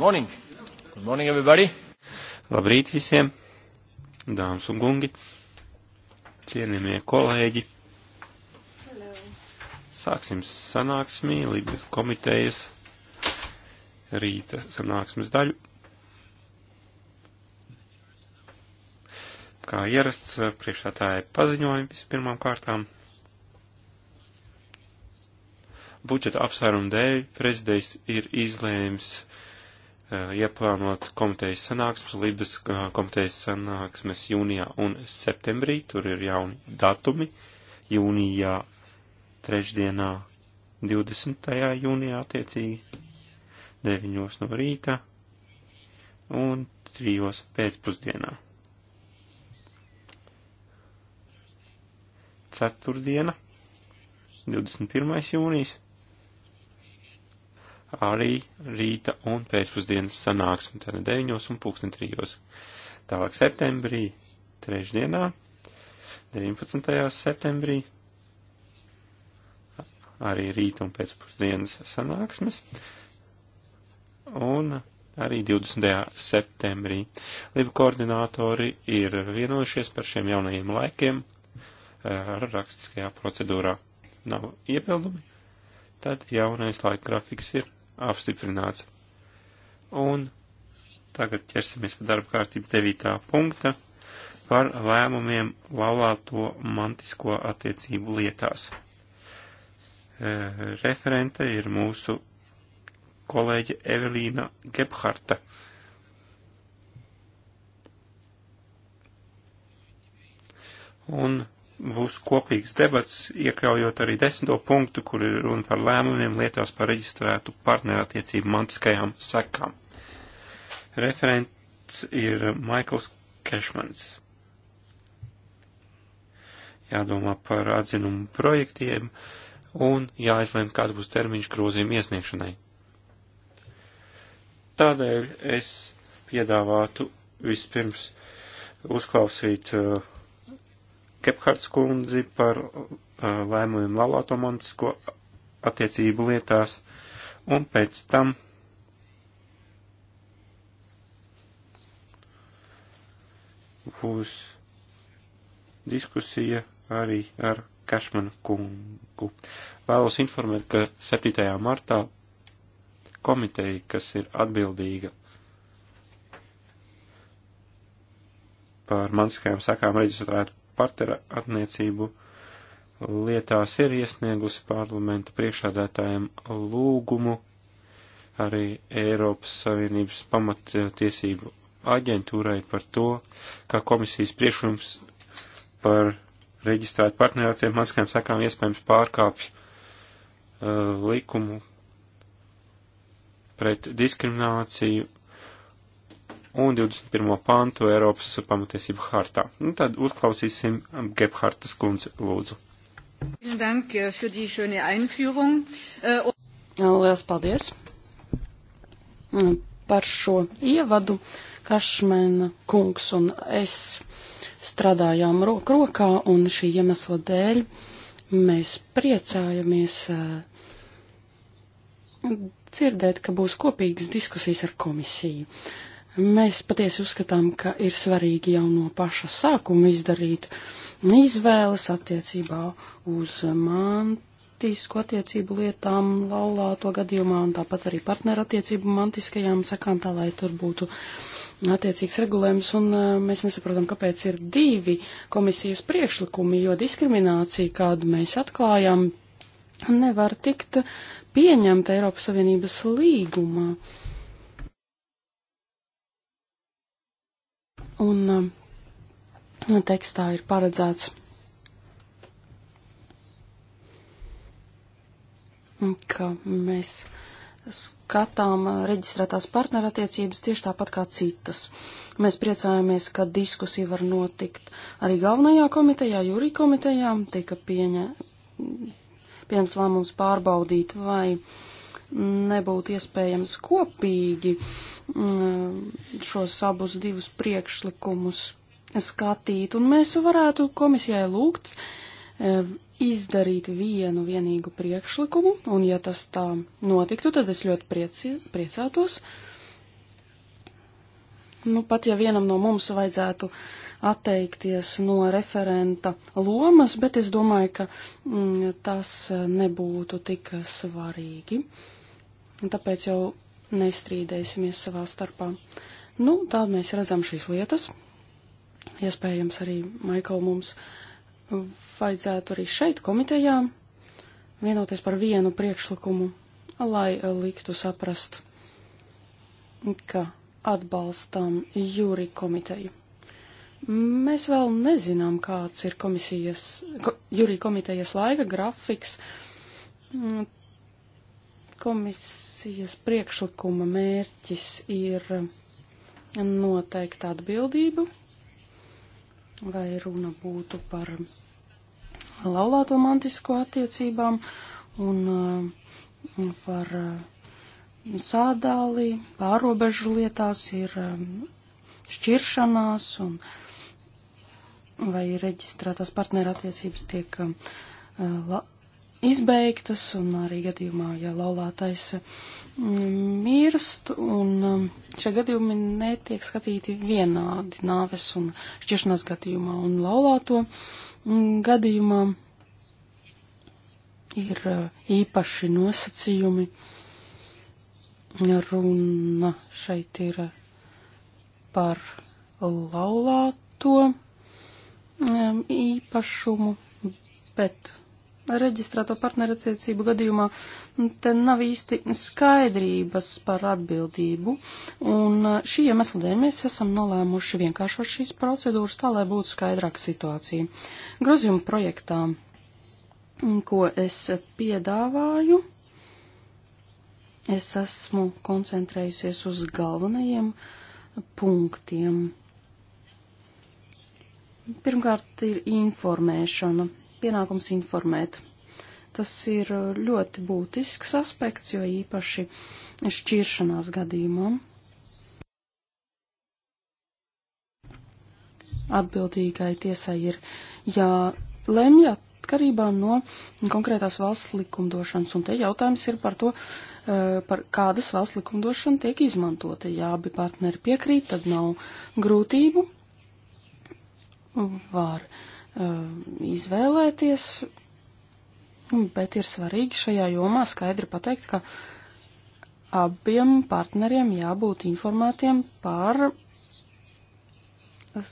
morning. Good morning, everybody. Labrīt visiem, dāmas un kungi, cienījamie kolēģi. Hello. Sāksim sanāksmī, Libijas komitejas rīta sanāksmes daļu. Kā ierasts, priekšā tā ir paziņojumi vispirmām kārtām budžeta apsvērumu dēļ prezidents ir izlēms Eh, ieplānot komitejas sanāksmes, Libas eh, komitejas sanāksmes jūnijā un septembrī, tur ir jauni datumi, jūnijā, trešdienā, 20. jūnijā attiecīgi, 9 no rīta un 3 pēcpusdienā. Ceturtdiena, 21. jūnijas arī rīta un pēcpusdienas sanāksmi, tātad 9 un 2003. Tālāk septembrī, trešdienā, 19. septembrī, arī rīta un pēcpusdienas sanāksmes, un arī 20. septembrī. Liba koordinātori ir vienojušies par šiem jaunajiem laikiem ar rakstiskajā procedūrā. Nav iebildumi, tad jaunais laika grafiks ir apstiprināts. Un tagad ķersimies pie darba kārtības devītā punkta par lēmumiem laulāto mantisko attiecību lietās. E, referente ir mūsu kolēģe Evelīna Gebharta. Un būs kopīgs debats, iekļaujot arī desmito punktu, kur ir runa par lēmumiem lietās par reģistrētu partnerattiecību mantiskajām sekām. Referents ir Maikls Kešmans. Jādomā par atzinumu projektiem un jāizlem, kāds būs termiņš grozījuma iesniegšanai. Tādēļ es piedāvātu vispirms uzklausīt uh, Kephards kundzi par vainojumu uh, lalāto mantisko attiecību lietās, un pēc tam būs diskusija arī ar Kašmanu kungu. Vēlos informēt, ka 7. martā komiteja, kas ir atbildīga par mantiskajām sakām reģistrētu partnera attiecību lietās ir iesniegusi parlamenta priekšādātājiem lūgumu arī Eiropas Savienības pamatiesību aģentūrai par to, kā komisijas priekšums par reģistrētu partnerācijām mazskajām sakām iespējams pārkāpj uh, likumu pret diskrimināciju un 21. pantu Eiropas pamatiesību hartā. Un nu, tad uzklausīsim Gebhartas kundzi lūdzu. Äh, äh, Lielas paldies mm, par šo ievadu. Kašmēna kungs un es strādājām roku rokā, un šī iemesla dēļ mēs priecājamies äh, dzirdēt, ka būs kopīgas diskusijas ar komisiju. Uh, Mēs patiesi uzskatām, ka ir svarīgi jau no paša sākuma izdarīt izvēles attiecībā uz mantisku attiecību lietām, laulāto gadījumā un tāpat arī partneru attiecību mantiskajām sakām, tā lai tur būtu attiecīgs regulējums, un e, mēs nesaprotam, kāpēc ir divi komisijas priekšlikumi, jo diskriminācija, kādu mēs atklājam, nevar tikt pieņemta Eiropas Savienības līgumā. Un um, tekstā ir paredzēts, ka mēs skatām reģistrētās partnerattiecības tieši tāpat kā citas. Mēs priecājamies, ka diskusija var notikt arī galvenajā komitejā, jūrī komitejā, tika pieņa, pieņems lēmums pārbaudīt, vai uh, nebūtu iespējams kopīgi mm, šos abus divus priekšlikumus skatīt, un mēs varētu komisijai lūgt e, izdarīt vienu vienīgu priekšlikumu, un ja tas tā notiktu, tad es ļoti prieci, priecātos. Nu, pat ja vienam no mums vajadzētu atteikties no referenta lomas, bet es domāju, ka mm, tas nebūtu tik svarīgi. Uh, un tāpēc jau nestrīdēsimies savā starpā. Nu, tādu mēs redzam šīs lietas. Iespējams, arī Maikau mums vajadzētu arī šeit komitejā vienoties par vienu priekšlikumu, lai liktu saprast, ka atbalstām jūri komiteju. Mēs vēl nezinām, kāds ir komisijas, ko, jūri komitejas laika grafiks. Komisijas priekšlikuma mērķis ir noteikt atbildību, vai runa būtu par laulāto mantisko attiecībām un uh, par uh, sādāli, pārobežu lietās ir um, šķiršanās un vai reģistrētās partnerattiecības tiek um, uh, la, izbeigtas, un arī gadījumā, ja laulātais mm, mirst, un mm, šie gadījumi netiek skatīti vienādi nāves un šķiršanās gadījumā, un laulāto mm, gadījumā ir īpaši nosacījumi. Runa šeit ir par laulāto īpašumu, bet reģistrēto partnerattiecību gadījumā nu, te nav īsti skaidrības par atbildību, un šī iemesla dēļ mēs esam nolēmuši vienkāršot šīs procedūras tā, lai būtu skaidrāka situācija. Grozījuma projektā, ko es piedāvāju, es esmu koncentrējusies uz galvenajiem punktiem. Pirmkārt, ir informēšana pienākums informēt. Tas ir ļoti būtisks aspekts, jo īpaši šķiršanās gadījumā. Atbildīgai tiesai ir jālemj atkarībā no konkrētās valsts likumdošanas, un te jautājums ir par to, eh, par kādas valsts likumdošana tiek izmantota. Ja abi partneri piekrīt, tad nav grūtību. Var Uh, izvēlēties, bet ir svarīgi šajā jomā skaidri pateikt, ka abiem partneriem jābūt informētiem par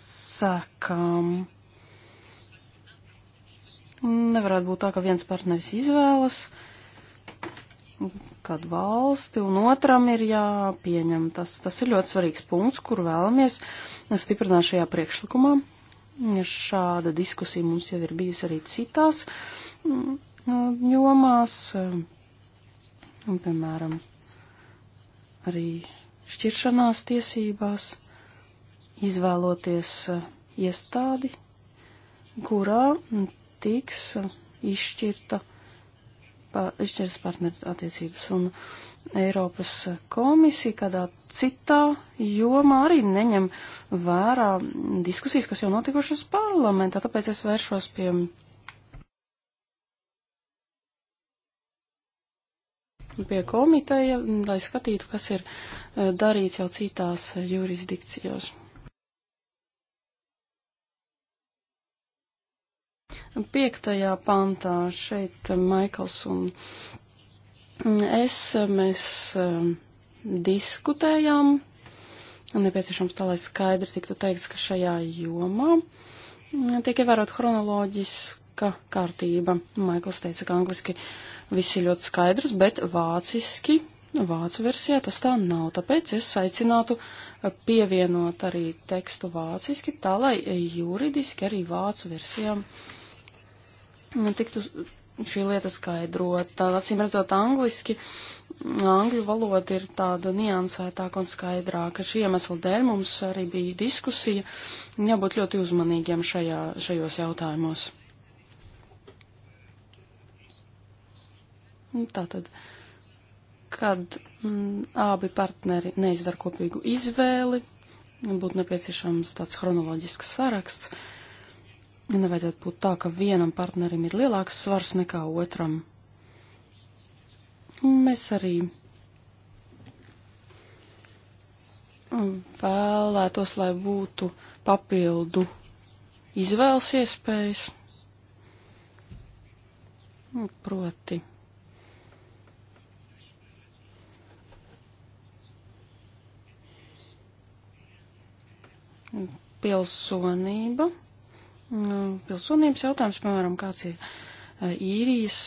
sekām. Nevarētu būt tā, ka viens partneris izvēlas kādu valsti, un otram ir jāpieņem. Tas, tas ir ļoti svarīgs punkts, kur vēlamies stiprināt šajā priekšlikumā. Šāda diskusija mums jau ir bijusi arī citās mm, mm, jomās, mm, piemēram, arī šķiršanās tiesībās, izvēloties iestādi, kurā tiks izšķirta uh, izšķiras partneru attiecības. Un Eiropas komisija kādā citā jomā arī neņem vērā diskusijas, kas jau notikušas parlamentā, tāpēc es vēršos pie. pie komiteja, lai skatītu, kas ir eh, darīts jau citās jurisdikcijos. Piektajā pantā šeit eh, Maikls un es, mēs eh, diskutējām, nepieciešams tā, lai skaidri tiktu teikts, ka šajā jomā mm, tiek ievērot chronoloģiska kārtība. Maikls teica, ka angliski viss ir ļoti skaidrs, bet vāciski, vācu versijā tas tā nav. Tāpēc es aicinātu eh, pievienot arī tekstu vāciski, tā lai juridiski arī vācu versijām tiktu šī lieta skaidrota. Acīm redzot, angliski, angļu valoda ir tāda niansētāka un skaidrāka. Šī iemesla dēļ mums arī bija diskusija, jābūt ļoti uzmanīgiem šajā, šajos jautājumos. Tātad, kad m, mm, abi partneri neizdara kopīgu izvēli, būtu nepieciešams tāds chronoloģisks saraksts. Uh, nevajadzētu būt tā, ka vienam partnerim ir lielāks svars nekā otram. Mēs arī vēlētos, lai būtu papildu izvēles iespējas. Proti. Pilsonība. Mm, pilsonības jautājums, piemēram, kāds ir eh, īrijas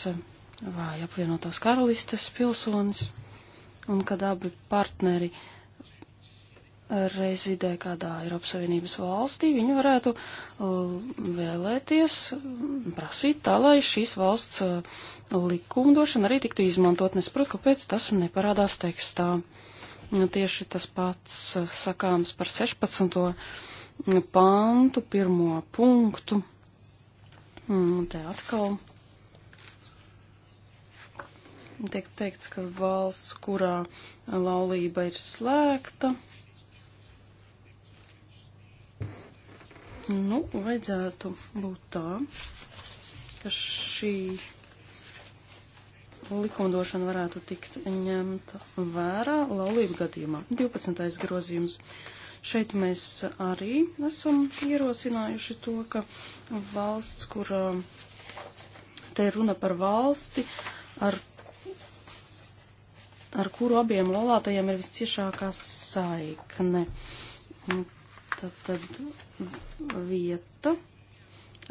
vai apvienotās karalistes pilsonis, un kad abi partneri rezidē kādā Eiropas Savienības valstī, viņi varētu eh, vēlēties mm, prasīt tā, lai šīs valsts eh, likumdošana arī tiktu izmantot. Nesaprotu, kāpēc tas neparādās tekstā. Mm, tieši tas pats sakāms par 16 pantu, pirmo punktu. Un te atkal tiek teikts, ka valsts, kurā laulība ir slēgta, nu, vajadzētu būt tā, ka šī likumdošana varētu tikt ņemta vērā laulību gadījumā. 12. grozījums. Šeit mēs arī esam ierosinājuši to, ka valsts, kur eh, te ir runa par valsti, ar, ar kuru abiem laulātajiem ir visciešākā saikne. Tad, tad vieta,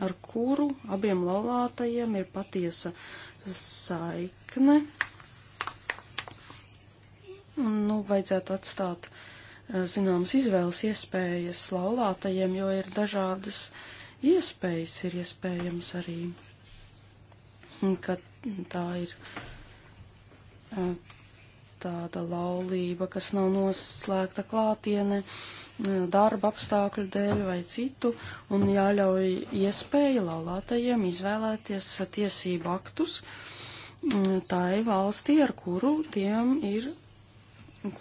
ar kuru abiem laulātajiem ir patiesa saikne. Nu, vajadzētu atstāt uh, Eh, zināmas izvēles iespējas laulātajiem, jo ir dažādas iespējas, ir iespējams arī, hm, ka tā ir eh, tāda laulība, kas nav noslēgta klātiene eh, darba apstākļu dēļ vai citu, un jāļauj iespēja laulātajiem izvēlēties tiesību aktus hm, tai valstī, ar kuru tiem ir,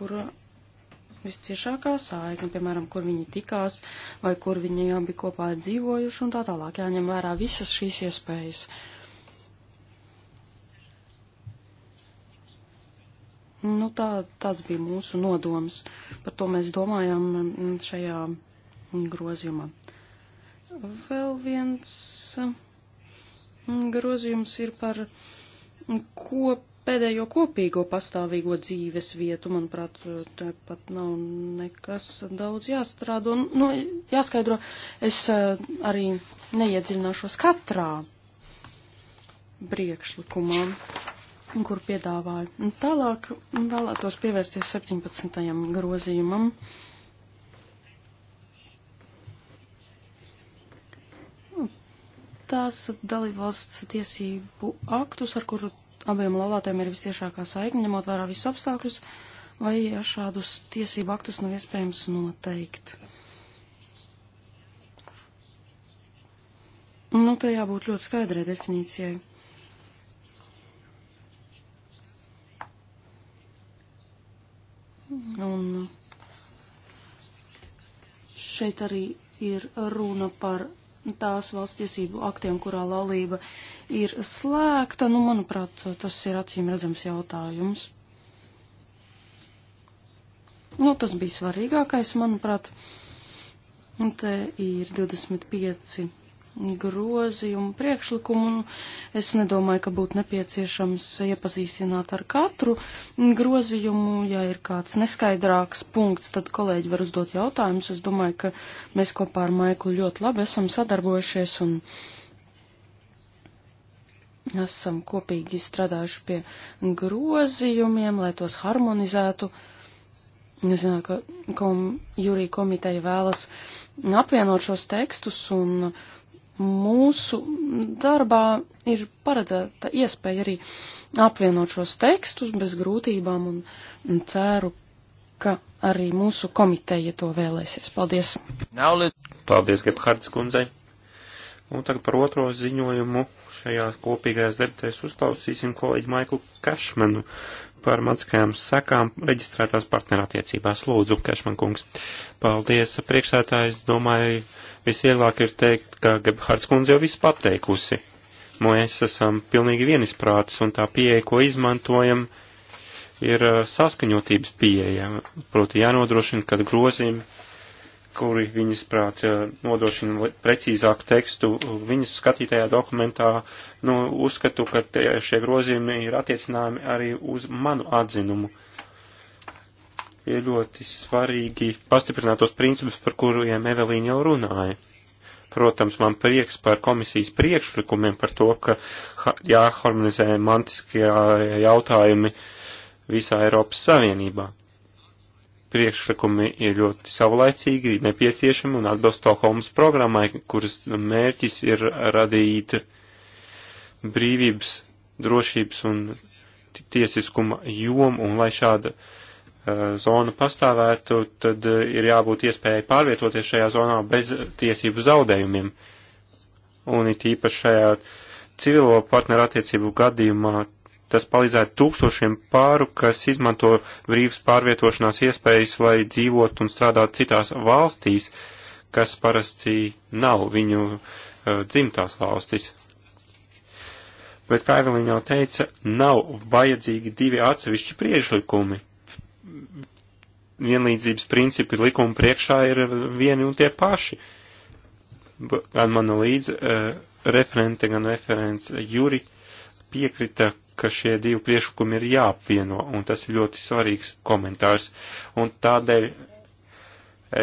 kura visciešākā saikne, piemēram, kur viņi tikās vai kur viņi abi kopā ir dzīvojuši un tā tālāk. Jāņem vērā visas šīs iespējas. Nu, tā, tāds bija mūsu nodoms. Par to mēs domājam šajā grozījumā. Vēl viens grozījums ir par kop pēdējo kopīgo pastāvīgo dzīves vietu. Manuprāt, te pat nav nekas daudz jāstrādā. Nu, jāskaidro, es eh, arī neiedziļināšos katrā priekšlikumā, kur piedāvāju. Tālāk vēlētos pievērsties 17. grozījumam. tās dalībvalsts tiesību aktus, ar kuru abiem laulātiem ir visiešākā saikne, ņemot vērā visus apstākļus, vai ja šādus tiesību aktus nav iespējams noteikt. Nu, te jābūt ļoti skaidrai definīcijai. Un šeit arī ir runa par tās valsts tiesību aktiem, kurā laulība ir slēgta, nu, manuprāt, tas ir acīm redzams jautājums. Nu, tas bija svarīgākais, manuprāt. Un te ir 25 grozījumu priekšlikumu, un es nedomāju, ka būtu nepieciešams iepazīstināt ar katru grozījumu. Ja ir kāds neskaidrāks punkts, tad kolēģi var uzdot jautājumus. Es domāju, ka mēs kopā ar Maiklu ļoti labi esam sadarbojušies un esam kopīgi strādājuši pie grozījumiem, lai tos harmonizētu. Es zinu, ka kom, jūrija komiteja vēlas apvienot šos tekstus un uh, mūsu darbā ir paredzēta iespēja arī apvienot šos tekstus bez grūtībām un, un ceru, ka arī mūsu komiteja to vēlēsies. Paldies! Paldies, Gebhards kundzei! Un tagad par otro ziņojumu šajās kopīgajās debatēs uzklausīsim kolēģi Maiklu Kašmanu par matkajām sekām reģistrētās partnerattiecībās. Lūdzu, Kešman kungs. Paldies, priekšsētājs. Domāju, visvieglāk ir teikt, ka Gebhards kundze jau visu pateikusi. Mēs esam pilnīgi vienisprātis un tā pieeja, ko izmantojam, ir uh, saskaņotības pieeja. Proti jānodrošina, ka grozījumi kuri viņas prāt nodrošina precīzāku tekstu viņas skatītajā dokumentā, nu, uzskatu, ka tie, šie grozījumi ir attiecināmi arī uz manu atzinumu. Ir ļoti svarīgi pastiprināt tos principus, par kuriem Evelīna jau runāja. Protams, man prieks par komisijas priekšlikumiem par to, ka jāharmonizē mantiskie jautājumi visā Eiropas Savienībā priekšlikumi ir ļoti savlaicīgi, nepieciešami un atbilst Stokholmas programmai, kuras mērķis ir radīt brīvības, drošības un tiesiskuma jomu, un lai šāda uh, zona pastāvētu, tad uh, ir jābūt iespējai pārvietoties šajā zonā bez tiesību zaudējumiem. Un it īpaši šajā civilo partneru attiecību gadījumā Tas palīdzētu tūkstošiem pāru, kas izmanto brīvas pārvietošanās iespējas, lai dzīvot un strādāt citās valstīs, kas parasti nav viņu uh, dzimtās valstis. Bet, kā Evelīna jau teica, nav vajadzīgi divi atsevišķi priekšlikumi. Vienlīdzības principi likuma priekšā ir vieni un tie paši. Gan mana līdz uh, referente, gan referents Juri piekrita, ka šie divi priešlikumi ir jāapvieno, un tas ir ļoti svarīgs komentārs. Un tādēļ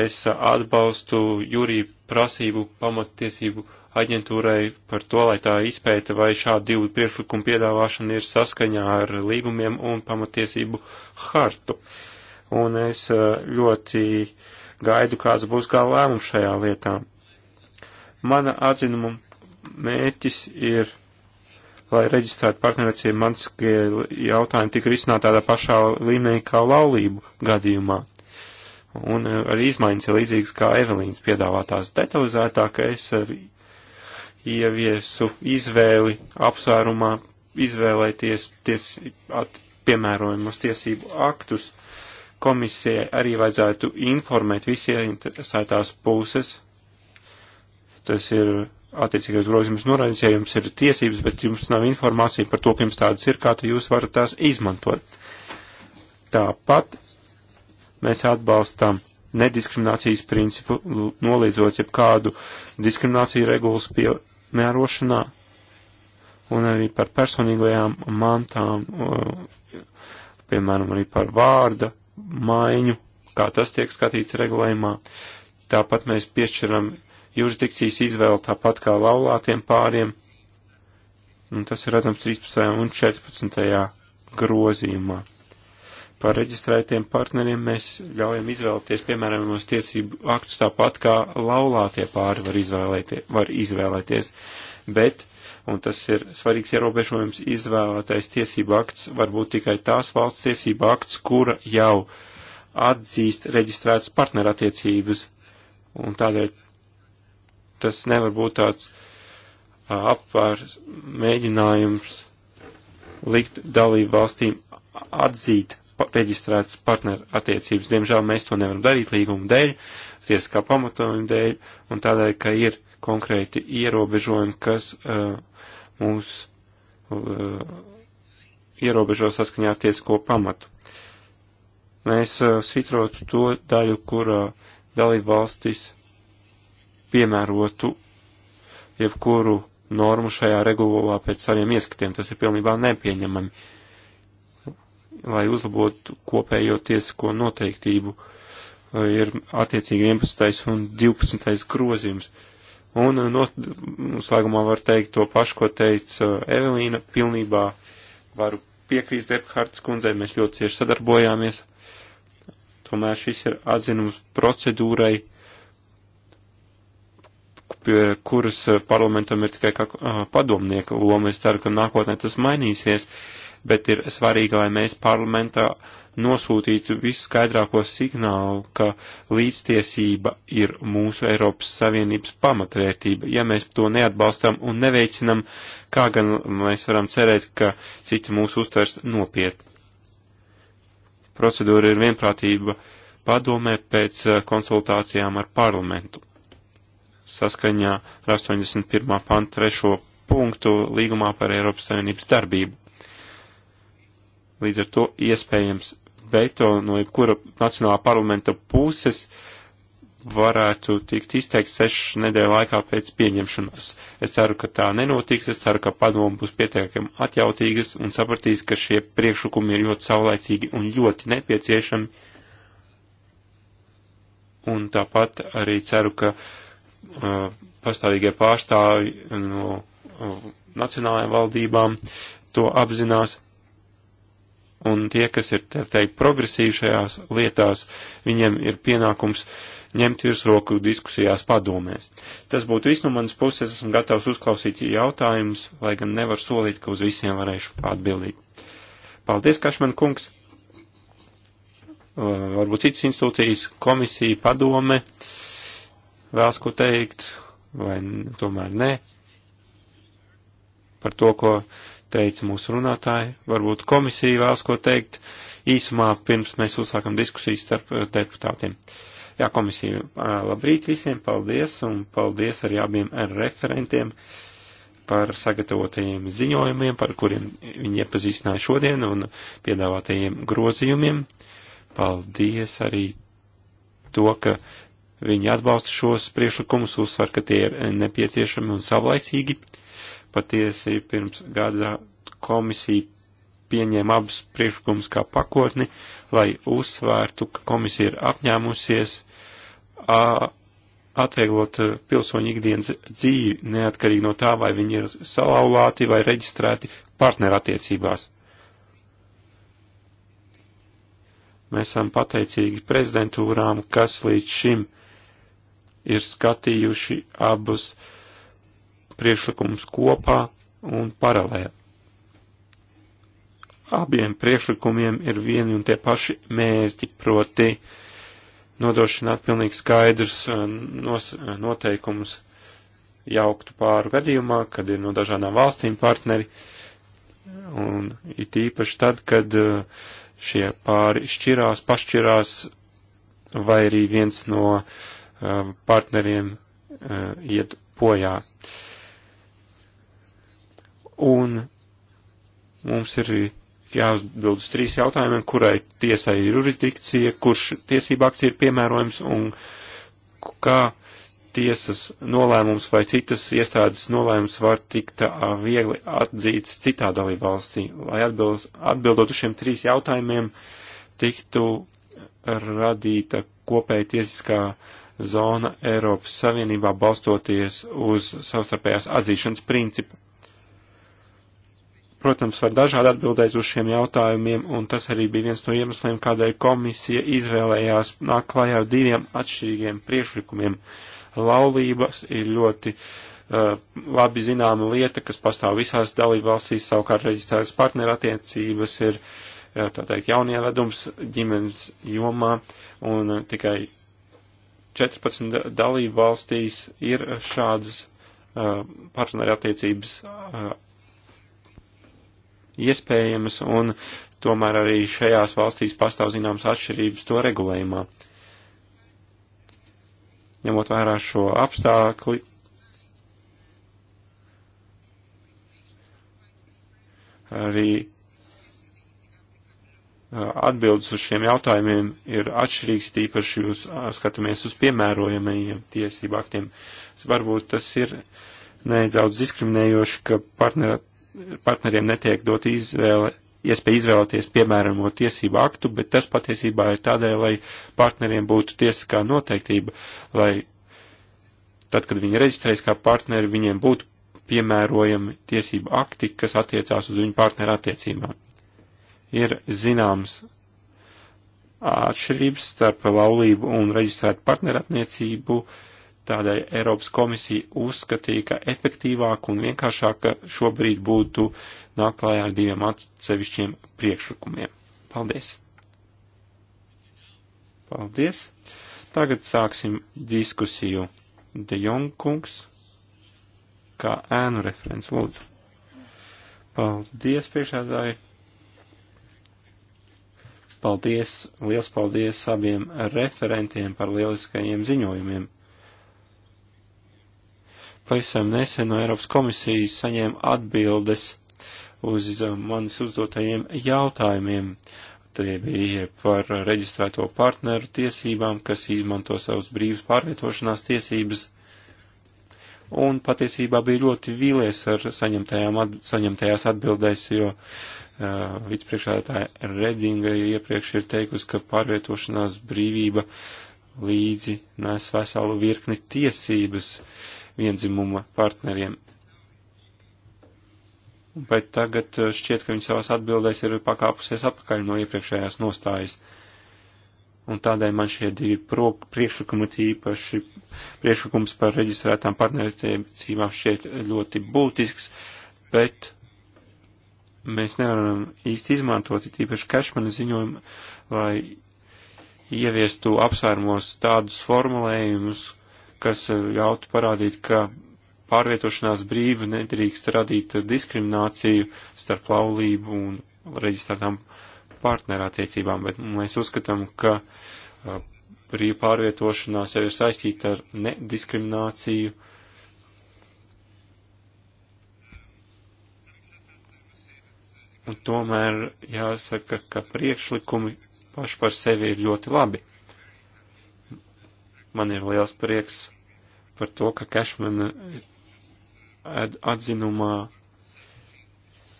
es atbalstu jūriju prasību pamattiesību aģentūrai par to, lai tā izpēta, vai šādu divu priekšlikumu piedāvāšana ir saskaņā ar līgumiem un pamatiesību hartu. Un es eh, ļoti gaidu, kāds būs kā lēmums šajā lietā. Mana atzinuma mērķis ir lai reģistrētu partnerveicību manskie jautājumi tika risināti tādā pašā līmenī kā laulību gadījumā. Un e, arī izmaiņas ir līdzīgas kā Evelīnas piedāvātās detalizētākais ar ieviesu izvēli apsvērumā izvēlēties ties, at, piemērojumus tiesību aktus. Komisijai arī vajadzētu informēt visi ieinteresētās puses tas ir attiecīgais grozījums norādīts, ja jums ir tiesības, bet jums nav informācija par to, ka jums tādas ir, kā tad jūs varat tās izmantot. Tāpat mēs atbalstam nediskriminācijas principu, noliedzot jebkādu diskrimināciju regulas piemērošanā un arī par personīgajām mantām, piemēram, arī par vārda maiņu, kā tas tiek skatīts regulējumā. Tāpat mēs piešķiram jurisdikcijas izvēle tāpat kā laulātiem pāriem, un tas ir redzams 13. un 14. grozījumā. Par reģistrētiem partneriem mēs ļaujam izvēlēties piemērojamos tiesību aktus tāpat kā laulātie pāri var, izvēlēties, var izvēlēties, bet, un tas ir svarīgs ierobežojums, izvēlētais tiesību akts var būt tikai tās valsts tiesību akts, kura jau atzīst reģistrētas partnerattiecības, un tādēļ tas nevar būt tāds apvērs mēģinājums likt dalību valstīm atzīt reģistrētas partneru attiecības. Diemžēl mēs to nevaram darīt līguma dēļ, tiesiskā pamatojuma dēļ un tādēļ, ka ir konkrēti ierobežojumi, kas uh, mūs uh, ierobežo saskaņā ar tiesisko pamatu. Mēs uh, svitrotu to daļu, kur uh, dalību valstis piemērotu jebkuru normu šajā regulā pēc saviem ieskatiem. Tas ir pilnībā nepieņemami, lai uzlabotu kopējo tiesisko noteiktību. Ir attiecīgi 11. un 12. grozījums. Un nu, noslēgumā var teikt to pašu, ko teica Evelīna. Pilnībā varu piekrīst Debhards kundzei, mēs ļoti cieši sadarbojāmies. Tomēr šis ir atzinums procedūrai pie kuras eh, parlamentam ir tikai kā eh, padomnieka loma. Es ceru, ka nākotnē tas mainīsies, bet ir svarīgi, lai mēs parlamentā nosūtītu visu skaidrāko signālu, ka līdztiesība ir mūsu Eiropas Savienības pamatvērtība. Ja mēs to neatbalstam un neveicinam, kā gan mēs varam cerēt, ka citi mūs uztvers nopietni. Procedūra ir vienprātība padomē pēc eh, konsultācijām ar parlamentu saskaņā ar 81. pantu trešo punktu līgumā par Eiropas Savienības darbību. Līdz ar to iespējams veto no jebkura nacionālā parlamenta puses varētu tikt izteikt sešu nedēļu laikā pēc pieņemšanas. Es ceru, ka tā nenotiks, es ceru, ka padomu būs pietiekami atjautīgas un sapratīs, ka šie priekšlikumi ir ļoti saulaicīgi un ļoti nepieciešami. Un tāpat arī ceru, ka uh, pastāvīgie pārstāvji no nacionālajām valdībām to apzinās. Un tie, kas ir, tā teikt, progresīvi šajās lietās, viņiem ir pienākums ņemt virsroku diskusijās padomēs. Tas būtu viss no manas puses. Esmu gatavs uzklausīt jautājumus, lai gan nevaru solīt, ka uz visiem varēšu atbildīt. Paldies, Kašman kungs! Varbūt citas institūcijas, komisija, padome. Uh, vēlas ko teikt, vai tomēr nē, par to, ko teica mūsu runātāji. Varbūt komisija vēlas ko teikt īsumā, pirms mēs uzsākam diskusijas starp eh, deputātiem. Jā, komisija, labrīt visiem, paldies, un paldies arī abiem referentiem par sagatavotajiem ziņojumiem, par kuriem viņi iepazīstināja šodien, un piedāvātajiem grozījumiem. Paldies arī to, ka Viņi atbalsta šos priekšlikumus, uzsver, ka tie ir nepieciešami un savlaicīgi. Patiesi pirms gada komisija pieņēma abus priekšlikumus kā pakotni, lai uzsvērtu, ka komisija ir apņēmusies atvieglot pilsoņu ikdienas dzīvi, neatkarīgi no tā, vai viņi ir salauzti vai reģistrēti partnerattiecībās. Mēs esam pateicīgi prezidentūrām, kas līdz šim ir skatījuši abus priekšlikumus kopā un paralēli. Abiem priekšlikumiem ir vieni un tie paši mērķi, proti nodrošināt pilnīgi skaidrs eh, nos, eh, noteikumus jauktu pāru gadījumā, kad ir no dažādām valstīm partneri, un it īpaši tad, kad eh, šie pāri šķirās, pašķirās, vai arī viens no uh, Um, partneriem uh, iet bojā. Un mums ir jāatbild uz trīs jautājumiem, kurai tiesai ir jurisdikcija, kurš tiesība akcija ir piemērojams un kā tiesas nolēmums vai citas iestādes nolēmums var tikt uh, viegli atzīts citā dalība valstī. Lai atbild, atbildot uz šiem trīs jautājumiem, tiktu radīta kopēja tiesiskā uh, zona Eiropas Savienībā balstoties uz savstarpējās atzīšanas principu. Protams, var dažādi atbildēt uz šiem jautājumiem, un tas arī bija viens no iemesliem, kādēļ komisija izvēlējās nāk klājā diviem atšķirīgiem priekšlikumiem. Laulības ir ļoti uh, labi zināma lieta, kas pastāv visās dalībvalstīs, savukārt reģistrētas partnerattiecības ir, uh, tā teikt, jaunievedums ģimenes jomā, un tikai 14 dalību valstīs ir šādas uh, partneru attiecības uh, iespējamas, un tomēr arī šajās valstīs pastāv zināmas atšķirības to regulējumā. Ņemot vērā šo apstākli, arī atbildes uz šiem jautājumiem ir atšķirīgs, tīpaši jūs skatāmies uz piemērojamajiem tiesību aktiem. Varbūt tas ir nedaudz diskriminējoši, ka partner, partneriem netiek dot izvēle, iespēja izvēlēties piemēramo tiesību aktu, bet tas patiesībā ir tādēļ, lai partneriem būtu tiesiskā noteiktība, lai tad, kad viņi reģistrējas kā partneri, viņiem būtu piemērojami tiesību akti, kas attiecās uz viņu partneru attiecībām ir zināms atšķirības starp laulību un reģistrētu partnerattiecību, tādēļ Eiropas komisija uzskatīja, ka efektīvāk un vienkāršāk šobrīd būtu nākt klājā ar diviem atsevišķiem priekšlikumiem. Paldies! Paldies! Tagad sāksim diskusiju. De Jong kungs, kā ēnu referents, lūdzu. Paldies, priekšādāji! Paldies, liels paldies abiem referentiem par lieliskajiem ziņojumiem. Pavisam nesen no Eiropas komisijas saņēma atbildes uz uh, manis uzdotajiem jautājumiem. Tie bija par reģistrēto partneru tiesībām, kas izmanto savus brīvus pārvietošanās tiesības un patiesībā bija ļoti vīlies ar saņemtajām, at, saņemtajās atbildēs, jo Uh, Vicepriekšādātāja Redinga iepriekš ir teikusi, ka pārvietošanās brīvība līdzi nes veselu virkni tiesības vienzimuma partneriem. Bet tagad uh, šķiet, ka viņa savās atbildēs ir pakāpusies atpakaļ no iepriekšējās nostājas un tādēļ man šie divi priekšlikumi, tīpaši priekšlikums par reģistrētām partnerattiecībām šķiet ļoti būtisks, bet mēs nevaram īsti izmantot, it īpaši Kašmana ziņojumu, lai ieviestu apsvērumos tādus formulējumus, kas ļautu parādīt, ka pārvietošanās brīva nedrīkst radīt diskrimināciju starp laulību un reģistrētām partnerattiecībām, bet mēs uzskatām, ka uh, brīva pārvietošanās jau ir saistīta ar nediskrimināciju Un tomēr jāsaka, ka priekšlikumi paši par sevi ir ļoti labi. Man ir liels prieks par to, ka Kešmana atzinumā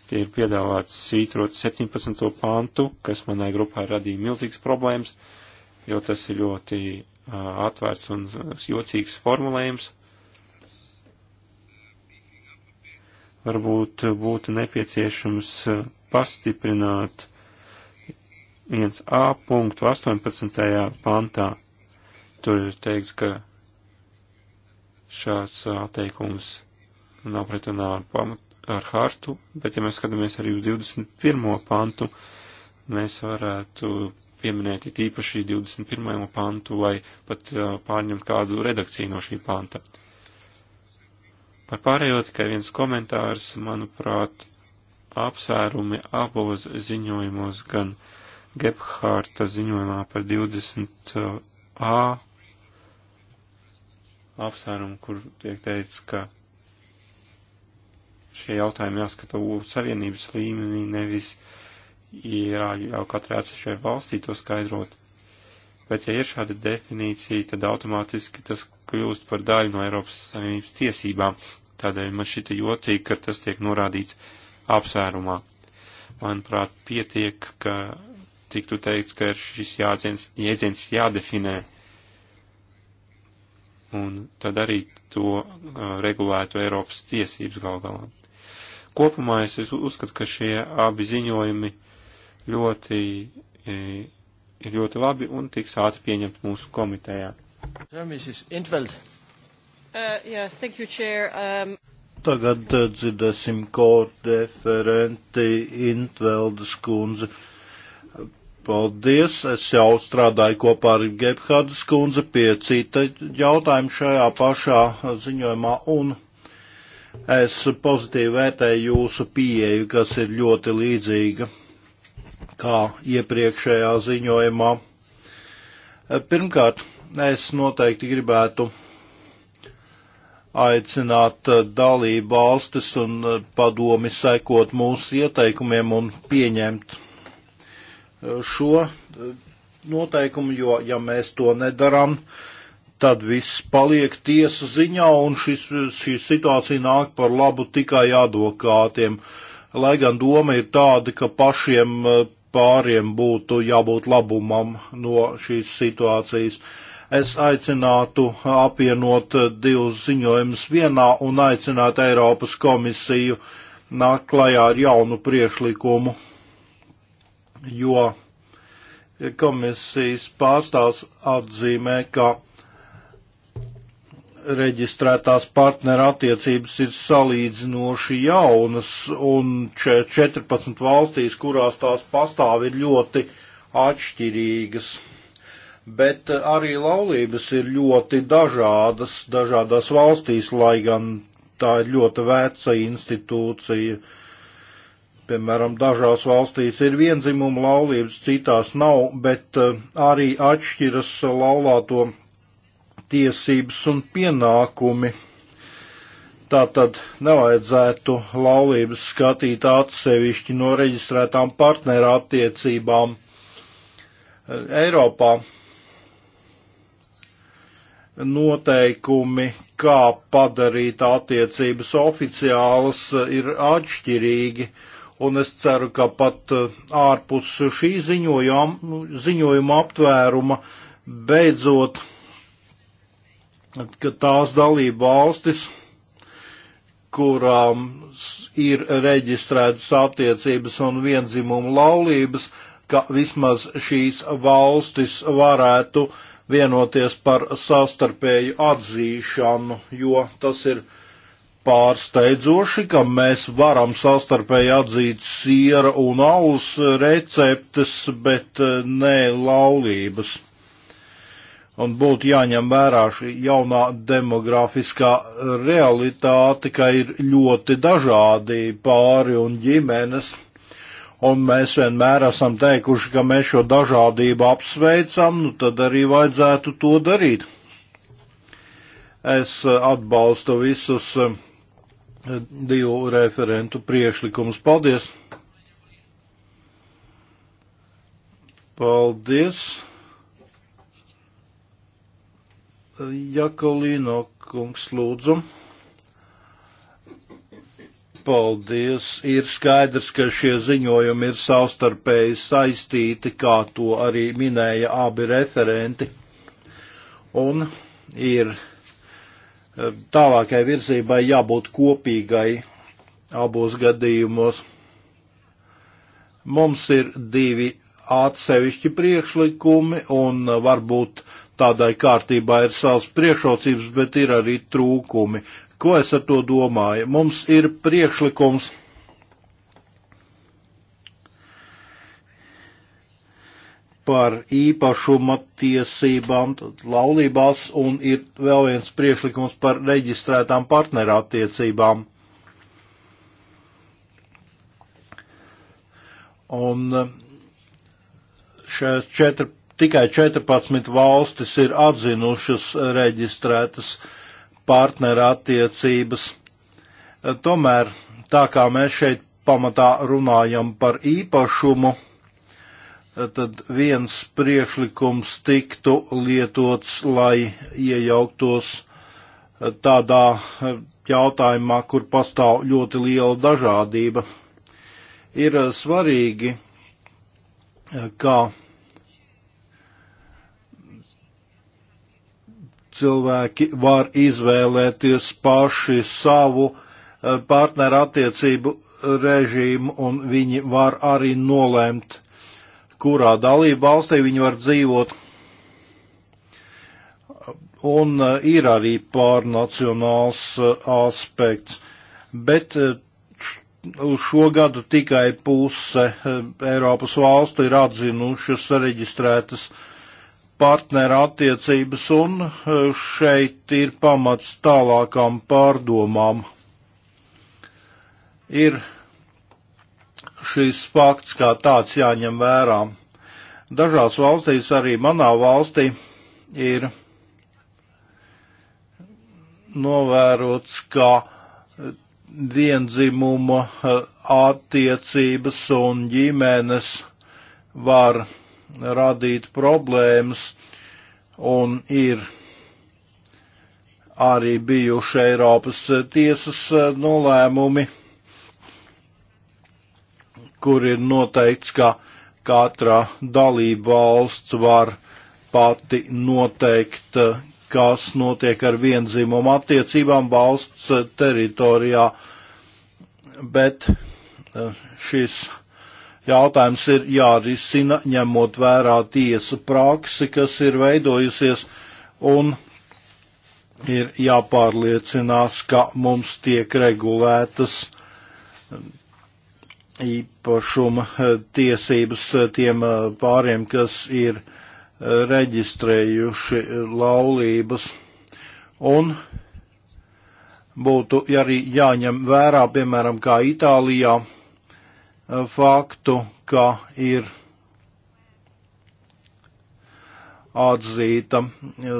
tie ir piedāvāts svītrot 17. pantu, kas manai grupā radīja milzīgas problēmas, jo tas ir ļoti uh, atvērts un jocīgs formulējums. Varbūt būtu nepieciešams uh, pastiprināt 1a punktu 18. pantā. Tur ir teikts, ka šāds atteikums nav pretrunā ar, pamat, ar hartu, bet ja mēs skatāmies arī uz 21. pantu, mēs varētu pieminēt it īpaši 21. pantu vai pat uh, pārņemt kādu redakciju no šī panta. Par pārējo tikai viens komentārs, manuprāt, apsvērumi abos ziņojumos, gan Gebhārta ziņojumā par 20a apsvērumu, kur tiek teikts, ka šie jautājumi jāskata savienības līmenī, nevis jau katrā atsevišķai valstī to skaidrot. Bet, ja ir šāda definīcija, tad automātiski tas kļūst par daļu no Eiropas Savienības tiesībām. Tādēļ man šita jotīgi, ka tas tiek norādīts apsvērumā. Manuprāt, pietiek, ka tiktu teikts, ka ir šis jādziens, jēdziens jādefinē, un tad arī to uh, regulētu Eiropas tiesības gal galā. Kopumā es uzskatu, ka šie abi ziņojumi ļoti, ir ļoti labi un tiks ātri pieņemt mūsu komitejā. Mrs. Intveld. Uh, yes, thank you, Chair. Um... Tagad eh, dzirdēsim koreferenti Intveldes kundzi. Paldies, es jau strādāju kopā ar Gebhardas kundzi pie cita jautājuma šajā pašā ziņojumā, un es pozitīvi vērtēju jūsu pieeju, kas ir ļoti līdzīga kā iepriekšējā ziņojumā. Pirmkārt, es noteikti gribētu aicināt uh, dalību valstis un uh, padomi sekot mūsu ieteikumiem un pieņemt uh, šo noteikumu, jo ja mēs to nedaram, tad viss paliek tiesa ziņā un šis, šī situācija nāk par labu tikai advokātiem. Lai gan doma ir tāda, ka pašiem pāriem būtu jābūt labumam no šīs situācijas. Uh, Es aicinātu apvienot divus ziņojumus vienā un aicināt Eiropas komisiju nākt klajā ar jaunu priekšlikumu, jo komisijas pārstāvs atzīmē, ka reģistrētās partneru attiecības ir salīdzinoši jaunas, un 14 valstīs, kurās tās pastāv, ir ļoti atšķirīgas bet eh, arī laulības ir ļoti dažādas dažādās valstīs, lai gan tā ir ļoti veca institūcija. Piemēram, dažās valstīs ir vienzimuma laulības, citās nav, bet eh, arī atšķiras laulāto tiesības un pienākumi. Tā tad nevajadzētu laulības skatīt atsevišķi no reģistrētām partneru attiecībām. Eh, Eiropā noteikumi, kā padarīt attiecības oficiālas, ir atšķirīgi, un es ceru, ka pat eh, ārpus šī ziņojuma, nu, ziņojuma aptvēruma beidzot, ka tās dalība valstis, kurām ir reģistrētas attiecības un vienzimuma laulības, ka vismaz šīs valstis varētu uh, vienoties par savstarpēju atzīšanu, jo tas ir pārsteidzoši, ka mēs varam savstarpēji atzīt siera un alus receptes, bet eh, ne laulības. Un būtu jāņem vērā šī jaunā demografiskā realitāte, ka ir ļoti dažādi pāri un ģimenes un mēs vienmēr esam teikuši, ka mēs šo dažādību apsveicam, nu tad arī vajadzētu to darīt. Es eh, atbalstu visus eh, divu referentu priešlikumus. Paldies! Paldies! Jakolīno kungs lūdzu. Paldies! Ir skaidrs, ka šie ziņojumi ir savstarpēji saistīti, kā to arī minēja abi referenti. Un ir eh, tālākai virzībai jābūt kopīgai abos gadījumos. Mums ir divi atsevišķi priekšlikumi un eh, varbūt tādai kārtībai ir savas priekšrocības, bet ir arī trūkumi. Ko es ar to domāju? Mums ir priekšlikums. par īpašuma tiesībām laulībās un ir vēl viens priekšlikums par reģistrētām partnerattiecībām. Un eh, šeit četri, tikai 14 valstis ir atzinušas reģistrētas uh, partneru attiecības. Eh, tomēr, tā kā mēs šeit pamatā runājam par īpašumu, eh, tad viens priekšlikums tiktu lietots, lai iejauktos eh, tādā jautājumā, kur pastāv ļoti liela dažādība. Ir svarīgi, kā cilvēki var izvēlēties paši savu eh, partneru attiecību režīmu, un viņi var arī nolēmt, kurā dalību valstī viņi var dzīvot. Un eh, ir arī pārnacionāls eh, aspekts, bet uz šo gadu tikai puse Eiropas valstu ir atzinušas reģistrētas uh, partneru attiecības, un e, šeit ir pamats tālākām pārdomām. Ir šis fakts kā tāds jāņem vērā. Dažās valstīs, arī manā valstī, ir novērots, ka vienzimuma e, attiecības un ģimenes var radīt problēmas, un ir arī bijuši Eiropas tiesas eh, nolēmumi, kur ir noteikts, ka katra dalība valsts var pati noteikt, eh, kas notiek ar vienzīmumu attiecībām valsts eh, teritorijā, bet šis jautājums ir jārisina, ņemot vērā tiesu praksi, kas ir veidojusies, un ir jāpārliecinās, ka mums tiek regulētas īpašuma tiesības tiem eh, pāriem, kas ir eh, reģistrējuši laulības. Un būtu arī jāņem vērā, piemēram, kā Itālijā, faktu, ka ir atzīta e,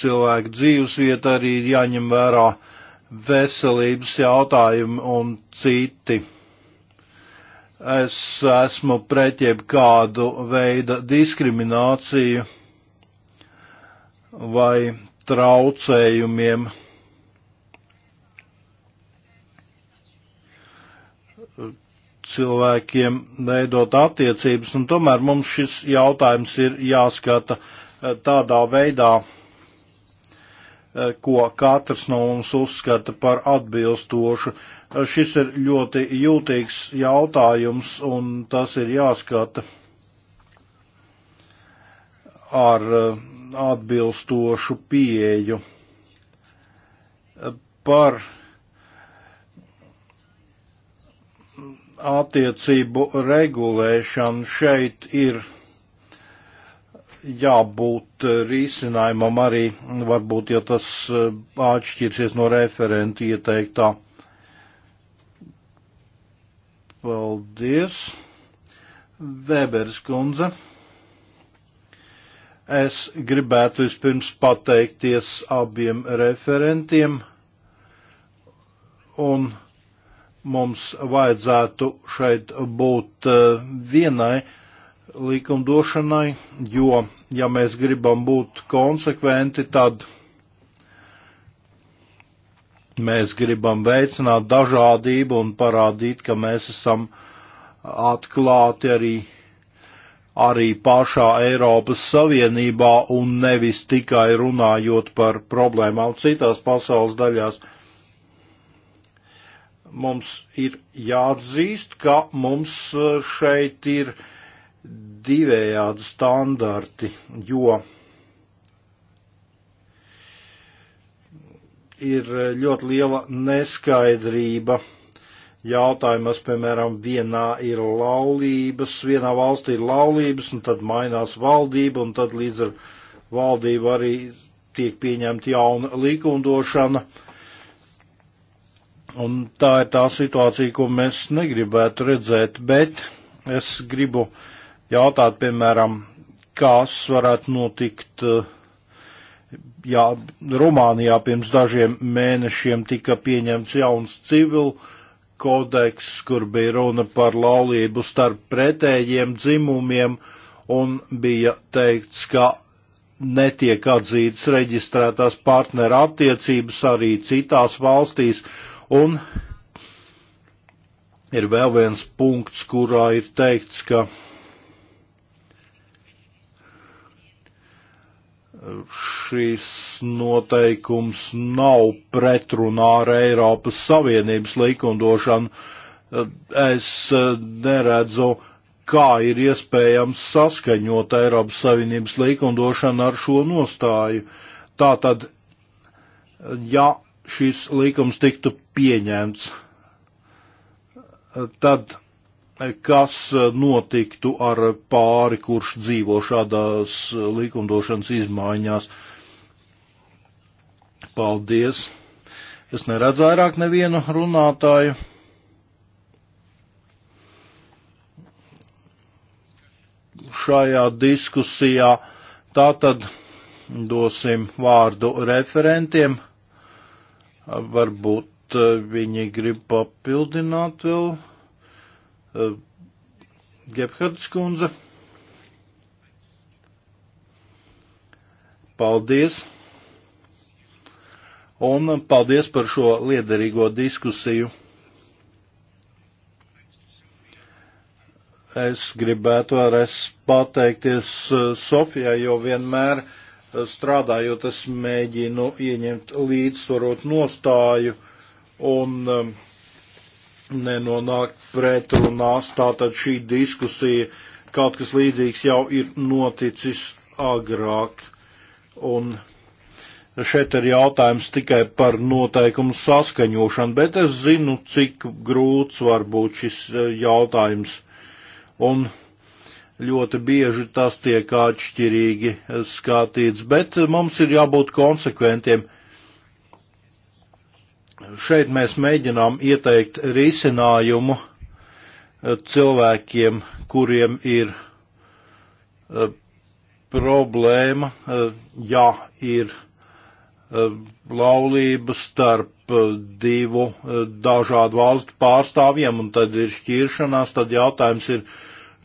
cilvēku dzīvesvieta, arī ir jāņem vērā veselības jautājumi un citi. Es esmu pret jebkādu veidu diskrimināciju vai traucējumiem. cilvēkiem veidot attiecības, un tomēr mums šis jautājums ir jāskata eh, tādā veidā, eh, ko katrs no mums uzskata par atbilstošu. Eh, šis ir ļoti jūtīgs jautājums, un tas ir jāskata ar atbilstošu pieeju par attiecību regulēšanu šeit ir jābūt risinājumam arī, varbūt, ja tas eh, atšķirsies no referenta ieteiktā. Paldies, Vēbers kundze. Es gribētu vispirms pateikties abiem referentiem un mums vajadzētu šeit būt eh, vienai likumdošanai, jo, ja mēs gribam būt konsekventi, tad mēs gribam veicināt dažādību un parādīt, ka mēs esam atklāti arī, arī pašā Eiropas Savienībā un nevis tikai runājot par problēmām citās pasaules daļās mums ir jāatzīst, ka mums e, šeit ir divējādi standarti, jo ir ļoti liela neskaidrība jautājumos, piemēram, vienā ir laulības, vienā valstī ir laulības, un tad mainās valdība, un tad līdz ar valdību arī tiek pieņemta jauna likumdošana. Uh, Un tā ir tā situācija, ko mēs negribētu redzēt, bet es gribu jautāt, piemēram, kas varētu notikt, eh, ja Rumānijā pirms dažiem mēnešiem tika pieņemts jauns civil kodeks, kur bija runa par laulību starp pretējiem dzimumiem, un bija teikts, ka netiek atzītas reģistrētās partneru attiecības arī citās valstīs, Un ir vēl viens punkts, kurā ir teikts, ka e, šis noteikums nav pretrunā ar Eiropas Savienības likumdošanu. E, es e, neredzu, kā ir iespējams saskaņot Eiropas Savienības likumdošanu ar šo nostāju. Tātad, ja šis likums tiktu pieņemts, tad kas notiktu ar pāri, kurš dzīvo šādās likumdošanas izmaiņās? Paldies! Es neredzu vairāk nevienu runātāju. Šajā diskusijā tātad dosim vārdu referentiem varbūt Eh, viņi grib papildināt vēl uh, eh, Gebhards kundze. Paldies! Un paldies par šo liederīgo diskusiju. Es gribētu arī pateikties eh, Sofijai, jo vienmēr strādājot, es mēģinu ieņemt līdzsvarot nostāju uh, un um, nenonāk pretrunās. Tātad šī diskusija, kaut kas līdzīgs jau ir noticis agrāk. Un šeit ir jautājums tikai par noteikumu saskaņošanu, bet es zinu, cik grūts var būt šis uh, jautājums. Un ļoti bieži tas tiek atšķirīgi uh, skatīts, bet mums ir jābūt konsekventiem šeit mēs mēģinām ieteikt risinājumu eh, cilvēkiem, kuriem ir eh, problēma, eh, ja ir laulība starp divu dažādu valstu pārstāvjiem, un tad ir šķiršanās, tad jautājums ir,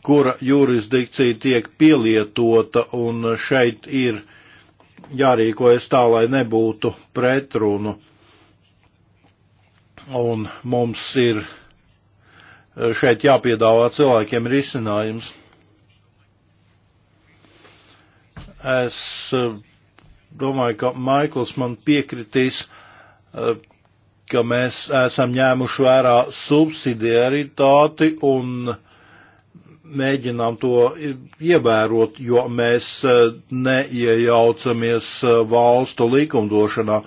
kura jurisdikcija tiek pielietota, un šeit ir jārīkojas tā, lai nebūtu pretrunu. Uh, un mums ir eh, šeit jāpiedāvā cilvēkiem risinājums. Es eh, domāju, ka Maikls man piekritīs, eh, ka mēs esam ņēmuši vērā subsidiaritāti un mēģinām to ievērot, jo mēs neiejaucamies valstu likumdošanā. Uh,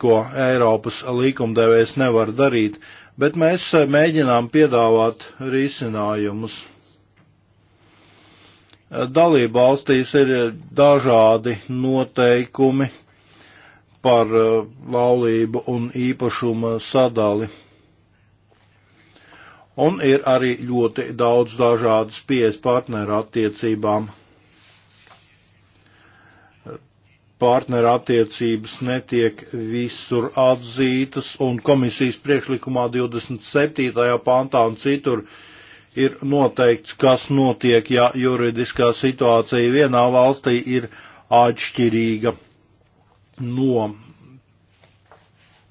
ko Eiropas līkumdevējs nevar darīt, bet mēs eh, mēģinām piedāvāt risinājumus. Eh, dalība valstīs ir eh, dažādi noteikumi par laulību un īpašuma sadali. Un ir arī ļoti daudz dažādas pieejas partneru attiecībām. partneru attiecības netiek visur atzītas, un komisijas priekšlikumā 27. pantā un citur ir noteikts, kas notiek, ja juridiskā situācija vienā valstī ir atšķirīga no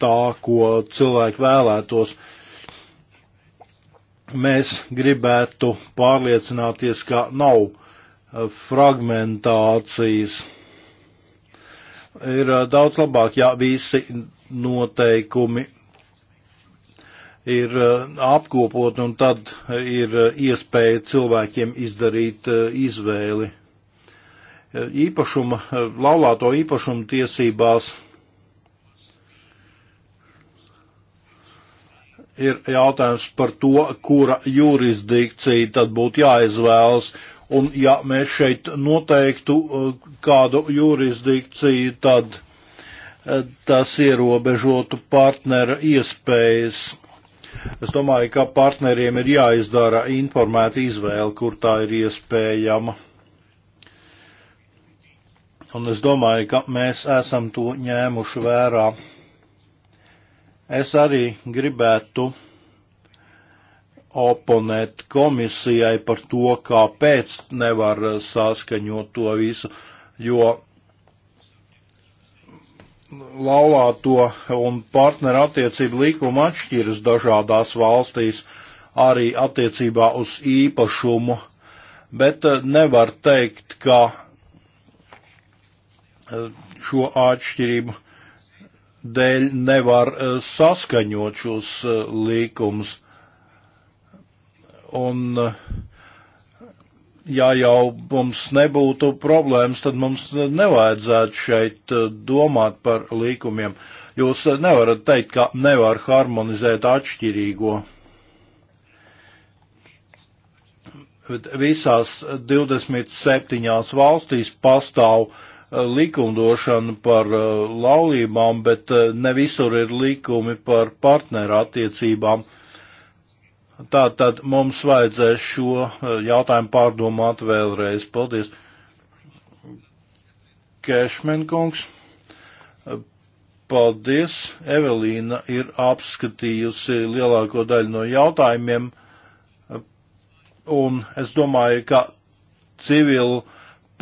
tā, ko cilvēki vēlētos. Mēs gribētu pārliecināties, ka nav fragmentācijas ir daudz labāk, ja visi noteikumi ir apkopot un tad ir iespēja cilvēkiem izdarīt izvēli. Īpašuma, laulāto īpašumu tiesībās ir jautājums par to, kura jurisdikcija tad būtu jāizvēlas Un ja mēs šeit noteiktu uh, kādu jurisdikciju, tad uh, tas ierobežotu partnera iespējas. Es domāju, ka partneriem ir jāizdara informēta izvēle, kur tā ir iespējama. Un es domāju, ka mēs esam to ņēmuši vērā. Es arī gribētu oponēt komisijai par to, kāpēc nevar saskaņot to visu, jo laulāto un partneru attiecību likuma atšķiras dažādās valstīs arī attiecībā uz īpašumu, bet eh, nevar teikt, ka eh, šo atšķirību dēļ nevar eh, saskaņot šos līkumus. Un, ja jau mums nebūtu problēmas, tad mums nevajadzētu šeit eh, domāt par līkumiem. Jūs eh, nevarat teikt, ka nevar harmonizēt atšķirīgo. Bet visās 27 valstīs pastāv eh, likumdošana par laulībām, bet ne visur ir likumi par partneru attiecībām. Uh, Tā tad mums vajadzēs šo eh, jautājumu pārdomāt vēlreiz. Paldies. Kešmenkungs. Paldies. Evelīna ir apskatījusi lielāko daļu no jautājumiem. Un es domāju, ka civilu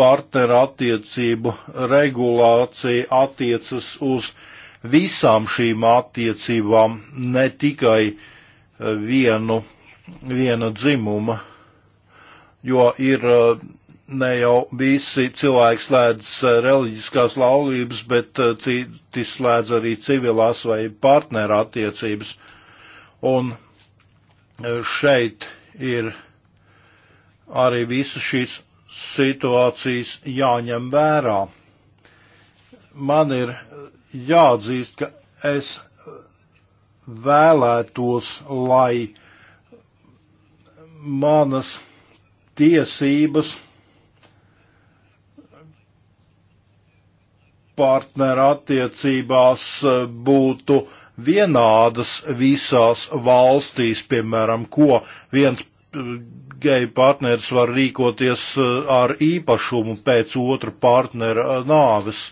partneru attiecību regulācija attiecas uz visām šīm attiecībām, ne tikai uh, vienu, viena dzimuma, jo ir eh, ne jau visi cilvēki slēdz eh, reliģiskās laulības, bet eh, citi slēdz arī civilās vai partneru attiecības. Un šeit ir arī visas šīs situācijas jāņem vērā. Man ir jāatzīst, ka es vēlētos, lai manas tiesības partneru attiecībās eh, būtu vienādas visās valstīs, piemēram, ko viens eh, geju partneris var rīkoties eh, ar īpašumu pēc otra partnera nāves.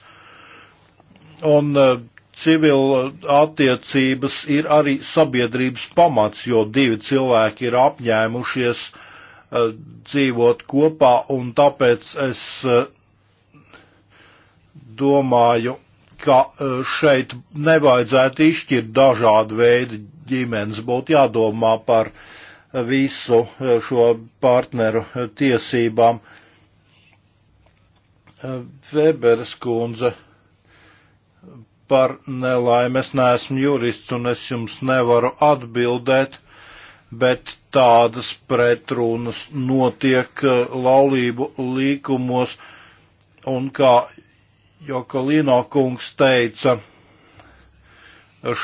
Un civila uh, attiecības ir arī sabiedrības pamats, jo divi cilvēki ir apņēmušies uh, dzīvot kopā, un tāpēc es uh, domāju, ka uh, šeit nevajadzētu izšķirt dažādu veidu ģimenes, būtu jādomā par visu uh, šo partneru uh, tiesībām. Weberas kundze par nelaimi es neesmu jurists un es jums nevaru atbildēt, bet tādas pretrunas notiek eh, laulību līkumos, un kā Jokalino kungs teica,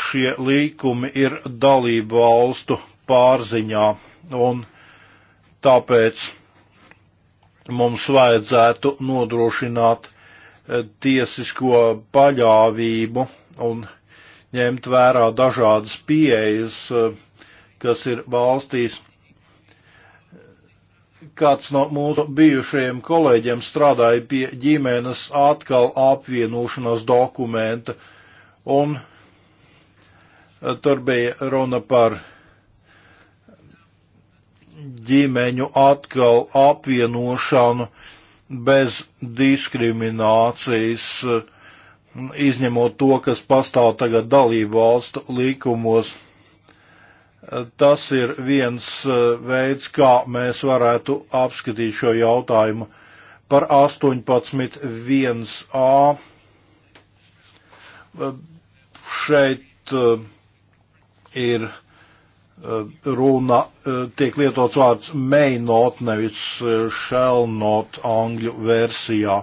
šie līkumi ir dalību valstu pārziņā, un tāpēc mums vajadzētu nodrošināt tiesisko paļāvību un ņemt vērā dažādas pieejas, kas ir valstīs. Kāds no mūsu bijušajiem kolēģiem strādāja pie ģimenes atkal apvienošanas dokumenta, un tur bija runa par ģimeņu atkal apvienošanu, uh, bez diskriminācijas, izņemot to, kas pastāv tagad dalību valstu likumos. Tas ir viens eh, veids, kā mēs varētu apskatīt šo jautājumu par 18.1a. Eh, šeit eh, ir uh, Uh, runa uh, tiek lietots vārds mainot, nevis uh, shellnot angļu versijā.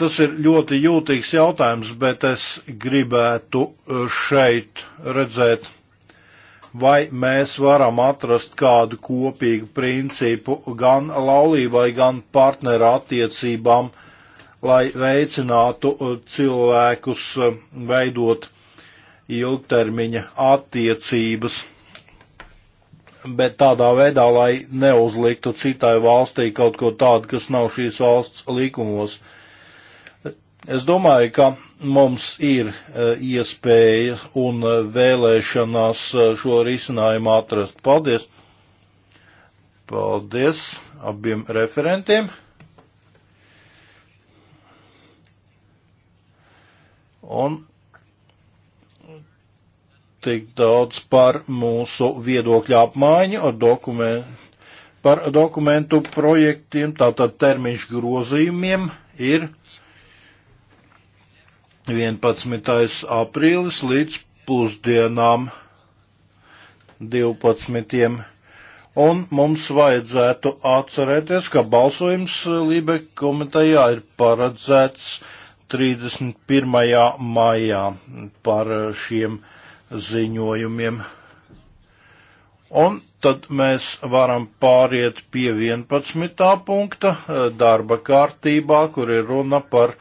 Tas ir ļoti jūtīgs jautājums, bet es gribētu šeit redzēt, vai mēs varam atrast kādu kopīgu principu gan laulībai, gan partneru attiecībām, lai veicinātu cilvēkus veidot ilgtermiņa attiecības, bet tādā veidā, lai neuzliktu citai valstī kaut ko tādu, kas nav šīs valsts likumos. Es domāju, ka mums ir e, iespēja un e, vēlēšanās e, šo risinājumu atrast. Paldies! Paldies abiem referentiem! Un tik daudz par mūsu viedokļu apmaiņu ar dokumentu. Par dokumentu projektiem, tātad termiņš grozījumiem ir 11. aprīlis līdz pusdienām 12. Un mums vajadzētu atcerēties, ka balsojums Lībe komitejā ir paredzēts 31. maijā par šiem jautājumiem ziņojumiem. Un tad mēs varam pāriet pie 11. punkta eh, darba kārtībā, kur ir runa par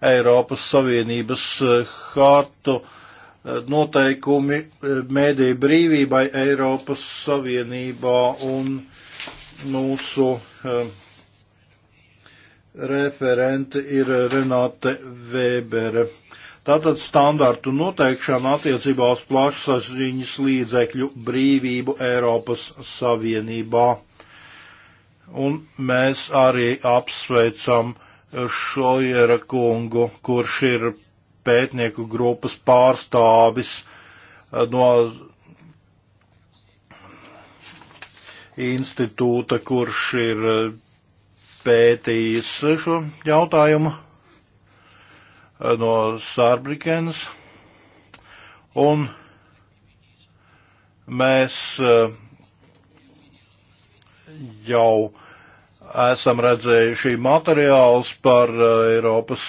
Eiropas Savienības eh, hartu eh, noteikumi mēdīju brīvībai Eiropas Savienībā un mūsu referente ir Renāte Vēbere. Tātad standartu noteikšana attiecībā uz plašsaziņas līdzekļu brīvību Eiropas Savienībā. Un mēs arī apsveicam Šojera kungu, kurš ir pētnieku grupas pārstāvis eh, no institūta, kurš ir eh, pētījis šo jautājumu Eh, no Sārbrikenas, un mēs eh, jau esam redzējuši materiāls par eh, Eiropas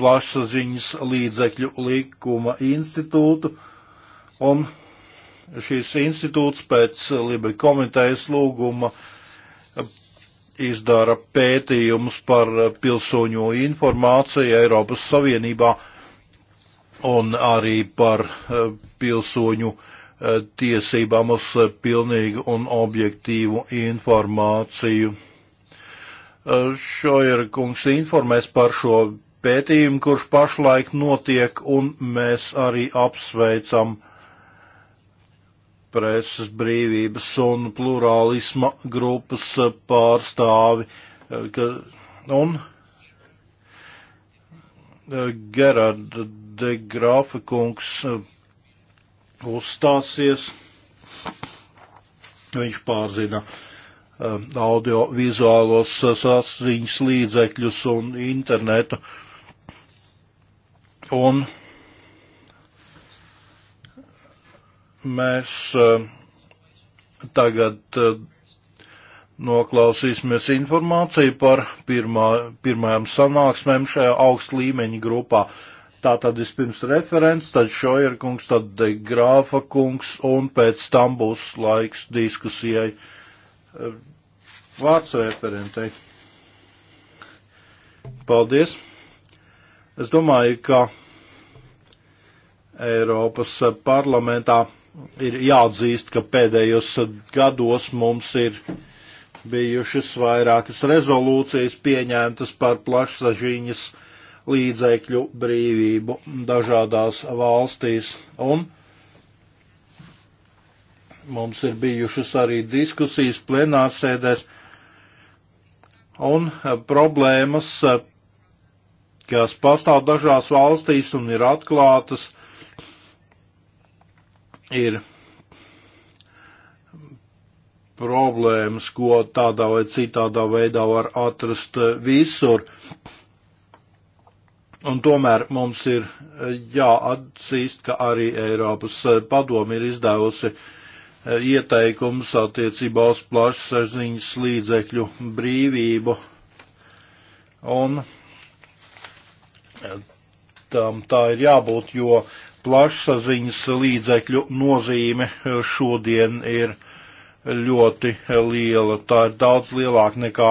plašsaziņas līdzekļu likuma institūtu, un šīs institūts pēc Libe komitejas lūguma uh, izdara pētījumus par pilsoņu informāciju Eiropas Savienībā un arī par eh, pilsoņu eh, tiesībām uz pilnīgu un objektīvu informāciju. Eh, Šojer kungs informēs par šo pētījumu, kurš pašlaik notiek, un mēs arī apsveicam uh, preses brīvības un plurālisma grupas pārstāvi. Eh, ka, un eh, Gerarda de Grāfa kungs eh, uzstāsies. Viņš pārzina audiovizuālos saziņas līdzekļus un internetu. Un Mēs eh, tagad eh, noklausīsimies informāciju par pirmā, pirmajām sanāksmēm šajā augst līmeņa grupā. Tā tad vispirms referents, tad Šojer kungs, tad De Grāfa kungs, un pēc tam būs laiks diskusijai. Eh, vārds referentei. Paldies. Es domāju, ka Eiropas parlamentā ir jāatzīst, ka pēdējos gados mums ir bijušas vairākas rezolūcijas pieņemtas par plašsaziņas līdzekļu brīvību dažādās valstīs, un mums ir bijušas arī diskusijas plenārsēdēs un eh, problēmas, eh, kas pastāv dažās valstīs un ir atklātas ir problēmas, ko tādā vai citādā veidā var atrast eh, visur. Un tomēr mums ir eh, jāatzīst, ka arī Eiropas eh, padomi ir izdevusi ieteikums attiecībā uz plašsaziņas līdzekļu brīvību. Un tam tā ir jābūt, jo plašsaziņas līdzekļu nozīme šodien ir ļoti liela. Tā ir daudz lielāka nekā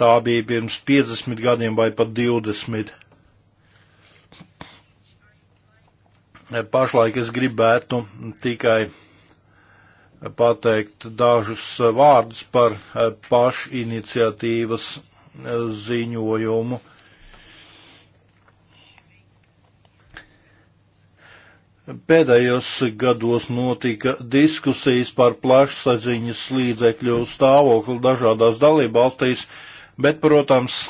tā bija pirms 50 gadiem vai pat 20. Pašlaik es gribētu tikai pateikt dažus vārdus par pašiniciatīvas ziņojumu Pēdējos gados notika diskusijas par plašsaziņas līdzekļu stāvokli dažādās dalībvalstīs, bet, protams,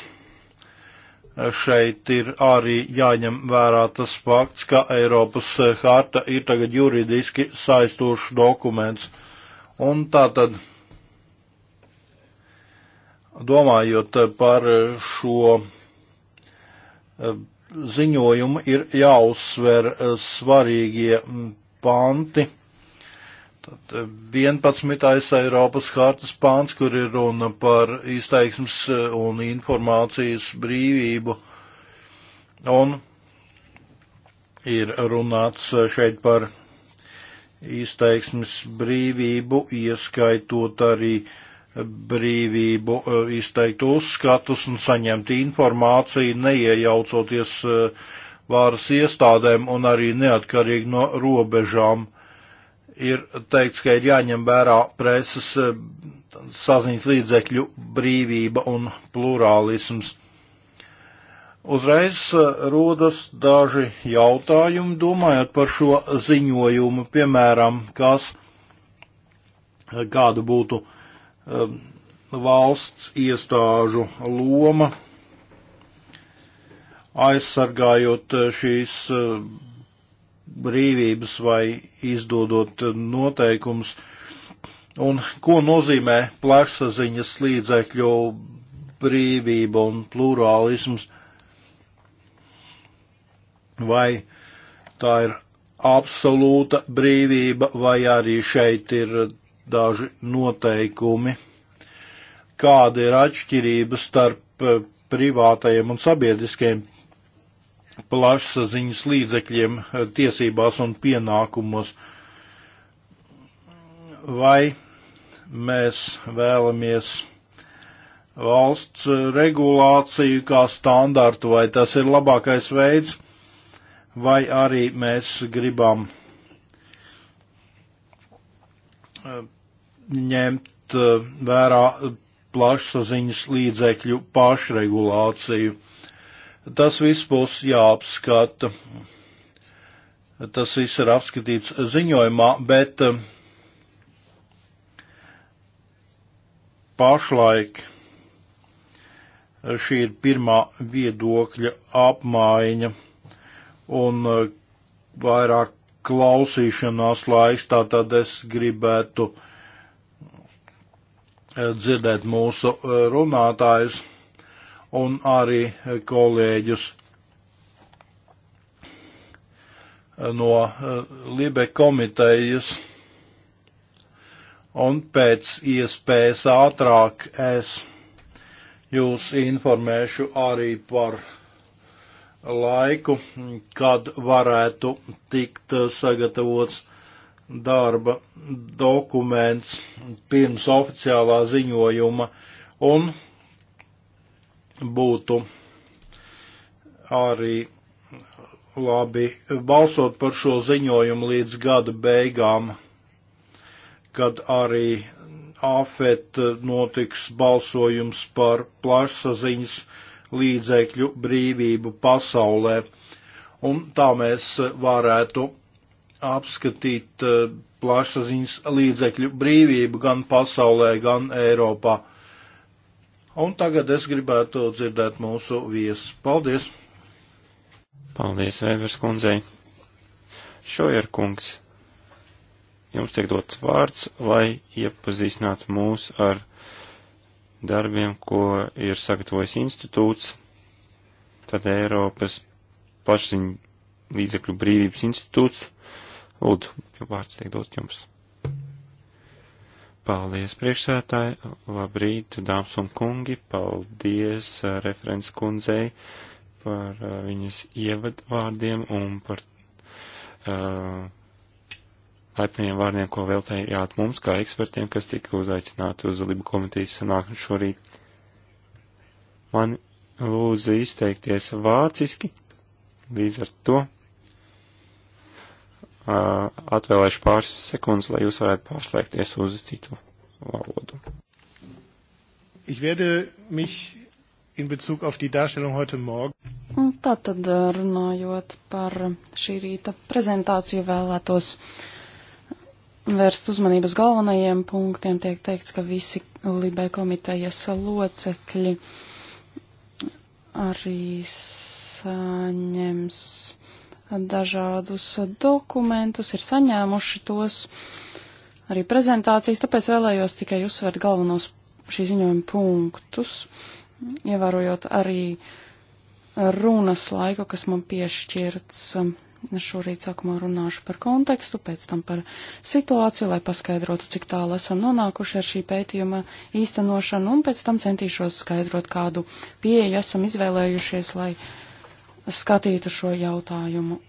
šeit ir arī jāņem vērā tas fakts, ka Eiropas harta ir tagad juridiski saistošs dokuments. Un tā tad, domājot par šo eh, ziņojumu ir jāuzsver eh, svarīgie mm, panti. Tad 11. Eh, Eiropas hartas pants, kur ir runa par izteiksmes eh, un informācijas brīvību. Un ir runāts šeit par izteiksmes brīvību, ieskaitot arī uh, brīvību e, izteikt uzskatus un saņemt informāciju, neiejaucoties e, vāras iestādēm un arī neatkarīgi no robežām. Ir teikts, ka ir jāņem vērā preses e, saziņas līdzekļu brīvība un plurālisms. Uzreiz rodas daži jautājumi, domājot par šo ziņojumu, piemēram, kas kāda būtu uh, Um, valsts iestāžu loma, aizsargājot uh, šīs uh, brīvības vai izdodot uh, noteikumus, un ko nozīmē plašsaziņas līdzekļu brīvība un plurālisms, vai tā ir absolūta brīvība, vai arī šeit ir daži noteikumi, kāda ir atšķirība starp eh, privātajiem un sabiedriskajiem plašsaziņas līdzekļiem eh, tiesībās un pienākumos. Vai mēs vēlamies valsts regulāciju kā standartu, vai tas ir labākais veids, vai arī mēs gribam eh, ņemt eh, vērā plašsaziņas līdzekļu pašregulāciju. Tas viss būs jāapskata. Tas viss ir apskatīts ziņojumā, bet eh, pašlaik eh, šī ir pirmā viedokļa apmaiņa un vairāk klausīšanās laiks, tātad es gribētu uh, Eh, dzirdēt mūsu eh, runātājus un arī kolēģus eh, no Libe komitejas. Un pēc iespējas ātrāk es jūs informēšu arī par laiku, kad varētu tikt sagatavots darba dokuments pirms oficiālā ziņojuma un būtu arī labi balsot par šo ziņojumu līdz gada beigām, kad arī AFET notiks balsojums par plašsaziņas līdzekļu brīvību pasaulē. Un tā mēs varētu apskatīt eh, plašsaziņas līdzekļu brīvību gan pasaulē, gan Eiropā. Un tagad es gribētu dzirdēt mūsu viesus. Paldies! Paldies, Vēvers kundzei! Šojer kungs, jums tiek dots vārds, lai iepazīstinātu mūs ar darbiem, ko ir sagatavojis institūts, tad Eiropas plašsaziņu līdzekļu brīvības institūts Lūdzu, vārds tiek dot jums. Paldies, priekšsētāji, labrīt, dāmas un kungi, paldies eh, referents kundzei par eh, viņas ievadvārdiem un par uh, eh, laipniem vārdiem, ko veltējāt mums, kā ekspertiem, kas tika uzaicināti uz Libu komitejas sanākni šorīt. Man lūdzu izteikties vāciski, līdz ar to Uh, atvēlēšu pāris sekundes, lai jūs varētu pārslēgties uz citu valodu. Ich werde mich in Bezug auf die Darstellung heute Morgen. Tātad uh, runājot par šī rīta prezentāciju vēlētos vērst uzmanības galvenajiem punktiem. Tiek teikts, ka visi Libē komitejas locekļi arī saņems dažādus dokumentus, ir saņēmuši tos arī prezentācijas, tāpēc vēlējos tikai uzsvērt galvenos šī ziņojuma punktus, ievērojot arī runas laiku, kas man piešķirts. Šorīt sākumā runāšu par kontekstu, pēc tam par situāciju, lai paskaidrotu, cik tālu esam nonākuši ar šī pētījuma īstenošanu, un pēc tam centīšos skaidrot, kādu pieeju esam izvēlējušies, lai uh, skatītu šo jautājumu.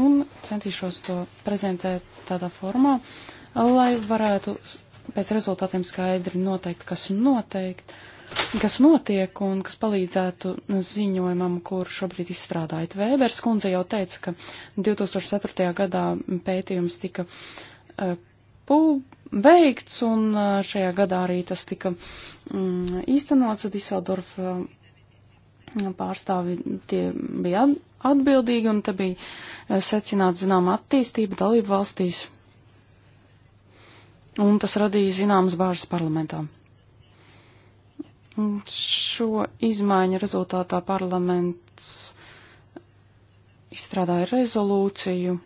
Un centīšos to prezentēt tādā formā, lai varētu pēc rezultātiem skaidri noteikt, kas noteikt, kas notiek un kas palīdzētu ziņojumam, kur šobrīd izstrādājat. Vēbers kundze jau teica, ka 2004. gadā pētījums tika uh, veikts un uh, šajā gadā arī tas tika um, īstenots Diseldorfa eh, pārstāvi tie bija atbildīgi, un te bija eh, secināta zināma attīstība dalību valstīs, un tas radīja zināmas bāžas parlamentā. Un šo izmaiņu rezultātā parlaments izstrādāja rezolūciju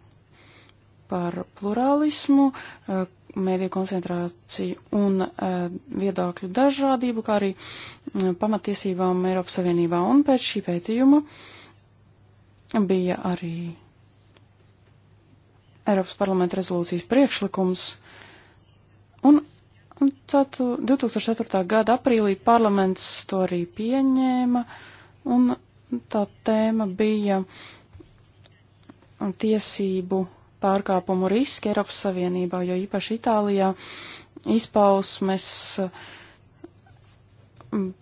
par plurālismu, eh, mēdīju koncentrāciju un uh, viedokļu dažādību, kā arī uh, pamatiesībām Eiropas Savienībā. Un pēc šī pētījuma bija arī Eiropas parlamenta rezolūcijas priekšlikums. Un 2004. gada aprīlī parlaments to arī pieņēma, un tā tēma bija tiesību pārkāpumu riski Eiropas Savienībā, jo īpaši Itālijā izpausmes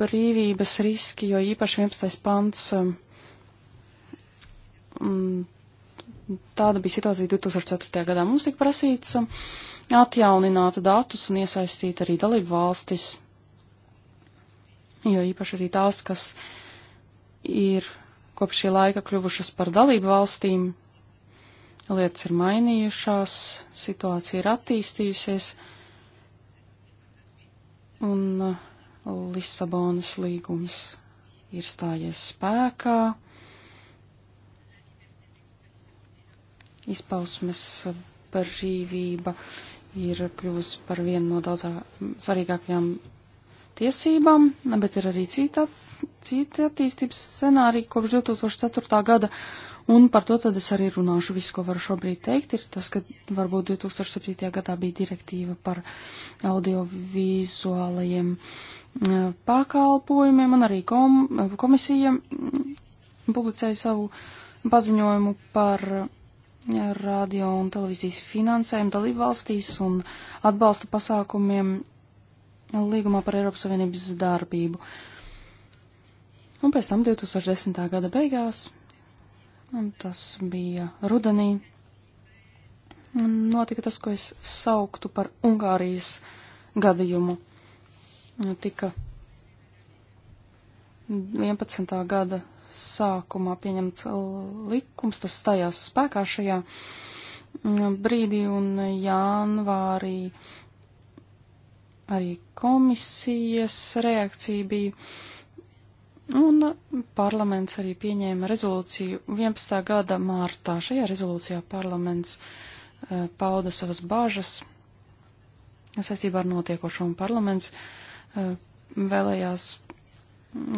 brīvības riski, jo īpaši 11. pants. Tāda bija situācija 2004. gadā. Mums tika prasīts atjaunināt datus un iesaistīt arī dalību valstis, jo īpaši arī tās, kas ir kopš šī laika kļuvušas par dalību valstīm, lietas ir mainījušās, situācija ir attīstījusies, un uh, Lisabonas līgums ir stājies spēkā. Izpausmes brīvība ir kļuvusi par vienu no daudzā svarīgākajām tiesībām, bet ir arī cita, cita attīstības scenārija kopš 2004. gada, Un par to tad es arī runāšu. Viss, ko varu šobrīd teikt, ir tas, ka varbūt 2007. gadā bija direktīva par audiovizuālajiem eh, pakalpojumiem, un arī kom, komisija publicēja savu paziņojumu par eh, radio un televīzijas finansējumu dalību valstīs un atbalsta pasākumiem līgumā par Eiropas Savienības darbību. Un pēc tam 2010. gada beigās Un tas bija rudenī. Notika tas, ko es sauktu par Ungārijas gadījumu. Tika 11. gada sākumā pieņemts likums, tas stājās spēkā šajā brīdī un janvārī arī komisijas reakcija bija Un parlaments arī pieņēma rezolūciju 11. gada mārtā. Šajā rezolūcijā parlaments uh, pauda savas bāžas saistībā ar notiekošo, un parlaments uh, vēlējās,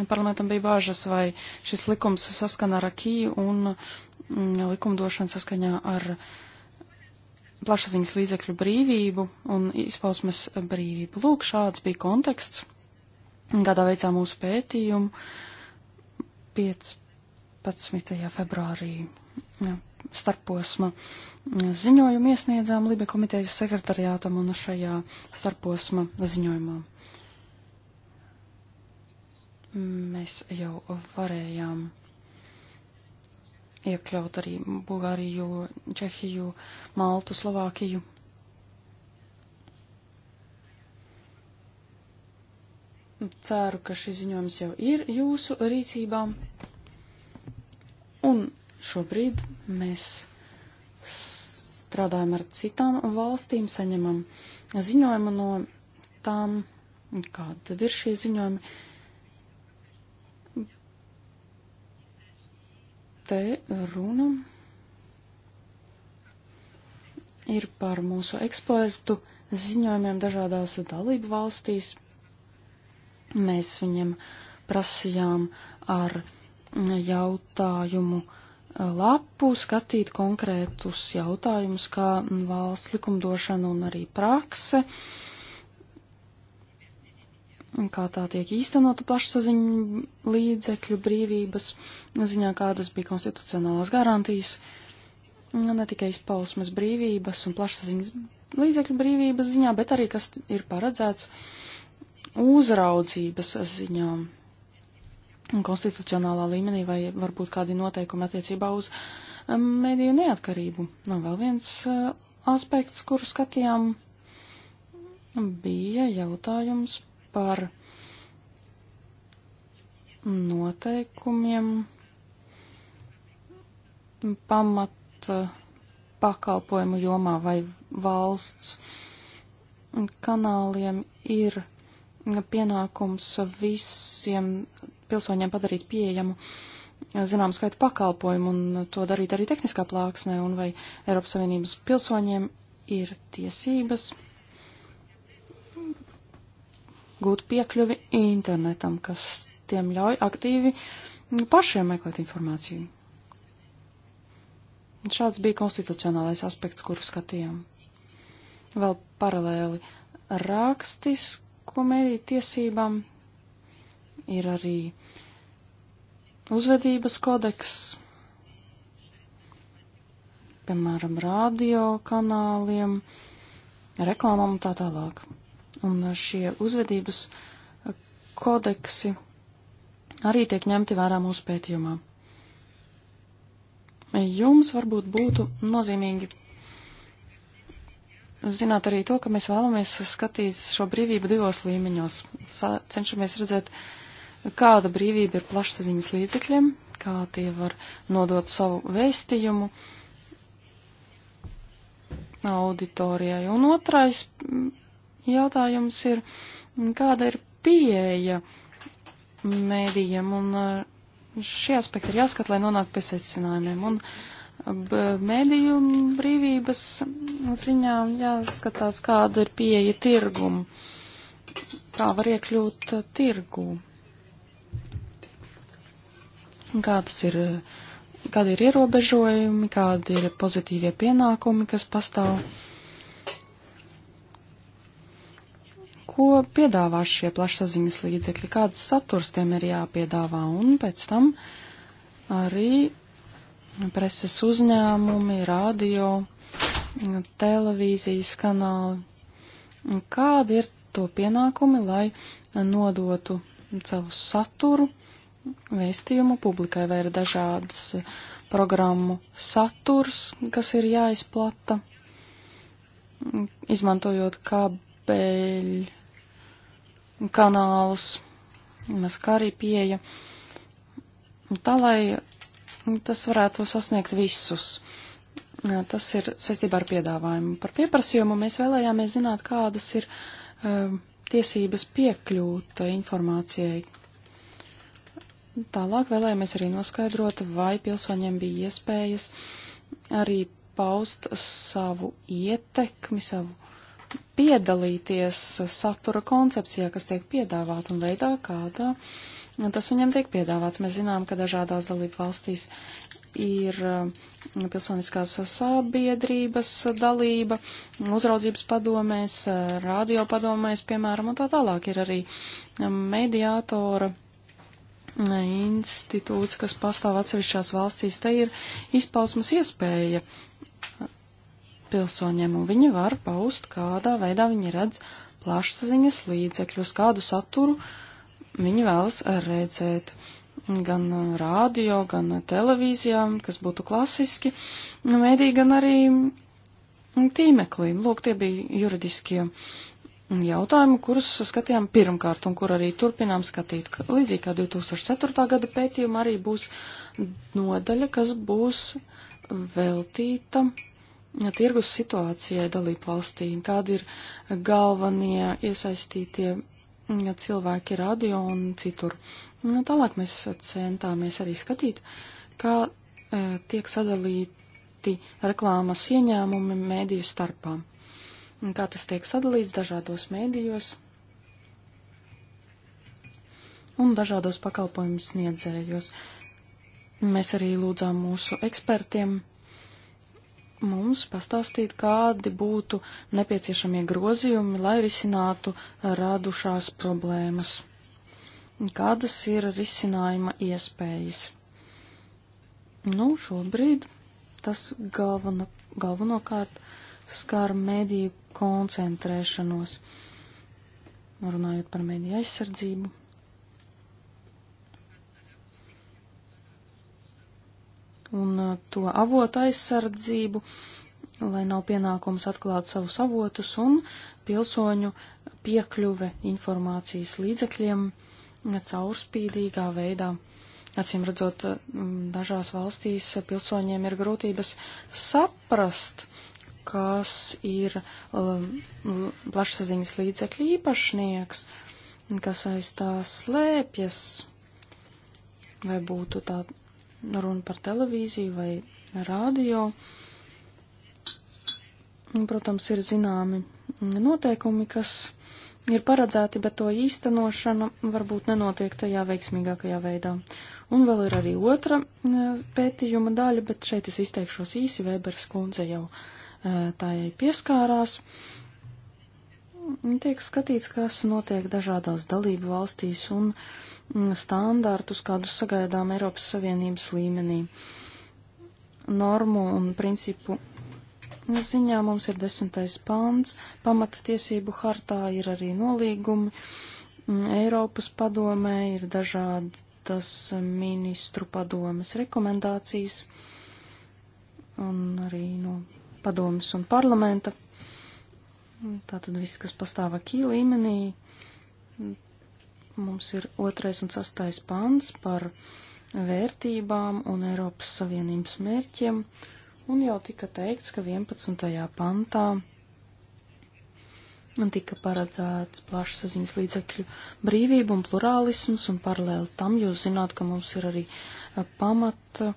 parlamentam bija bāžas, vai šis likums saskana ar akī un mm, likumdošana saskaņā ar plašsaziņas līdzekļu brīvību un izpausmes brīvību. Lūk, šāds bija konteksts kādā veicā mūsu pētījumu 15. februārī ja, starposma ziņojumu iesniedzām Libe komitejas sekretariātam un šajā starposma ziņojumā. Mēs jau varējām iekļaut arī Bulgāriju, Čehiju, Maltu, Slovākiju Ceru, ka šis ziņojums jau ir jūsu rīcībā. Un šobrīd mēs strādājam ar citām valstīm, saņemam ziņojumu no tām, kāda tad ir šie ziņojumi. Te runa ir par mūsu ekspertu ziņojumiem dažādās dalību valstīs. Mēs viņam prasījām ar jautājumu eh, lapu skatīt konkrētus jautājumus, kā valsts likumdošana un arī prakse, kā tā tiek īstenota plašsaziņu līdzekļu brīvības ziņā, kādas bija konstitucionālās garantijas, ne tikai izpausmes brīvības un plašsaziņas līdzekļu brīvības ziņā, bet arī kas ir paredzēts uzraudzības ziņā konstitucionālā līmenī vai varbūt kādi noteikumi attiecībā uz um, mediju neatkarību. Nu, vēl viens uh, aspekts, kuru skatījām, bija jautājums par noteikumiem pamata pakalpojumu jomā vai valsts kanāliem ir pienākums visiem pilsoņiem padarīt pieejamu zināmu skaitu pakalpojumu un to darīt arī tehniskā plāksnē, un vai Eiropas Savienības pilsoņiem ir tiesības gūt piekļuvi internetam, kas tiem ļauj aktīvi pašiem meklēt informāciju. Šāds bija konstitucionālais aspekts, kuru skatījām. Vēl paralēli rakstiski ko mēdīju tiesībām, ir arī uzvedības kodeks, piemēram, radio kanāliem, reklāmām un tā tālāk. Un šie uzvedības kodeksi arī tiek ņemti vērā mūsu pētījumā. Jums varbūt būtu nozīmīgi zināt arī to, ka mēs vēlamies skatīt šo brīvību divos līmeņos. Sa cenšamies redzēt, kāda brīvība ir plašsaziņas līdzekļiem, kā tie var nodot savu vēstījumu auditorijai. Un otrais jautājums ir, kāda ir pieeja mēdījiem, un eh, šie aspekti ir jāskat, lai nonāk pie secinājumiem. Un, uh, Eh, mediju brīvības ziņā jāskatās, kāda ir pieeja tirgumu, kā var iekļūt eh, tirgū, kādas ir, eh, kādi ir ierobežojumi, kādi ir pozitīvie pienākumi, kas pastāv. Ko piedāvā šie plašsaziņas līdzekļi, kāds saturs tiem ir jāpiedāvā un pēc tam arī preses uzņēmumi, radio, televīzijas kanāli. Kādi ir to pienākumi, lai nodotu savu saturu, vēstījumu publikai, vai ir dažādas programmu saturs, kas ir jāizplata, izmantojot kabeļu kanālus, mēs kā arī pieeja, tā lai tas varētu sasniegt visus. Tas ir saistībā ar piedāvājumu. Par pieprasījumu mēs vēlējāmies zināt, kādas ir um, tiesības piekļūt informācijai. Tālāk vēlējāmies arī noskaidrot, vai pilsoņiem bija iespējas arī paust savu ietekmi, savu piedalīties satura koncepcijā, kas tiek piedāvāta un veidā, kādā uh, tas viņam tiek piedāvāts. Mēs zinām, ka dažādās dalību valstīs ir um, pilsoniskās sabiedrības dalība, uzraudzības padomēs, radio padomēs, piemēram, un tā tālāk ir arī um, mediātora um, institūts, kas pastāv atsevišķās valstīs. Te ir izpausmas iespēja pilsoņiem, un viņi var paust, kādā veidā viņi redz plašsaziņas līdzekļus, kādu saturu uh, Viņi vēlas eh, redzēt gan eh, rādio, gan eh, televīzijā, kas būtu klasiski, nu, mēdī, gan arī mm, tīmeklī. Lūk, tie bija juridiskie mm, jautājumi, kurus skatījām pirmkārt un kur arī turpinām skatīt. Līdzīgi kā 2004. gada pētījuma arī būs nodaļa, kas būs veltīta mm, tirgus situācijai dalību valstīm, kādi ir galvenie iesaistītie ja cilvēki radio un citur. Nu, tālāk mēs centāmies arī skatīt, kā e, tiek sadalīti reklāmas ieņēmumi mēdīju starpā. Un kā tas tiek sadalīts dažādos mēdījos un dažādos pakalpojumu sniedzējos. Mēs arī lūdzām mūsu ekspertiem mums pastāstīt, kādi būtu nepieciešamie grozījumi, lai risinātu radušās problēmas? Kādas ir risinājuma iespējas? Nu, šobrīd tas galvena, galvenokārt skar mediju koncentrēšanos, runājot par mediju aizsardzību. un uh, to avotu aizsardzību, lai nav pienākums atklāt savus avotus un pilsoņu piekļuve informācijas līdzekļiem caurspīdīgā veidā. Acīm redzot, uh, dažās valstīs pilsoņiem ir grūtības saprast, kas ir um, plašsaziņas līdzekļu īpašnieks, kas aiz tā slēpjas, vai būtu tā runa par televīziju vai rādio. Protams, ir zināmi noteikumi, kas ir paredzēti, bet to īstenošana varbūt nenotiek tajā veiksmīgākajā veidā. Un vēl ir arī otra e, pētījuma daļa, bet šeit es izteikšos īsi, Vēbers kundze jau e, tājai pieskārās. Tiek skatīts, kas notiek dažādās dalību valstīs un uh, standārtus, kādus sagaidām Eiropas Savienības līmenī. Normu un principu ziņā mums ir desmitais pāns, pamatiesību hartā ir arī nolīgumi, mm, Eiropas padomē ir dažādas ministru padomes rekomendācijas un arī no padomes un parlamenta. Tātad viss, kas pastāv akī līmenī, Mums ir otrais un sastais pants par vērtībām un Eiropas Savienības mērķiem, un jau tika teikts, ka 11. pantā tika paredzēts plašsaziņas līdzekļu brīvība un plurālisms, un paralēli tam jūs zināt, ka mums ir arī eh, pamata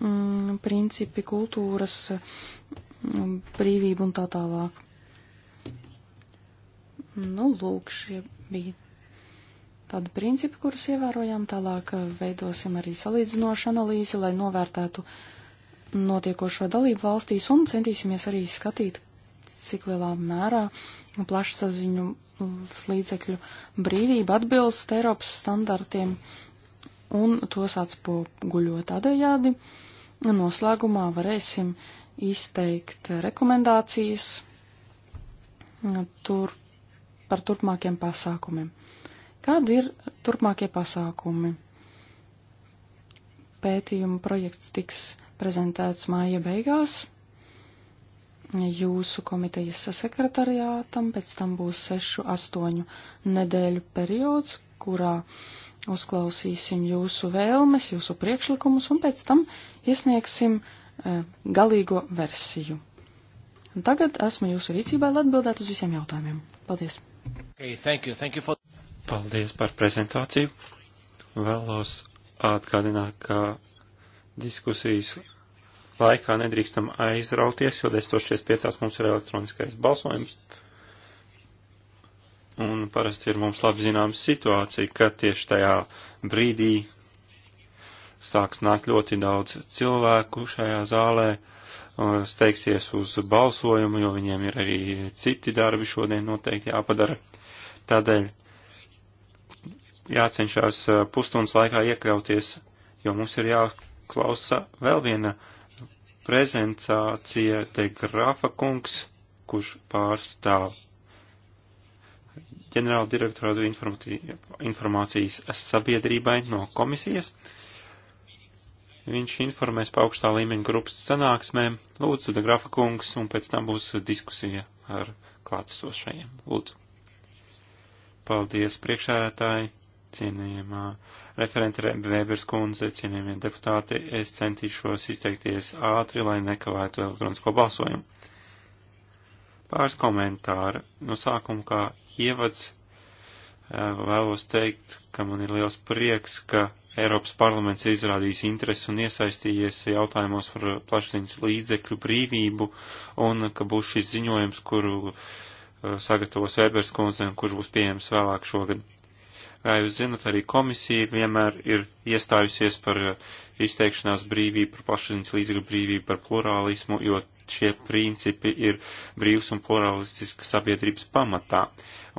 mm, principi, kultūras mm, brīvība un tā tālāk. Nu, lūk, šie bija tādi principi, kurus ievērojām. Tālāk eh, veidosim arī salīdzinošu analīzi, lai novērtētu notiekošo dalību valstīs un centīsimies arī skatīt, cik lielā mērā plašsaziņu līdzekļu brīvība atbilst Eiropas standartiem un tos atspoguļot tādējādi. Noslēgumā varēsim izteikt rekomendācijas eh, tur, par turpmākiem pasākumiem. Kādi ir turpmākie pasākumi? Pētījuma projekts tiks prezentēts māja beigās jūsu komitejas sekretariātam, pēc tam būs sešu, astoņu nedēļu periods, kurā uzklausīsim jūsu vēlmes, jūsu priekšlikumus un pēc tam iesniegsim e, galīgo versiju. Un tagad esmu jūsu rīcībā, lai atbildētu uz visiem jautājumiem. Paldies! Okay, thank you. Thank you for... Paldies par prezentāciju. Vēlos atgādināt, ka diskusijas laikā nedrīkstam aizrauties, jo 10.45 mums ir elektroniskais balsojums. Un parasti ir mums labi zināms situācija, ka tieši tajā brīdī sāks nākt ļoti daudz cilvēku šajā zālē, uh, steigsies uz balsojumu, jo viņiem ir arī citi darbi šodien noteikti jāpadara. Tādēļ jācenšas eh, pusstundas laikā iekļauties, jo mums ir jāklausa vēl viena prezentācija te Grafa kungs, kurš pārstāv ģenerāla direktorātu informācijas sabiedrībai no komisijas. Viņš informēs pa augstā līmeņa grupas sanāksmēm. Lūdzu, de Grafa kungs, un pēc tam būs diskusija ar klātesošajiem. Lūdzu. Paldies, priekšsēdētāji cienījamā referente Vēbers kundze, cienījamie deputāti, es centīšos izteikties ātri, lai nekavētu elektronisko balsojumu. Pāris komentāri. No sākuma kā ievads eh, vēlos teikt, ka man ir liels prieks, ka Eiropas parlaments izrādījis interesi un iesaistījies jautājumos par plašsaziņas līdzekļu brīvību un ka būs šis ziņojums, kuru eh, sagatavos Vēbers kundze un kurš būs pieejams vēlāk šogad. Kā jūs zinat, arī komisija vienmēr ir iestājusies par uh, izteikšanās brīvību, par plašsaziņas līdzekļu brīvību, par plurālismu, jo šie principi ir brīvs un plurālistisks sabiedrības pamatā.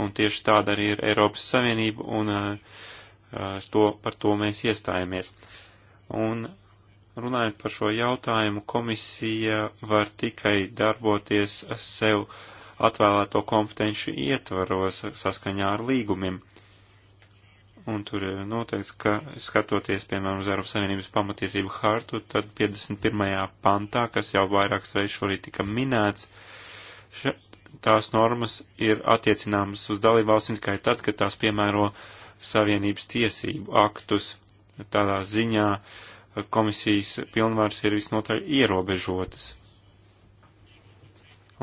Un tieši tāda arī ir Eiropas Savienība, un uh, uh, to, par to mēs iestājamies. Un runājot par šo jautājumu, komisija var tikai darboties sev atvēlēto kompetenci ietvaros saskaņā ar līgumiem. Uh, un tur ir noteikts, ka skatoties, piemēram, uz Eiropas Savienības pamatiesību hartu, tad 51. pantā, kas jau vairākas reizes šorīt tika minēts, še, tās normas ir attiecināmas uz dalībvalstīm tikai tad, kad tās piemēro Savienības tiesību aktus. Tādā ziņā komisijas pilnvaras ir visnotaļ ierobežotas.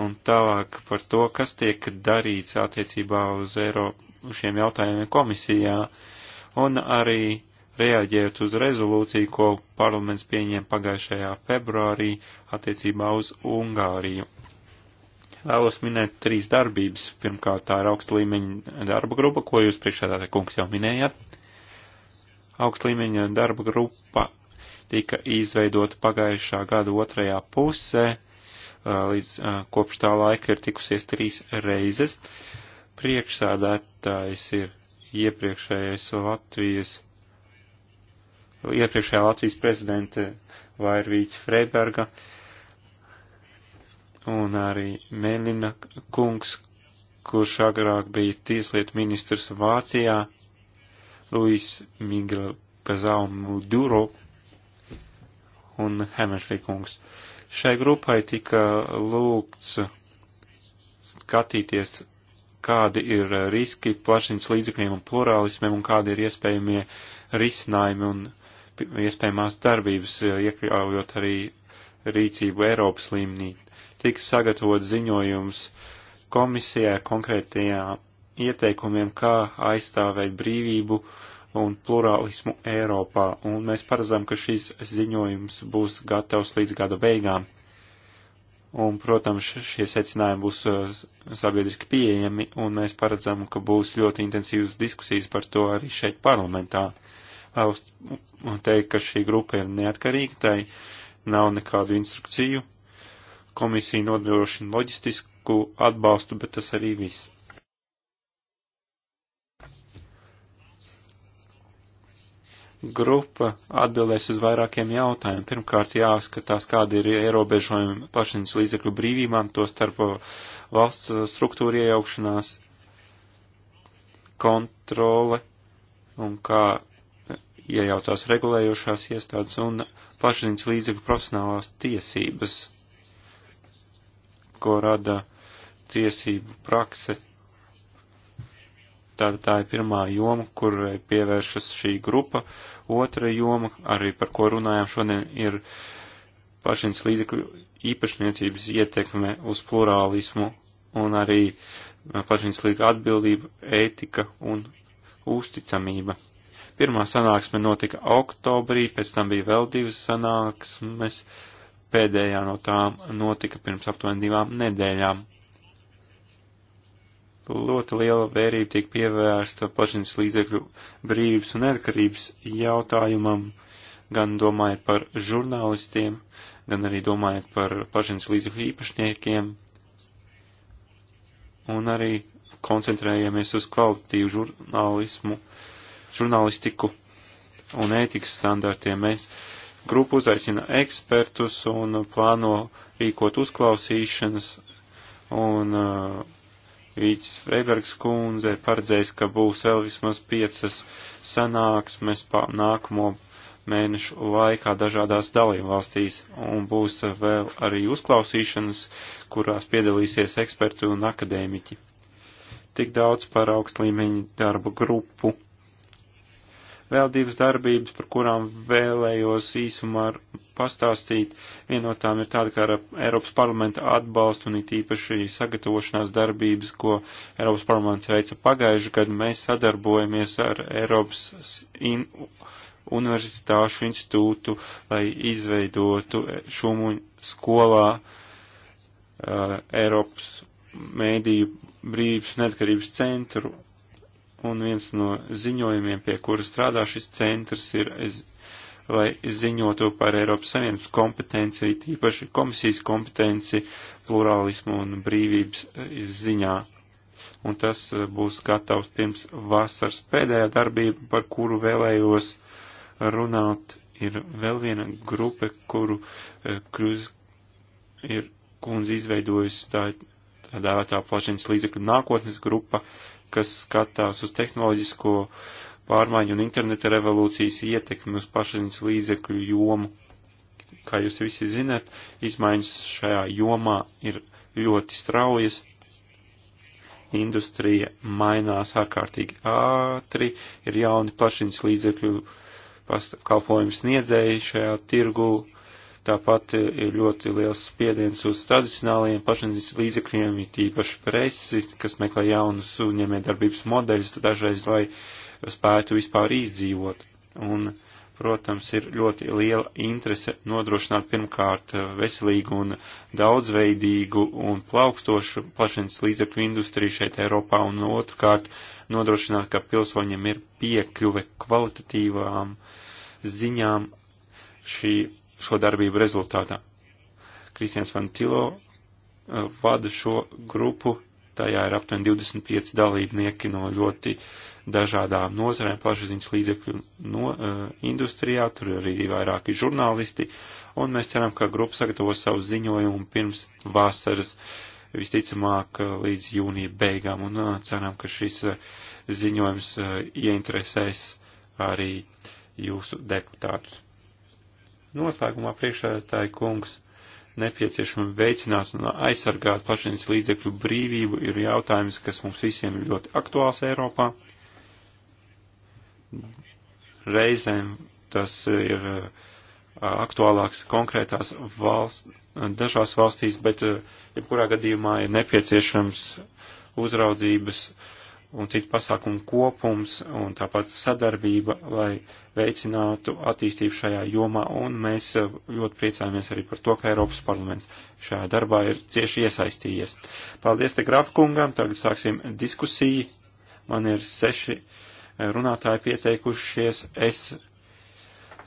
Un tālāk par to, kas tiek darīts attiecībā uz Eiropu šiem jautājumiem komisijā un arī reaģēt uz rezolūciju, ko parlaments pieņēma pagājušajā februārī attiecībā uz Ungāriju. Vēlos minēt trīs darbības. Pirmkārt, tā ir augsta līmeņa darba grupa, ko jūs priekšādātē kungs jau minējāt. Augsta līmeņa darba grupa tika izveidota pagājušā gada otrajā pusē, līdz kopš tā laika ir tikusies trīs reizes. Uh, priekšsādātājs ir iepriekšējais Latvijas, iepriekšējā Latvijas prezidente Vairvīķa Freiberga un arī Melina kungs, kurš agrāk bija tieslietu ministrs Vācijā, Luis Miguel Pazaumu Duro un Hemešlī kungs. Šai grupai tika lūgts skatīties kādi ir eh, riski plašins līdzekļiem un plurālismiem un kādi ir iespējamie risinājumi un iespējamās darbības, eh, iekļaujot arī rīcību Eiropas līmenī. Tika sagatavot ziņojums komisijai konkrētajā ieteikumiem, kā aizstāvēt brīvību un plurālismu Eiropā, un mēs paredzam, ka šīs ziņojums būs gatavs līdz gada beigām. Un, protams, šie secinājumi būs uh, sabiedriski pieejami, un mēs paredzam, ka būs ļoti intensīvas diskusijas par to arī šeit parlamentā. Vēlos teikt, ka šī grupa ir neatkarīga, tai nav nekādu instrukciju. Komisija nodrošina loģistisku atbalstu, bet tas arī viss. grupa atbildēs uz vairākiem jautājumiem. Pirmkārt, jāskatās, kādi ir ierobežojumi plašiņas līdzekļu brīvībām, to starp valsts struktūra iejaukšanās, kontrole un kā iejaucās regulējošās iestādes un plašiņas līdzekļu profesionālās tiesības, ko rada tiesību prakse Tātad tā ir pirmā joma, kur pievēršas šī grupa. Otra joma, arī par ko runājām šodien, ir pašins līdzekļu īpašniecības ietekme uz plurālismu un arī pašins līdzekļu atbildība, ētika un uzticamība. Pirmā sanāksme notika oktobrī, pēc tam bija vēl divas sanāksmes, pēdējā no tām notika pirms aptuveni divām nedēļām ļoti liela vērība tiek pievērsta plašiņas līdzekļu brīvības un neatkarības jautājumam, gan domājot par žurnālistiem, gan arī domājot par plašiņas līdzekļu īpašniekiem, un arī koncentrējamies uz kvalitatīvu žurnālismu, žurnālistiku un ētikas standartiem. Mēs grupu uzaicina ekspertus un plāno rīkot uzklausīšanas un uh, Vīķis Freibergs kundze ir paredzējis, ka būs vēl vismaz piecas sanāksmes nākamo mēnešu laikā dažādās dalībvalstīs, un būs vēl arī uzklausīšanas, kurās piedalīsies eksperti un akadēmiķi. Tik daudz par augstlīmeņu darbu grupu vēl divas darbības, par kurām vēlējos īsumā pastāstīt. Viena no tām ir tāda, kā ar Eiropas parlamenta atbalstu un it īpaši sagatavošanās darbības, ko Eiropas parlaments veica pagājuši gadu. Mēs sadarbojamies ar Eiropas in universitāšu institūtu, lai izveidotu šumu skolā uh, Eiropas mēdīju brīvības un neatkarības centru un viens no ziņojumiem, pie kura strādā šis centrs, ir, lai ziņotu par Eiropas Savienības kompetenci, tīpaši komisijas kompetenci, plurālismu un brīvības e, ziņā. Un tas e, būs gatavs pirms vasaras pēdējā darbība, par kuru vēlējos runāt, ir vēl viena grupa, kuru e, Kruz ir kundze izveidojusi tā, tādā tā plašiņas līdzekļu nākotnes grupa, uh, kas skatās uz tehnoloģisko pārmaiņu un interneta revolūcijas ietekmi uz pašziņas līdzekļu jomu. Kā jūs visi zināt, izmaiņas šajā jomā ir ļoti straujas. Industrija mainās ārkārtīgi ātri, ir jauni plašiņas līdzekļu pakalpojumu sniedzēji šajā tirgu, Tāpat ir ļoti liels spiediens uz tradicionālajiem plašsaziņas līdzekļiem, it īpaši presi, kas meklē jaunus uzņēmējdarbības modeļus, dažreiz vai spētu vispār izdzīvot. Un, protams, ir ļoti liela interese nodrošināt pirmkārt veselīgu un daudzveidīgu un plaukstošu plašanas līdzekļu industriju šeit Eiropā un otrkārt nodrošināt, ka pilsoņiem ir piekļuve kvalitatīvām ziņām. Šī šo darbību rezultātā. Kristians Van Tilo eh, vada šo grupu, tajā ir aptuveni 25 dalībnieki no ļoti dažādām nozarēm, plašsaziņas līdzekļu no, uh, industrijā, tur arī vairāki žurnālisti, un mēs ceram, ka grupa sagatavos savu ziņojumu pirms vasaras, visticamāk eh, līdz jūnija beigām, un uh, ceram, ka šis uh, ziņojums uh, ieinteresēs arī jūsu deputātus. Noslēgumā priekšsēdētāji kungs nepieciešama veicināt un aizsargāt plašiņas līdzekļu brīvību ir jautājums, kas mums visiem ir ļoti aktuāls Eiropā. Reizēm tas ir aktuālāks konkrētās valsts, dažās valstīs, bet jebkurā gadījumā ir nepieciešams uzraudzības uh, un citu pasākumu kopums un tāpat sadarbība, lai veicinātu attīstību šajā jomā, un mēs eh, ļoti priecājamies arī par to, ka Eiropas parlaments šajā darbā ir cieši iesaistījies. Paldies te grafkungam, tagad sāksim diskusiju. Man ir seši eh, runātāji pieteikušies. Es, eh,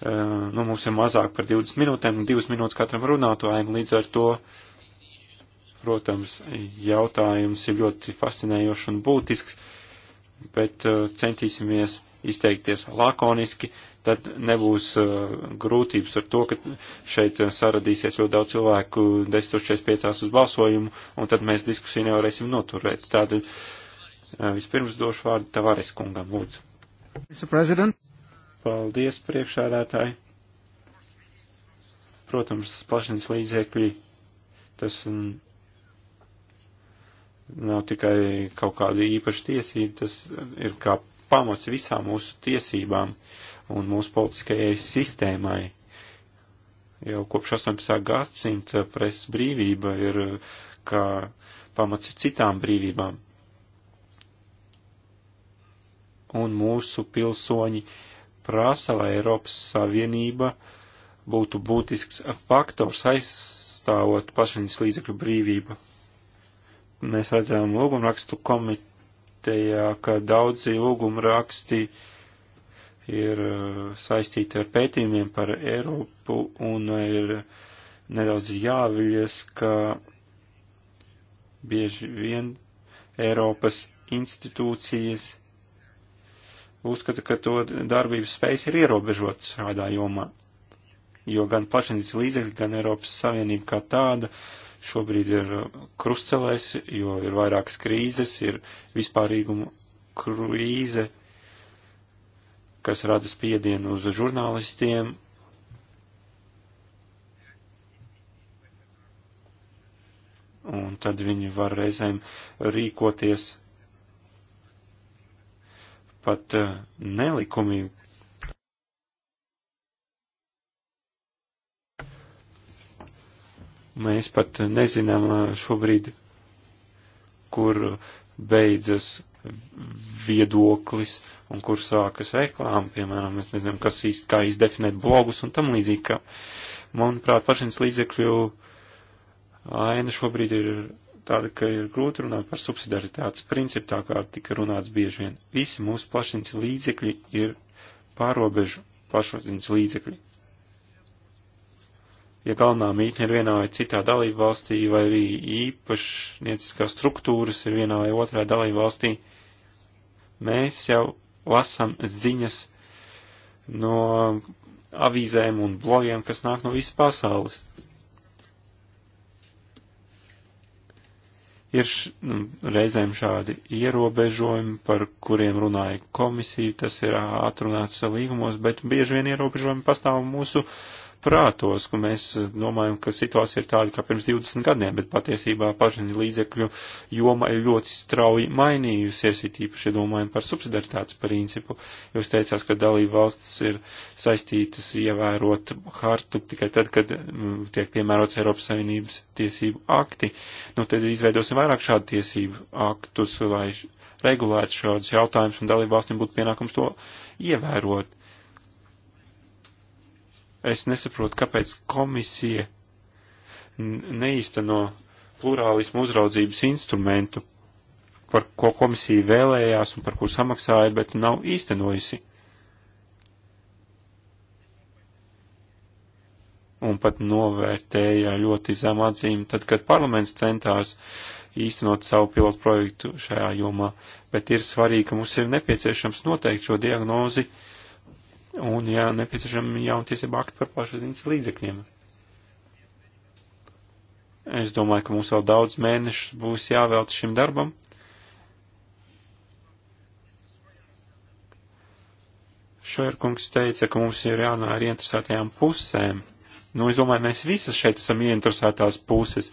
nu, mums ir mazāk par 20 minūtēm, divas minūtes katram runātājiem, līdz ar to protams, jautājums ir ļoti fascinējošs un būtisks, bet uh, centīsimies izteikties lakoniski, tad nebūs uh, grūtības ar to, ka šeit uh, saradīsies ļoti daudz cilvēku 10.45 uz balsojumu, un tad mēs diskusiju nevarēsim noturēt. Tātad vispirms došu vārdu Tavares kungam, lūdzu. Paldies, priekšādātāji. Protams, plašanas līdzekļi, tas mm, nav tikai kaut kāda īpaša tiesība, tas ir kā pamats visām mūsu tiesībām un mūsu politiskajai sistēmai. Jau kopš 18. gadsimta presas brīvība ir kā pamats citām brīvībām. Un mūsu pilsoņi prasa, lai Eiropas Savienība būtu būtisks faktors aizstāvot pašainas līdzekļu brīvību mēs redzējām lūgumrakstu komitejā, ka daudzi lūgumraksti ir uh, saistīti ar pētījumiem par Eiropu un ir nedaudz jāvies, ka bieži vien Eiropas institūcijas uzskata, ka to darbības spējas ir ierobežotas šādā jomā, jo gan plašanas līdzekļi, gan Eiropas Savienība kā tāda uh, šobrīd ir krustcelēs, jo ir vairākas krīzes, ir vispārīguma krīze, kas rada spiedienu uz žurnālistiem. Un tad viņi var reizēm rīkoties pat eh, nelikumīgi, Mēs pat nezinām šobrīd, kur beidzas viedoklis un kur sākas reklāma, piemēram, mēs nezinām, kas īsti, kā izdefinēt blogus un tam līdzīgi, ka, manuprāt, pašins līdzekļu aina šobrīd ir tāda, ka ir grūti runāt par subsidaritātes principu, tā kā tika runāts bieži vien. Visi mūsu plašins līdzekļi ir pārobežu plašins līdzekļi ja galvenā mītne ir vienā vai citā dalību valstī, vai arī īpašnieciskās struktūras ir vienā vai otrā dalību valstī, mēs jau lasam ziņas no avīzēm un blogiem, kas nāk no visas pasaules. Ir š, nu, reizēm šādi ierobežojumi, par kuriem runāja komisija, tas ir atrunāts līgumos, bet bieži vien ierobežojumi pastāv mūsu uh, prātos, ka mēs domājam, ka situācija ir tāda kā pirms 20 gadiem, bet patiesībā pašreizēju līdzekļu joma ir ļoti strauji mainījusies, ir tīpaši domājam par subsidaritātes principu. Jūs teicāt, ka dalība valsts ir saistītas ievērot hartu tikai tad, kad m, nu, tiek piemērots Eiropas Savienības tiesību akti. Nu, tad izveidosim vairāk šādu tiesību aktus, lai regulētu šādus jautājumus un dalību valstīm būtu pienākums to ievērot Es nesaprotu, kāpēc komisija neīsteno plurālismu uzraudzības instrumentu, par ko komisija vēlējās un par kur samaksāja, bet nav īstenojusi. Un pat novērtēja ļoti zem atzīmi, tad, kad parlaments centās īstenot savu pilotu projektu šajā jomā, bet ir svarīgi, ka mums ir nepieciešams noteikt šo diagnozi, uh, un, ja nepieciešami, jaunu tiesību aktu par plašsaziņas līdzekļiem. Es domāju, ka mums vēl daudz mēnešus būs jāvēlta šim darbam. Šoirkungs teica, ka mums ir jānā ar interesētajām pusēm. Nu, es domāju, mēs visas šeit esam ieinteresētās puses.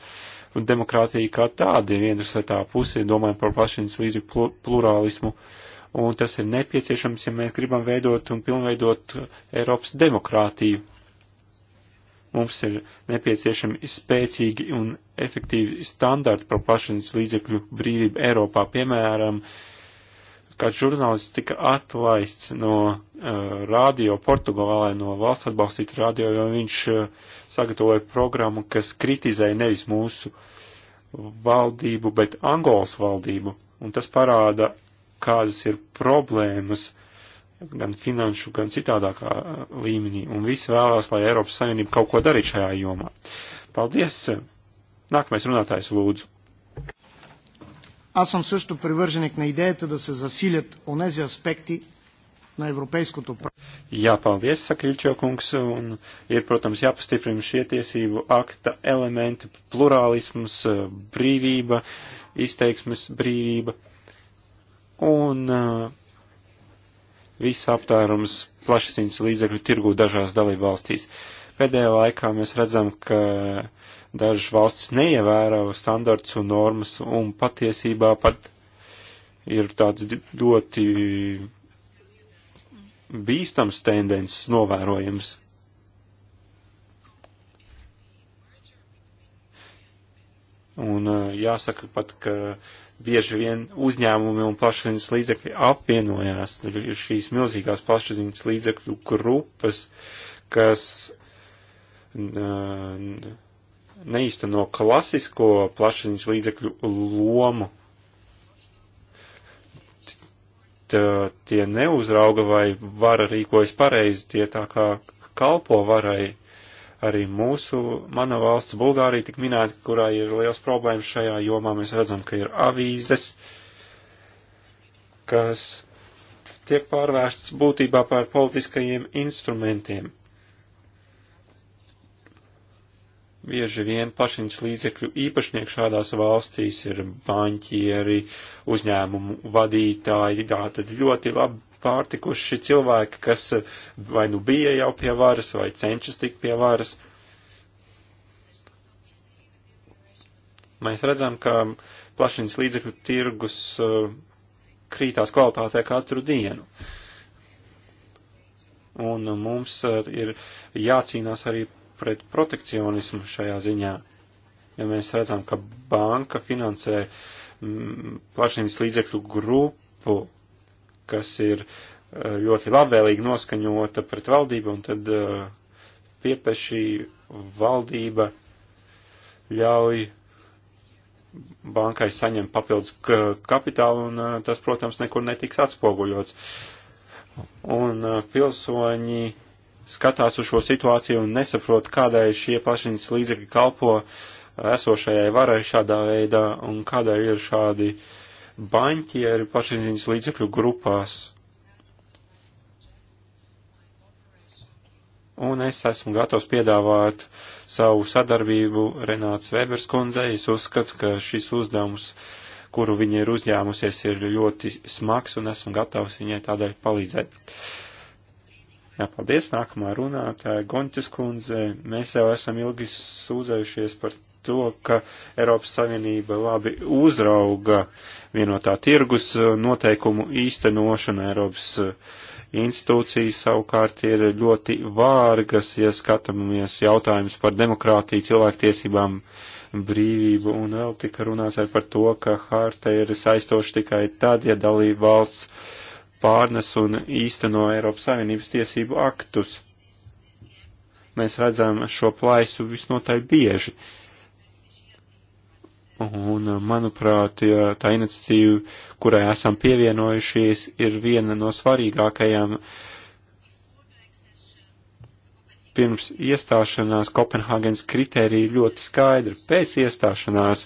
Un demokrātija kā tāda ir ieinteresētā puse, domājam par plašiņas līdzīgu plurālismu. Uh, un tas ir nepieciešams, ja mēs gribam veidot un pilnveidot Eiropas demokrātiju. Mums ir nepieciešami spēcīgi un efektīvi standarti par plašanas līdzekļu brīvību Eiropā, piemēram, kad žurnālists tika atlaists no uh, radio Portugālē, no valsts atbalstīta radio, jo viņš uh, sagatavoja programmu, kas kritizēja nevis mūsu valdību, bet Angolas valdību. Un tas parāda kādas ir problēmas gan finanšu, gan citādākā uh, līmenī, un visi vēlās, lai Eiropas Savienība kaut ko darītu šajā jomā. Paldies! Nākamais runātājs lūdzu. Аз съм също привърженик на идеята да се засилят онези аспекти на европейското право. Jā, paldies, saka Ilčokungs, un ir, protams, jāpastiprina šie tiesību akta elementi, plurālisms, brīvība, izteiksmes brīvība un uh, viss aptērums plašsaziņas līdzekļu tirgu dažās dalībvalstīs. Pēdējā laikā mēs redzam, ka dažas valsts neievēro standarts un normas, un patiesībā pat ir tāds ļoti bīstams tendences novērojams. Un uh, jāsaka pat, ka bieži vien uzņēmumi un plašsaziņas līdzekļi apvienojās. Tad ir šīs milzīgās plašsaziņas līdzekļu grupas, kas neīsteno klasisko plašsaziņas līdzekļu lomu. T tie neuzrauga vai vara rīkojas pareizi, tie tā kā kalpo varai Arī mūsu, mana valsts, Bulgārija, tik minēta, kurā ir liels problēmas šajā jomā. Mēs redzam, ka ir avīzes, kas tiek pārvērstas būtībā par politiskajiem instrumentiem. Bieži vien plašiņas līdzekļu īpašnieki šādās valstīs ir banķieri, uzņēmumu vadītāji, tātad ļoti labi pārtikuši cilvēki, kas eh, vai nu bija jau pie varas, vai cenšas tikt pie varas. Mēs redzam, ka plašiņas līdzekļu tirgus eh, krītās kvalitātē katru dienu. Un mums eh, ir jācīnās arī pret protekcionismu šajā ziņā. Ja mēs redzam, ka banka finansē mm, plašiņas līdzekļu grupu, kas ir eh, ļoti labvēlīgi noskaņota pret valdību, un tad eh, piepeši valdība ļauj bankai saņemt papildus kapitālu, un eh, tas, protams, nekur netiks atspoguļots. Un pilsoņi skatās uz šo situāciju un nesaprot, kādai šie pašiņas līdzekļi kalpo esošajai varai šādā veidā un kādai ir šādi uh, baņķieri pašreizējās līdzekļu grupās. Un es esmu gatavs piedāvāt savu sadarbību Renāts Vēbers kundzei. Es uzskatu, ka šis uzdevums, kuru viņa ir uzņēmusies, ir ļoti smags un esmu gatavs viņai tādēļ palīdzēt. Jā, paldies, nākamā runātāja Gonķis kundze. Mēs jau esam ilgi sūdzējušies par to, ka Eiropas Savienība labi uzrauga vienotā tirgus uh, noteikumu īstenošana Eiropas uh, institūcijas savukārt ir ļoti vārgas, ja skatāmies jautājums par demokrātiju, cilvēktiesībām, brīvību, un vēl tika runāts arī par to, ka harta ir saistoša tikai tad, ja dalība valsts pārnes un īsteno Eiropas Savienības tiesību aktus. Mēs redzam šo plaisu visnotaļ bieži. Uh, Un, eh, manuprāt, ja tā iniciatīva, kurai esam pievienojušies, ir viena no svarīgākajām pirms iestāšanās Kopenhāgenes kritērija ļoti skaidri. Pēc iestāšanās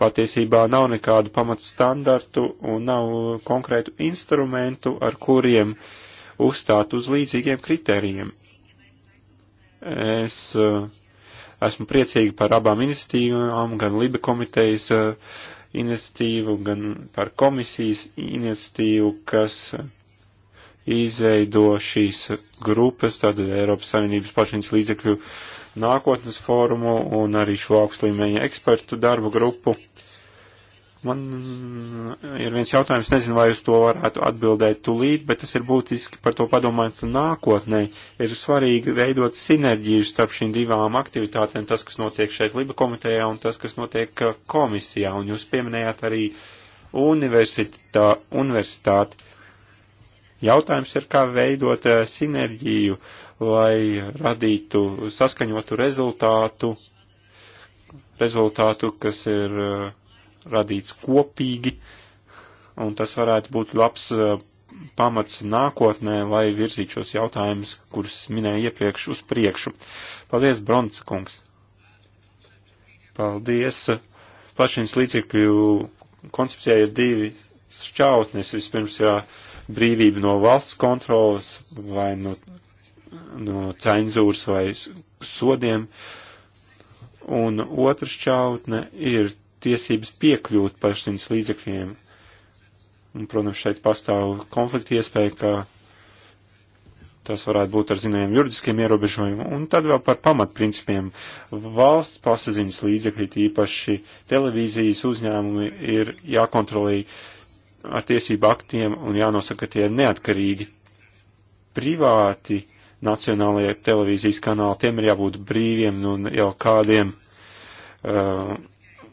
patiesībā nav nekādu pamatu standartu un nav konkrētu instrumentu, ar kuriem uzstāt uz līdzīgiem kritērijiem. Es uh, Esmu priecīgi par abām iniciatīvām, gan Liba komitejas eh, iniciatīvu, gan par komisijas iniciatīvu, kas izveido šīs grupas, tātad Eiropas Savienības plašsaziņas līdzekļu nākotnes fórumu un arī šo augstlīmeņa ekspertu darbu grupu. Man eh, ir viens jautājums, nezinu, vai uz to varētu atbildēt tūlīt, bet tas ir būtiski par to padomāt nākotnē. Ir svarīgi veidot sinerģiju starp šīm divām aktivitātēm, tas, kas notiek šeit Liba komitejā un tas, kas notiek eh, komisijā. Un jūs pieminējāt arī universitā, universitāti. Jautājums ir, kā veidot eh, sinerģiju, lai radītu saskaņotu rezultātu, rezultātu, kas ir uh, radīts kopīgi, un tas varētu būt labs uh, pamats nākotnē, lai virzītu šos jautājumus, kurus minēju iepriekš, uz priekšu. Paldies, Bronca kungs! Paldies! Plašins līdzekļu koncepcijā ir divi šķautnes. Vispirms jā, brīvība no valsts kontrolas vai no, no cenzūras vai sodiem. Un otrs šķautne ir tiesības piekļūt par šiem līdzekļiem. Un, protams, šeit pastāv konflikta iespēja, ka tas varētu būt ar zinējumiem juridiskiem ierobežojumiem. Un tad vēl par pamatprincipiem. Valsts pasaziņas līdzekļi, īpaši televīzijas uzņēmumi, ir jākontrolē ar tiesību aktiem un jānosaka, ka tie ir neatkarīgi. Privāti nacionālajie televīzijas kanāli, tiem ir jābūt brīviem un nu, jau kādiem uh,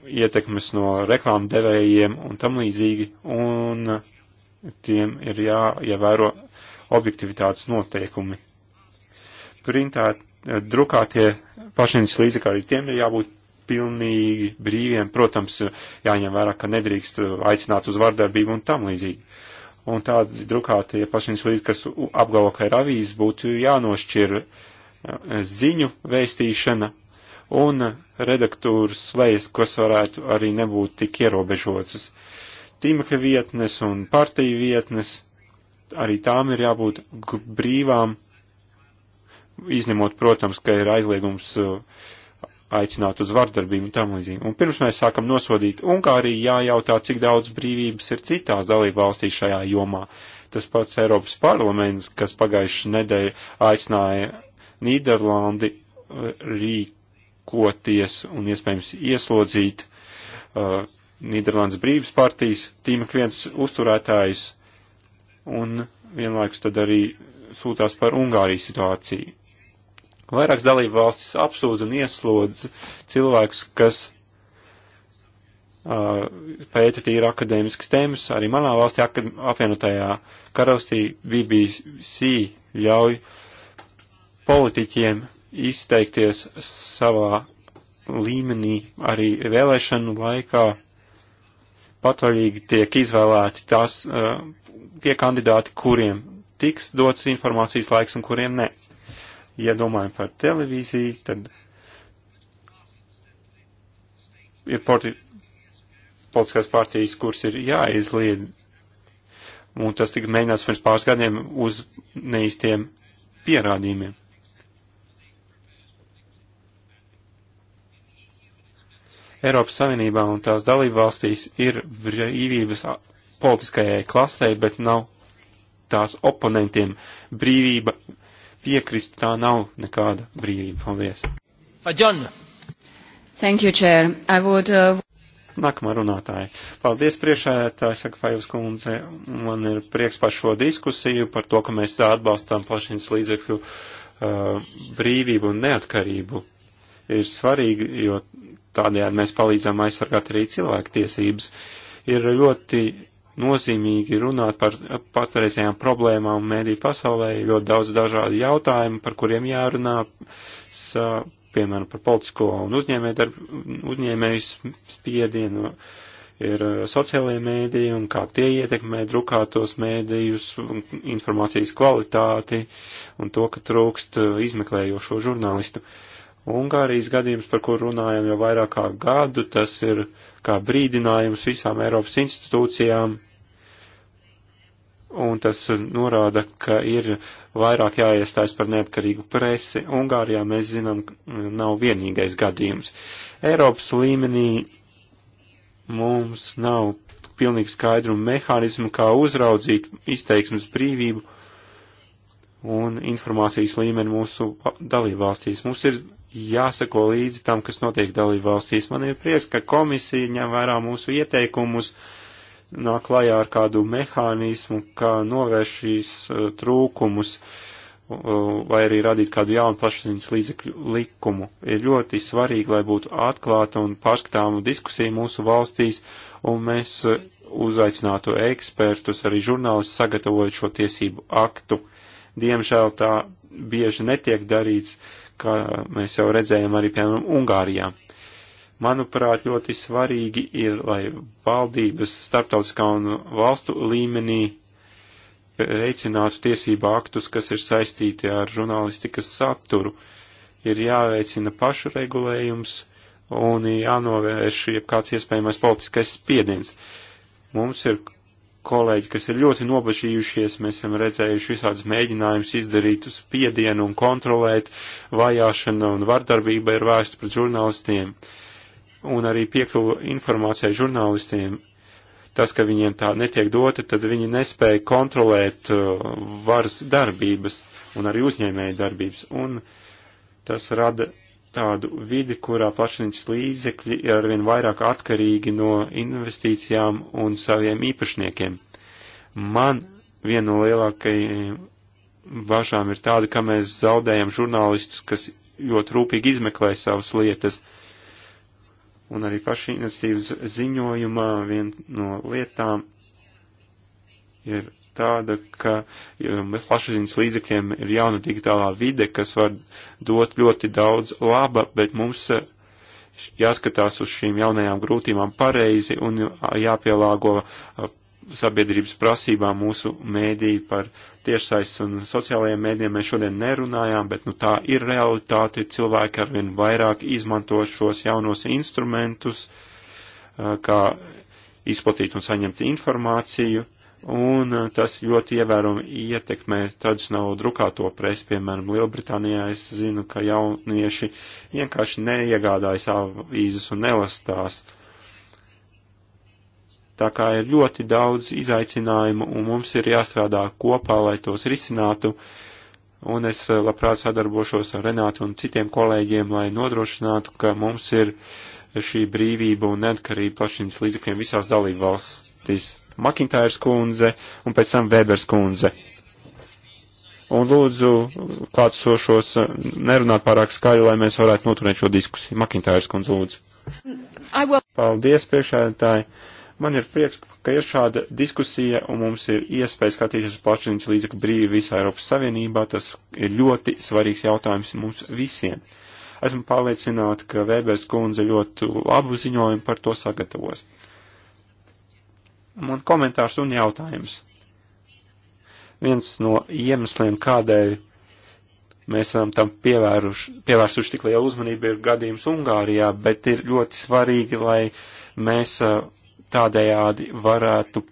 ietekmes no reklāmdevējiem un tam līdzīgi, un tiem ir jāievēro objektivitātes noteikumi. Printēt, drukātie pašinis līdzekļi, tiem ir jābūt pilnīgi brīviem, protams, jāņem vērā, ka nedrīkst aicināt uz vardarbību un tam līdzīgi. Un tādi drukātie pašinis līdz, kas apgalvo, ka ir avīzes, būtu jānošķir eh, ziņu vēstīšana un redaktūras lejas, kas varētu arī nebūt tik ierobežotas. Tīmekļa vietnes un partiju vietnes, arī tām ir jābūt brīvām, izņemot, protams, ka ir aizliegums uh, aicināt uz vardarbību un tam līdzīgi. Un pirms mēs sākam nosodīt Ungāriju, jājautā, cik daudz brīvības ir citās dalībvalstīs šajā jomā. Tas pats Eiropas parlaments, kas pagājuši nedēļu aicināja Nīderlandi uh, rīk rīkoties un iespējams ieslodzīt uh, Nīderlandes brīvas partijas tīmekļa viens uzturētājs un vienlaikus tad arī sūtās par Ungārijas situāciju. Vairākas dalību valstis apsūdz un ieslodz cilvēkus, kas uh, pēta tīri akadēmiskas tēmas. Arī manā valstī, apvienotajā karalstī, BBC ļauj politiķiem izteikties savā līmenī arī vēlēšanu laikā patvaļīgi tiek izvēlēti tās, eh, tie kandidāti, kuriem tiks dots informācijas laiks un kuriem ne. Ja domājam par televīziju, tad ir porti, politiskās partijas, kuras ir jāizliedz, un tas tika mēģināts pirms pāris gadiem uz neīstiem pierādījumiem. Eiropas Savienībā un tās dalībvalstīs ir brīvības politiskajai klasē, bet nav tās oponentiem brīvība piekrist, tā nav nekāda brīvība. Paldies. Faģon. Thank you, Chair. I would, uh... Nākamā runātāja. Paldies priekšētāji, saka Fajus kundze. Man ir prieks par šo diskusiju, par to, ka mēs atbalstām plašins līdzekļu uh, brīvību un neatkarību. Ir svarīgi, jo Tādējādi mēs palīdzam aizsargāt arī cilvēktiesības. Ir ļoti nozīmīgi runāt par patreizējām problēmām mediju pasaulē, ļoti daudz dažādu jautājumu, par kuriem jārunā, sa, piemēram, par politisko un uzņēmē darbu, uzņēmēju spiedienu, ir uh, sociālajie mēdīji un kā tie ietekmē drukātos mēdījus, informācijas kvalitāti un to, ka trūkst uh, izmeklējošo žurnālistu. Uh, Ungārijas gadījums, par kur runājam jau vairāk kā gadu, tas ir kā brīdinājums visām Eiropas institūcijām, un tas norāda, ka ir vairāk jāiestājas par neatkarīgu presi. Ungārijā mēs zinām, nav vienīgais gadījums. Eiropas līmenī mums nav pilnīgi skaidru mehānismu, kā uzraudzīt izteiksmes brīvību un informācijas līmeni mūsu dalībvalstīs. Mums ir jāsako līdzi tam, kas notiek dalību valstīs. Man ir prieks, ka komisija ņem vērā mūsu ieteikumus, nāk klajā ar kādu mehānismu, kā novērš šīs uh, trūkumus uh, vai arī radīt kādu jaunu plašsaziņas līdzekļu likumu. Ir ļoti svarīgi, lai būtu atklāta un pārskatāma diskusija mūsu valstīs, un mēs uh, uzaicinātu ekspertus, arī žurnālistus sagatavojot šo tiesību aktu. Diemžēl tā bieži netiek darīts. Uh, kā mēs jau redzējām arī, piemēram, Ungārijā. Manuprāt, ļoti svarīgi ir, lai valdības starptautiskā un valstu līmenī veicinātu tiesību aktus, kas ir saistīti ar žurnālistikas saturu. Ir jāveicina pašu regulējums un jānovērš jebkāds iespējamais politiskais spiediens. Mums ir kolēģi, kas ir ļoti nobažījušies, mēs esam redzējuši visādus mēģinājumus izdarīt uz spiedienu un kontrolēt, vajāšana un vardarbība ir vērsta pret žurnālistiem, un arī piekļuva informācijai žurnālistiem. Tas, ka viņiem tā netiek dota, tad viņi nespēja kontrolēt uh, varas darbības un arī uzņēmēju darbības, un tas rada tādu vidi, kurā plašsaziņas līdzekļi ir arvien vairāk atkarīgi no investīcijām un saviem īpašniekiem. Man viena no lielākajiem bažām ir tāda, ka mēs zaudējam žurnālistus, kas ļoti rūpīgi izmeklē savas lietas. Un arī paši iniciatīvas ziņojumā viena no lietām ir tāda, ka plašsaziņas līdzekļiem ir jauna digitālā vide, kas var dot ļoti daudz laba, bet mums eh, jāskatās uz šīm jaunajām grūtībām pareizi un eh, jāpielāgo eh, sabiedrības prasībām mūsu mēdī par tiešsaistes un sociālajiem mēdiem mēs šodien nerunājām, bet nu, tā ir realitāte. Cilvēki arvien vairāk izmanto šos jaunos instrumentus, kā izplatīt un saņemt informāciju un eh, tas ļoti ievērumi ietekmē tradicionālo drukāto presi, piemēram, Lielbritānijā es zinu, ka jaunieši vienkārši neiegādājas avīzes un nelastās. Tā kā ir ļoti daudz izaicinājumu un mums ir jāstrādā kopā, lai tos risinātu, un es eh, labprāt sadarbošos ar Renātu un citiem kolēģiem, lai nodrošinātu, ka mums ir šī brīvība un neatkarība plašiņas līdzekļiem visās dalību valstīs. Makintājas kundze un pēc tam Vēbers kundze. Un lūdzu klātsošos nerunāt pārāk skaļi, lai mēs varētu noturēt šo diskusiju. Makintājas kundze, lūdzu. Will... Paldies, priekšētāji. Man ir prieks, ka ir šāda diskusija un mums ir iespēja skatīties uz plašsaziņas līdzekļu brīvi visā Eiropas Savienībā. Tas ir ļoti svarīgs jautājums mums visiem. Esmu pārliecināta, ka Vēbers kundze ļoti labu ziņojumu par to sagatavos. Man komentārs un jautājums. Viens no iemesliem, kādēļ mēs esam tam pievērsuši tik lielu uzmanību, ir gadījums Ungārijā, bet ir ļoti svarīgi, lai mēs uh, tādējādi varētu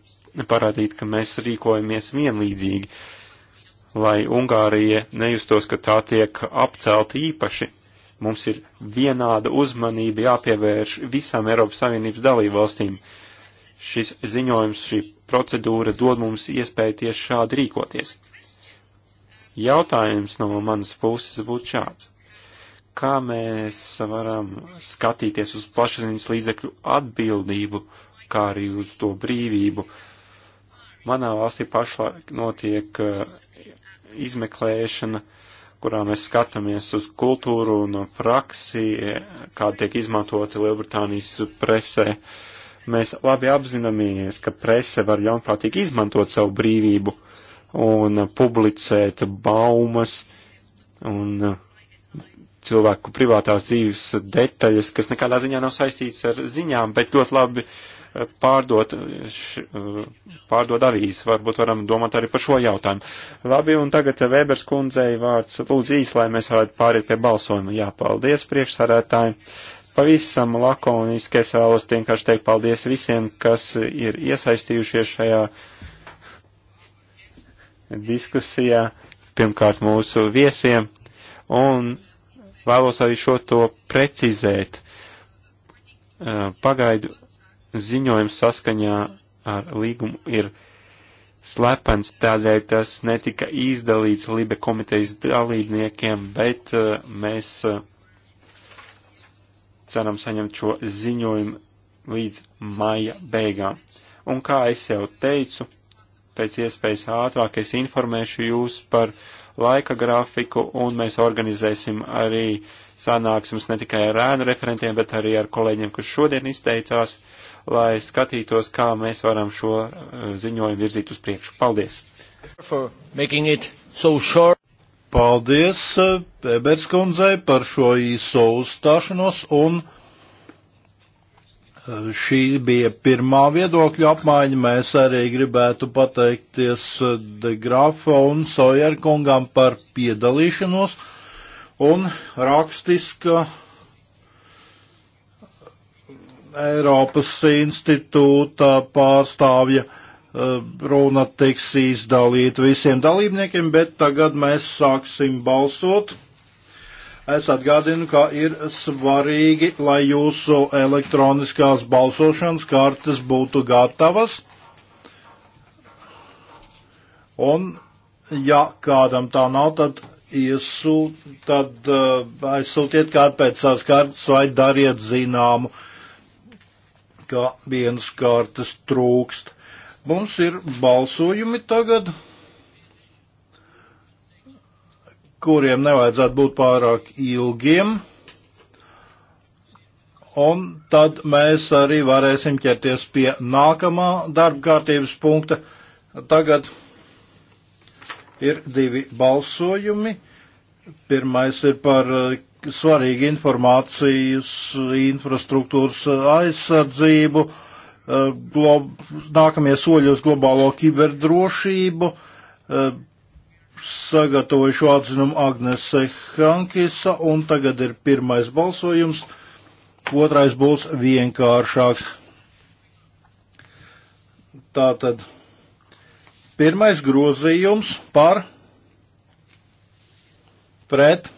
parādīt, ka mēs rīkojamies vienlīdzīgi, lai Ungārija nejustos, ka tā tiek apcelta īpaši. Mums ir vienāda uzmanība jāpievērš visām Eiropas Savienības dalībvalstīm. valstīm šis ziņojums, šī procedūra dod mums iespēju tieši šādi rīkoties. Jautājums no manas puses būtu šāds. Kā mēs varam skatīties uz plašsaziņas līdzekļu atbildību, kā arī uz to brīvību? Manā valstī pašlaik notiek uh, izmeklēšana, kurā mēs skatāmies uz kultūru un praksi, kā tiek izmantota Lielbritānijas presē. Uh, Mēs labi apzināmies, ka prese var ļaunprātīgi izmantot savu brīvību un publicēt baumas un uh, cilvēku privātās dzīves detaļas, kas nekādā ziņā nav saistīts ar ziņām, bet ļoti labi uh, pārdot, š, uh, pārdot avīzes. Varbūt varam domāt arī par šo jautājumu. Labi, un tagad Vēbers kundzei vārds lūdzu īs, lai mēs varētu pāriet pie balsojuma. Jā, paldies priekšsarētāji. Pavisam lakoniski es vēlos vienkārši teikt paldies visiem, kas ir iesaistījušies šajā diskusijā, pirmkārt mūsu viesiem, un vēlos arī šo to precizēt. Uh, pagaidu ziņojums saskaņā ar līgumu ir slepens, tādēļ tas netika izdalīts Libe komitejas dalībniekiem, bet uh, mēs uh, ceram saņemt šo ziņojumu līdz maija beigām. Un kā es jau teicu, pēc iespējas ātrāk es informēšu jūs par laika grafiku un mēs organizēsim arī sanāksmes ne tikai ar ēnu referentiem, bet arī ar kolēģiem, kas šodien izteicās, lai skatītos, kā mēs varam šo eh, ziņojumu virzīt uz priekšu. Paldies! So Paldies Pēberskundzei eh, par šo īso uzstāšanos, un eh, šī bija pirmā viedokļa apmaiņa. Mēs arī gribētu pateikties eh, De Grafa un Sojerkungam par piedalīšanos, un rakstiska Eiropas institūta pārstāvja Eh, runa tiks izdalīta visiem dalībniekiem, bet tagad mēs sāksim balsot. Es atgādinu, ka ir svarīgi, lai jūsu elektroniskās balsošanas kartes būtu gatavas. Un, ja kādam tā nav, tad iesū, tad uh, aizsūtiet kādu pēc savas kartes vai dariet zināmu, ka vienas kartes trūkst. Mums ir balsojumi tagad, kuriem nevajadzētu būt pārāk ilgiem, un tad mēs arī varēsim ķerties pie nākamā darba kārtības punkta. Tagad ir divi balsojumi. Pirmais ir par eh, svarīgu informācijas infrastruktūras eh, aizsardzību. Uh, nākamie soļi uz globālo kiberdrošību. E, sagatavoju šo atzinumu Agnese Hankisa, un tagad ir pirmais balsojums. Otrais būs vienkāršāks. Tātad pirmais grozījums par pret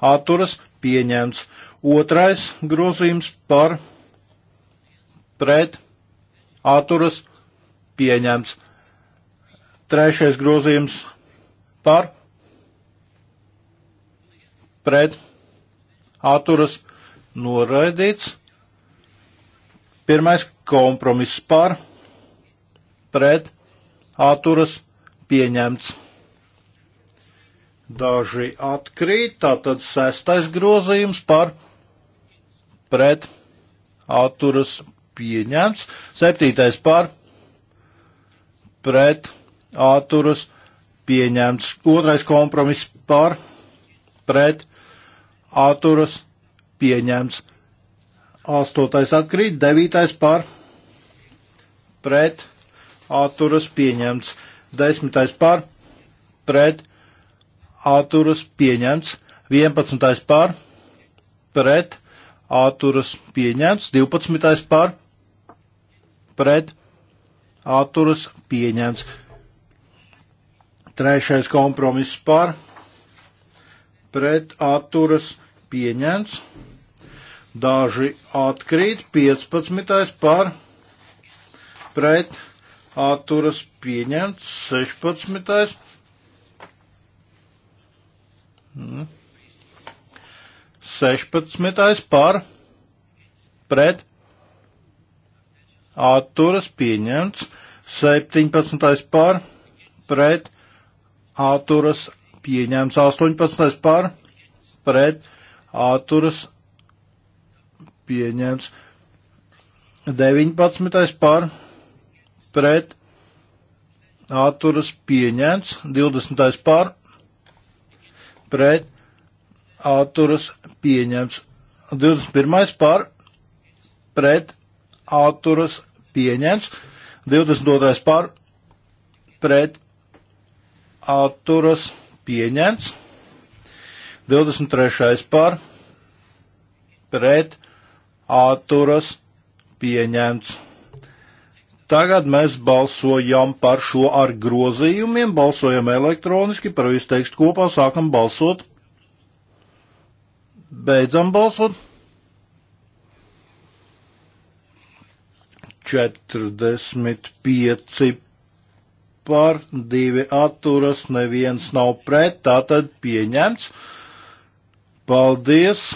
atturas pieņemts. Otrais grozījums par pret pret atturas pieņemts. Trešais grozījums par pret atturas noraidīts. Pirmais kompromiss par pret atturas pieņemts. Daži atkrīt, tātad sestais grozījums par pret atturas pieņemts. Septītais par pret atturas pieņemts. Otrais kompromiss par pret atturas pieņemts. Astotais atkrīt, devītais par pret atturas pieņemts. Desmitais par pret atturas pieņemts. Vienpadsmitais par pret atturas pieņemts. Divpadsmitais par pret atturas pieņemts. Trešais kompromiss par pret atturas pieņemts. Daži atkrīt 15. par pret atturas pieņemts 16. Hmm. 16. par pret atturas pieņemts, 17. par pret atturas pieņemts, 18. par pret atturas pieņemts, 19. par pret atturas pieņemts, 20. par pret atturas pieņemts, 21. par pret atturas pieņemts. 22. par pret atturas pieņemts. 23. par pret atturas pieņemts. Tagad mēs balsojam par šo ar grozījumiem, balsojam elektroniski par visu tekstu kopā, sākam balsot, beidzam balsot. 45 par, 2 atturas, neviens nav pret, tātad pieņemts. Paldies,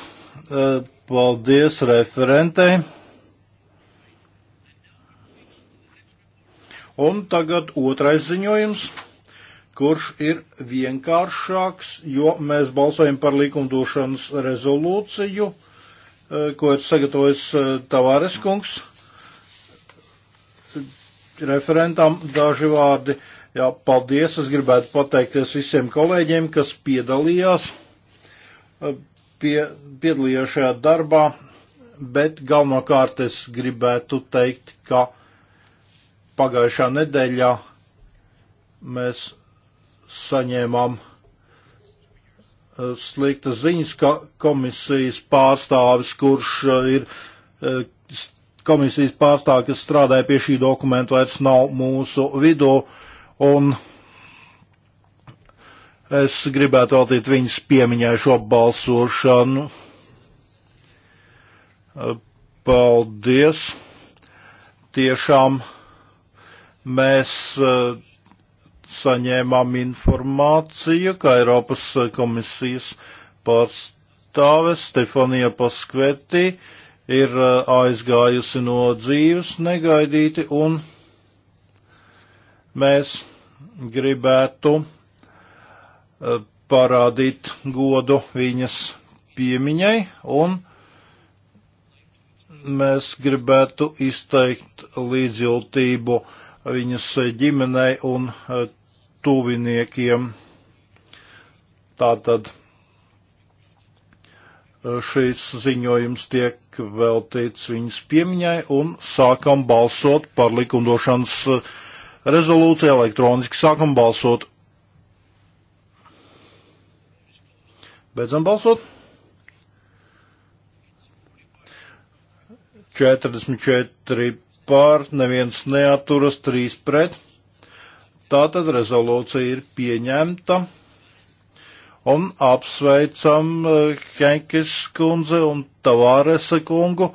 eh, paldies referentei. Un tagad otrais ziņojums, kurš ir vienkāršāks, jo mēs balsojam par likumdošanas rezolūciju, eh, ko ir sagatavojis eh, Tavares kungs referentam daži vārdi. Jā, paldies. Es gribētu pateikties visiem kolēģiem, kas piedalījās, eh, pie, piedalījās šajā darbā, bet galvenokārt es gribētu teikt, ka pagājušā nedēļā mēs saņēmām eh, sliktas ziņas, ka komisijas pārstāvis, kurš eh, ir komisijas pārstāvja, kas strādāja pie šī dokumenta, vairs nav mūsu vidū, un es gribētu veltīt viņas piemiņai šo balsošanu. Paldies! Tiešām mēs eh, saņēmām informāciju, ka Eiropas eh, komisijas pārstāve Stefanija Paskvetī uh, ir uh, aizgājusi no dzīves negaidīti, un mēs gribētu uh, parādīt godu viņas piemiņai, un mēs gribētu izteikt līdzjūtību viņas ģimenei un uh, tuviniekiem. Tātad šīs ziņojums tiek veltīts viņas piemiņai un sākam balsot par likumdošanas uh, rezolūciju elektroniski. Sākam balsot. Beidzam balsot. 44 pār, neviens neaturas, 3 pret. Tātad rezolūcija ir pieņemta un apsveicam eh, Henkes kundze un Tavārese kungu.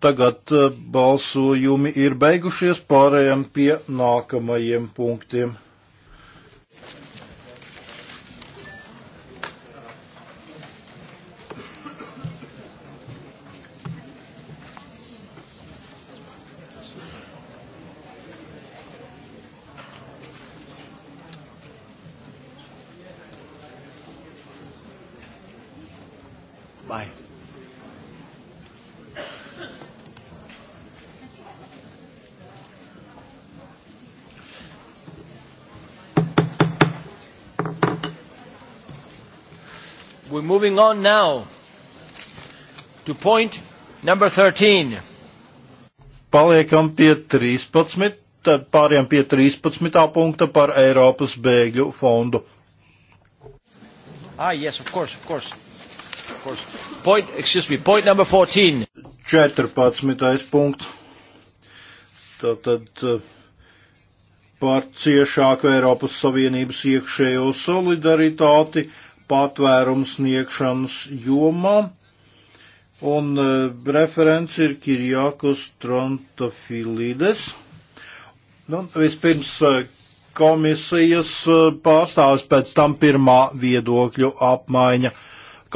Tagad eh, balsojumi ir beigušies, pārējām pie nākamajiem punktiem. We're moving on now to point number 13. Paliekam pie 13, tad pāriem pie 13. punkta par Eiropas bēgļu fondu. Ah, yes, of course, of course. Of course. Point, excuse me, point number 14. 14. punkts. Tātad eh, par ciešāku Eiropas Savienības iekšējo solidaritāti patvērums sniegšanas jomā, un e, referents ir Kirjākos Trontofilides. Nu, vispirms e, komisijas e, pārstāvis, pēc tam pirmā viedokļu apmaiņa.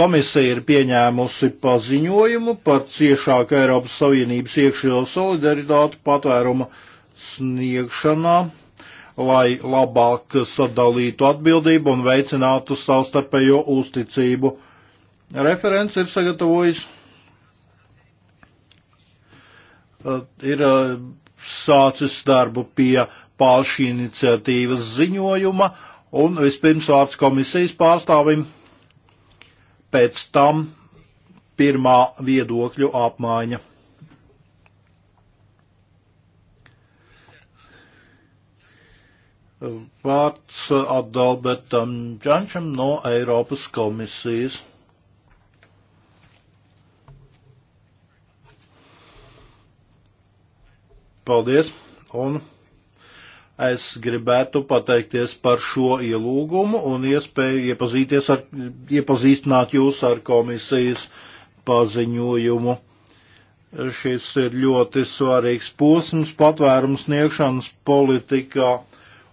Komisija ir pieņēmusi paziņojumu par ciešāku Eiropas Savienības iekšējo solidaritātu patvērumu sniegšanā lai labāk sadalītu atbildību un veicinātu savstarpējo uzticību. Referents ir sagatavojis. Uh, ir uh, sācis darbu pie paši iniciatīvas ziņojuma un vispirms vārds komisijas pārstāvim, pēc tam pirmā viedokļu apmaiņa. Vārds uh, Adalbertam Čančam no Eiropas komisijas. Paldies! Un es gribētu pateikties par šo ielūgumu un iespēju iepazīties ar, iepazīstināt jūs ar komisijas paziņojumu. Šis ir ļoti svarīgs posms patvērums sniegšanas politikā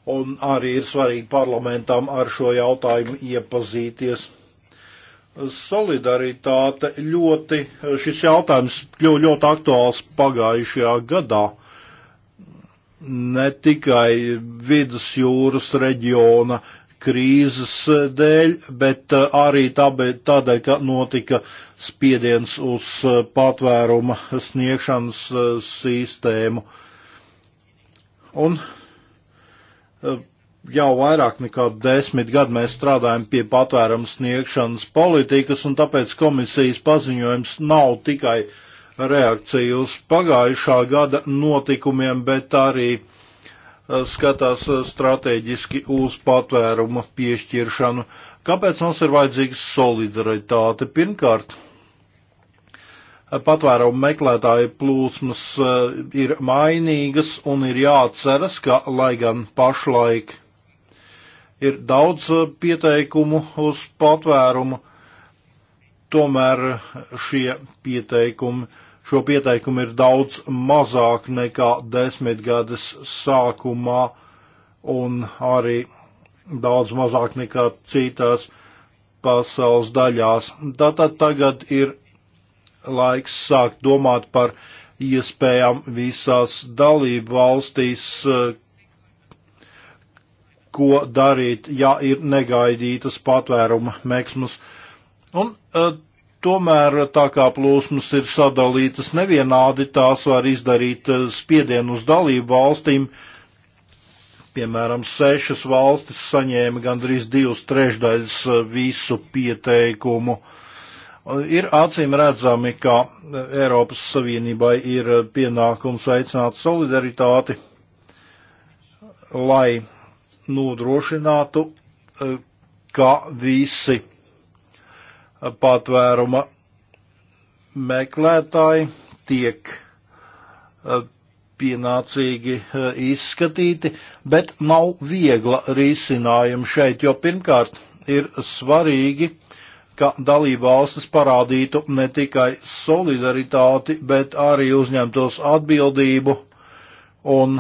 un arī ir svarīgi parlamentam ar šo jautājumu iepazīties. Solidaritāte ļoti, šis jautājums kļuva ļoti aktuāls pagājušajā gadā. Ne tikai vidus jūras reģiona krīzes dēļ, bet uh, arī tādēļ, ka notika spiediens uz uh, patvēruma sniegšanas uh, sistēmu. Un jau vairāk nekā desmit gadu mēs strādājam pie patvērums sniegšanas politikas, un tāpēc komisijas paziņojums nav tikai reakcija uz pagājušā gada notikumiem, bet arī skatās strateģiski uz patvērumu piešķiršanu. Kāpēc mums ir vajadzīga solidaritāte? Pirmkārt, patvērumu meklētāju plūsmas eh, ir mainīgas un ir jāatceras, ka, lai gan pašlaik ir daudz eh, pieteikumu uz patvērumu, tomēr šie pieteikumi, šo pieteikumu ir daudz mazāk nekā desmitgades sākumā un arī daudz mazāk nekā citās pasaules daļās. Tātad tagad ir laiks sākt domāt par iespējām visās dalību valstīs, eh, ko darīt, ja ir negaidītas patvēruma meksmas. Un eh, tomēr tā kā plūsmas ir sadalītas nevienādi, tās var izdarīt eh, spiedienu uz dalību valstīm. Piemēram, sešas valstis saņēma gandrīz divas trešdaļas visu pieteikumu uh, Ir acīm redzami, ka eh, Eiropas Savienībai ir eh, pienākums veicināt solidaritāti, lai nodrošinātu, eh, ka visi patvēruma meklētāji tiek pienācīgi izskatīti, bet nav viegla risinājuma šeit, jo pirmkārt ir svarīgi ka dalība valstis parādītu ne tikai solidaritāti, bet arī uzņemtos atbildību un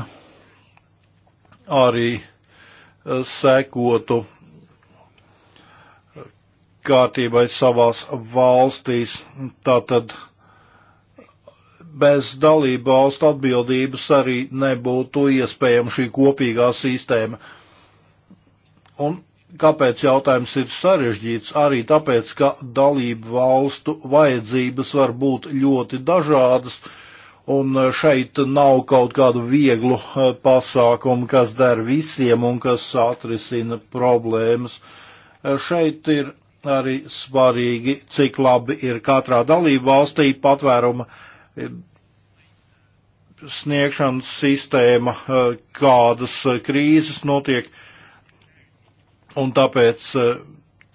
arī eh, sekotu kārtībai savās valstīs. Tātad bez dalību valstu atbildības arī nebūtu iespējama šī kopīgā sistēma. Un Kāpēc jautājums ir sarežģīts? Arī tāpēc, ka dalību valstu vajadzības var būt ļoti dažādas, un šeit nav kaut kādu vieglu eh, pasākumu, kas der visiem un kas atrisina problēmas. Eh, šeit ir arī svarīgi, cik labi ir katrā dalību valstī patvēruma eh, sniegšanas sistēma, kādas krīzes notiek. Uh, un tāpēc e,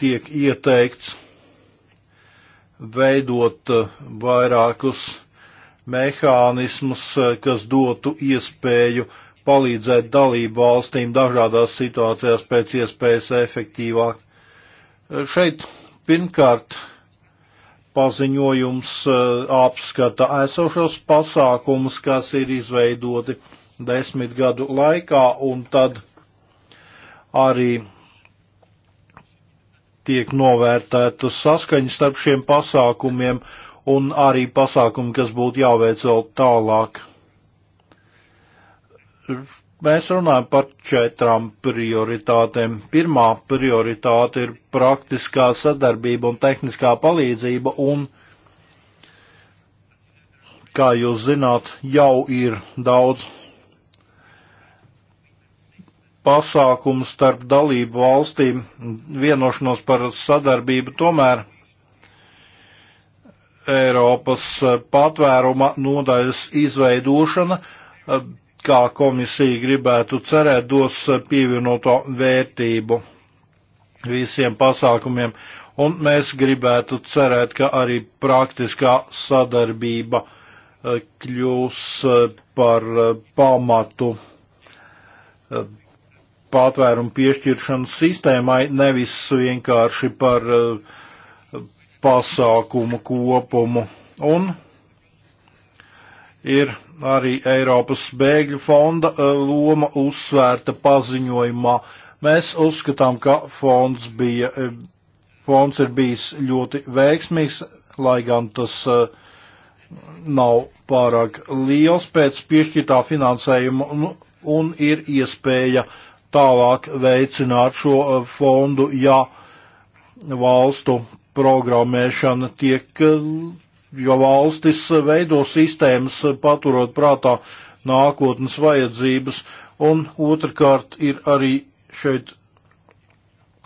tiek ieteikts veidot e, vairākus mehānismus, e, kas dotu iespēju palīdzēt dalību valstīm dažādās situācijās pēc iespējas efektīvāk. Šeit pirmkārt paziņojums apskata esošos pasākumus, kas ir izveidoti desmit gadu laikā, un tad arī tiek novērtēta saskaņa starp šiem pasākumiem un arī pasākumi, kas būtu jāveic vēl tālāk. Mēs runājam par četrām prioritātēm. Pirmā prioritāte ir praktiskā sadarbība un tehniskā palīdzība, un, kā jūs zināt, jau ir daudz pasākumu starp dalību valstīm, vienošanos par sadarbību, tomēr Eiropas patvēruma nodaļas izveidošana, kā komisija gribētu cerēt, dos pievienoto vērtību visiem pasākumiem, un mēs gribētu cerēt, ka arī praktiskā sadarbība eh, kļūs eh, par eh, pamatu patvērumu piešķiršanas sistēmai, nevis vienkārši par eh, pasākumu kopumu. Un ir arī Eiropas bēgļu fonda eh, loma uzsvērta paziņojumā. Mēs uzskatām, ka fonds, bija, eh, fonds ir bijis ļoti veiksmīgs, lai gan tas nav pārāk liels pēc piešķirtā finansējuma un ir iespēja uh, tālāk veicināt šo eh, fondu, ja valstu programmēšana tiek, eh, jo valstis veido sistēmas paturot prātā nākotnes vajadzības, un otrkārt ir arī šeit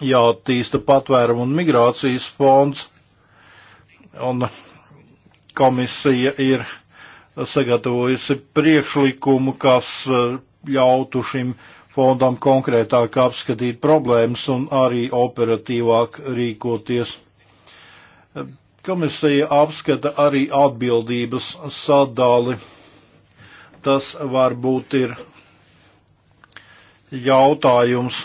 jātīsta patvērumu un migrācijas fonds, un komisija ir sagatavojusi priekšlikumu, kas eh, ļautu šim uh, fondam konkrētāk apskatīt problēmas un arī operatīvāk rīkoties. Komisija apskata arī atbildības sadali. Tas varbūt ir jautājums,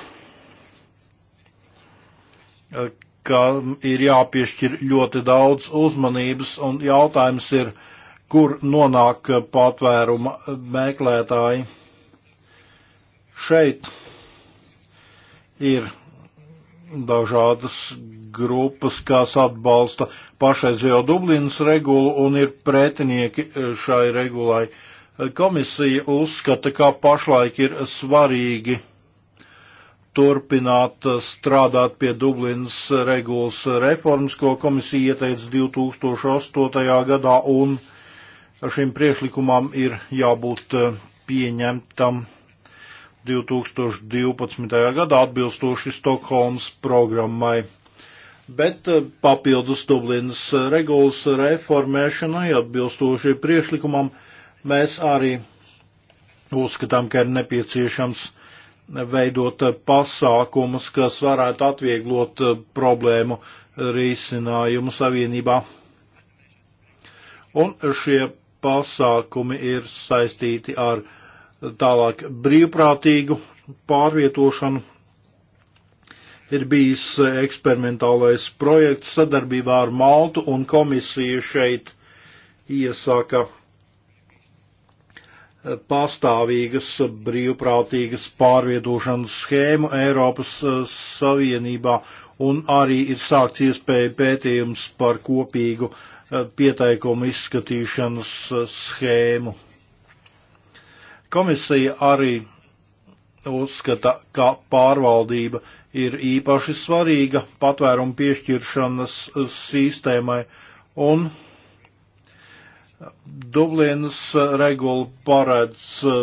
ka ir jāpiešķir ļoti daudz uzmanības, un jautājums ir, kur nonāk patvēruma meklētāji. Šeit ir dažādas grupas, kas atbalsta pašreizējo Dublinas regulu un ir pretinieki eh, šai regulai. Komisija uzskata, ka pašlaik ir svarīgi turpināt eh, strādāt pie Dublinas regulas reformas, ko komisija ieteica 2008. gadā, un šim priešlikumam ir jābūt eh, pieņemtam 2012. gadā atbilstoši Stokholmas programmai. Bet eh, papildus Dublinas eh, regulas reformēšanai atbilstoši priekšlikumam mēs arī uzskatām, ka ir nepieciešams veidot eh, pasākumus, kas varētu atvieglot problēmu risinājumu savienībā. Un šie pasākumi ir saistīti ar uh, Tālāk brīvprātīgu pārvietošanu ir bijis eksperimentālais projekts sadarbībā ar Maltu un komisija šeit iesaka pastāvīgas brīvprātīgas pārvietošanas schēmu Eiropas eh, Savienībā un arī ir sākts iespēja pētījums par kopīgu eh, pieteikumu izskatīšanas eh, schēmu. Komisija arī uzskata, ka pārvaldība ir īpaši svarīga patvērumu piešķiršanas sistēmai un Dublinas regula paredz uh,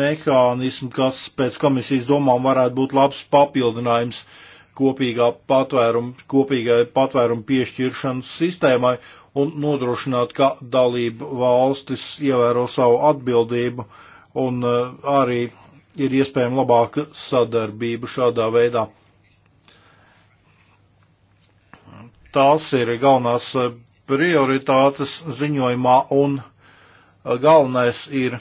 mehānismu, kas pēc komisijas domām varētu būt labs papildinājums kopīgā patvērumu, kopīgai patvērumu piešķiršanas sistēmai un nodrošināt, ka dalība valstis ievēro savu atbildību uh, un eh, arī ir iespējama labāka sadarbība šādā veidā. Tās ir galvenās eh, prioritātes ziņojumā, un eh, galvenais ir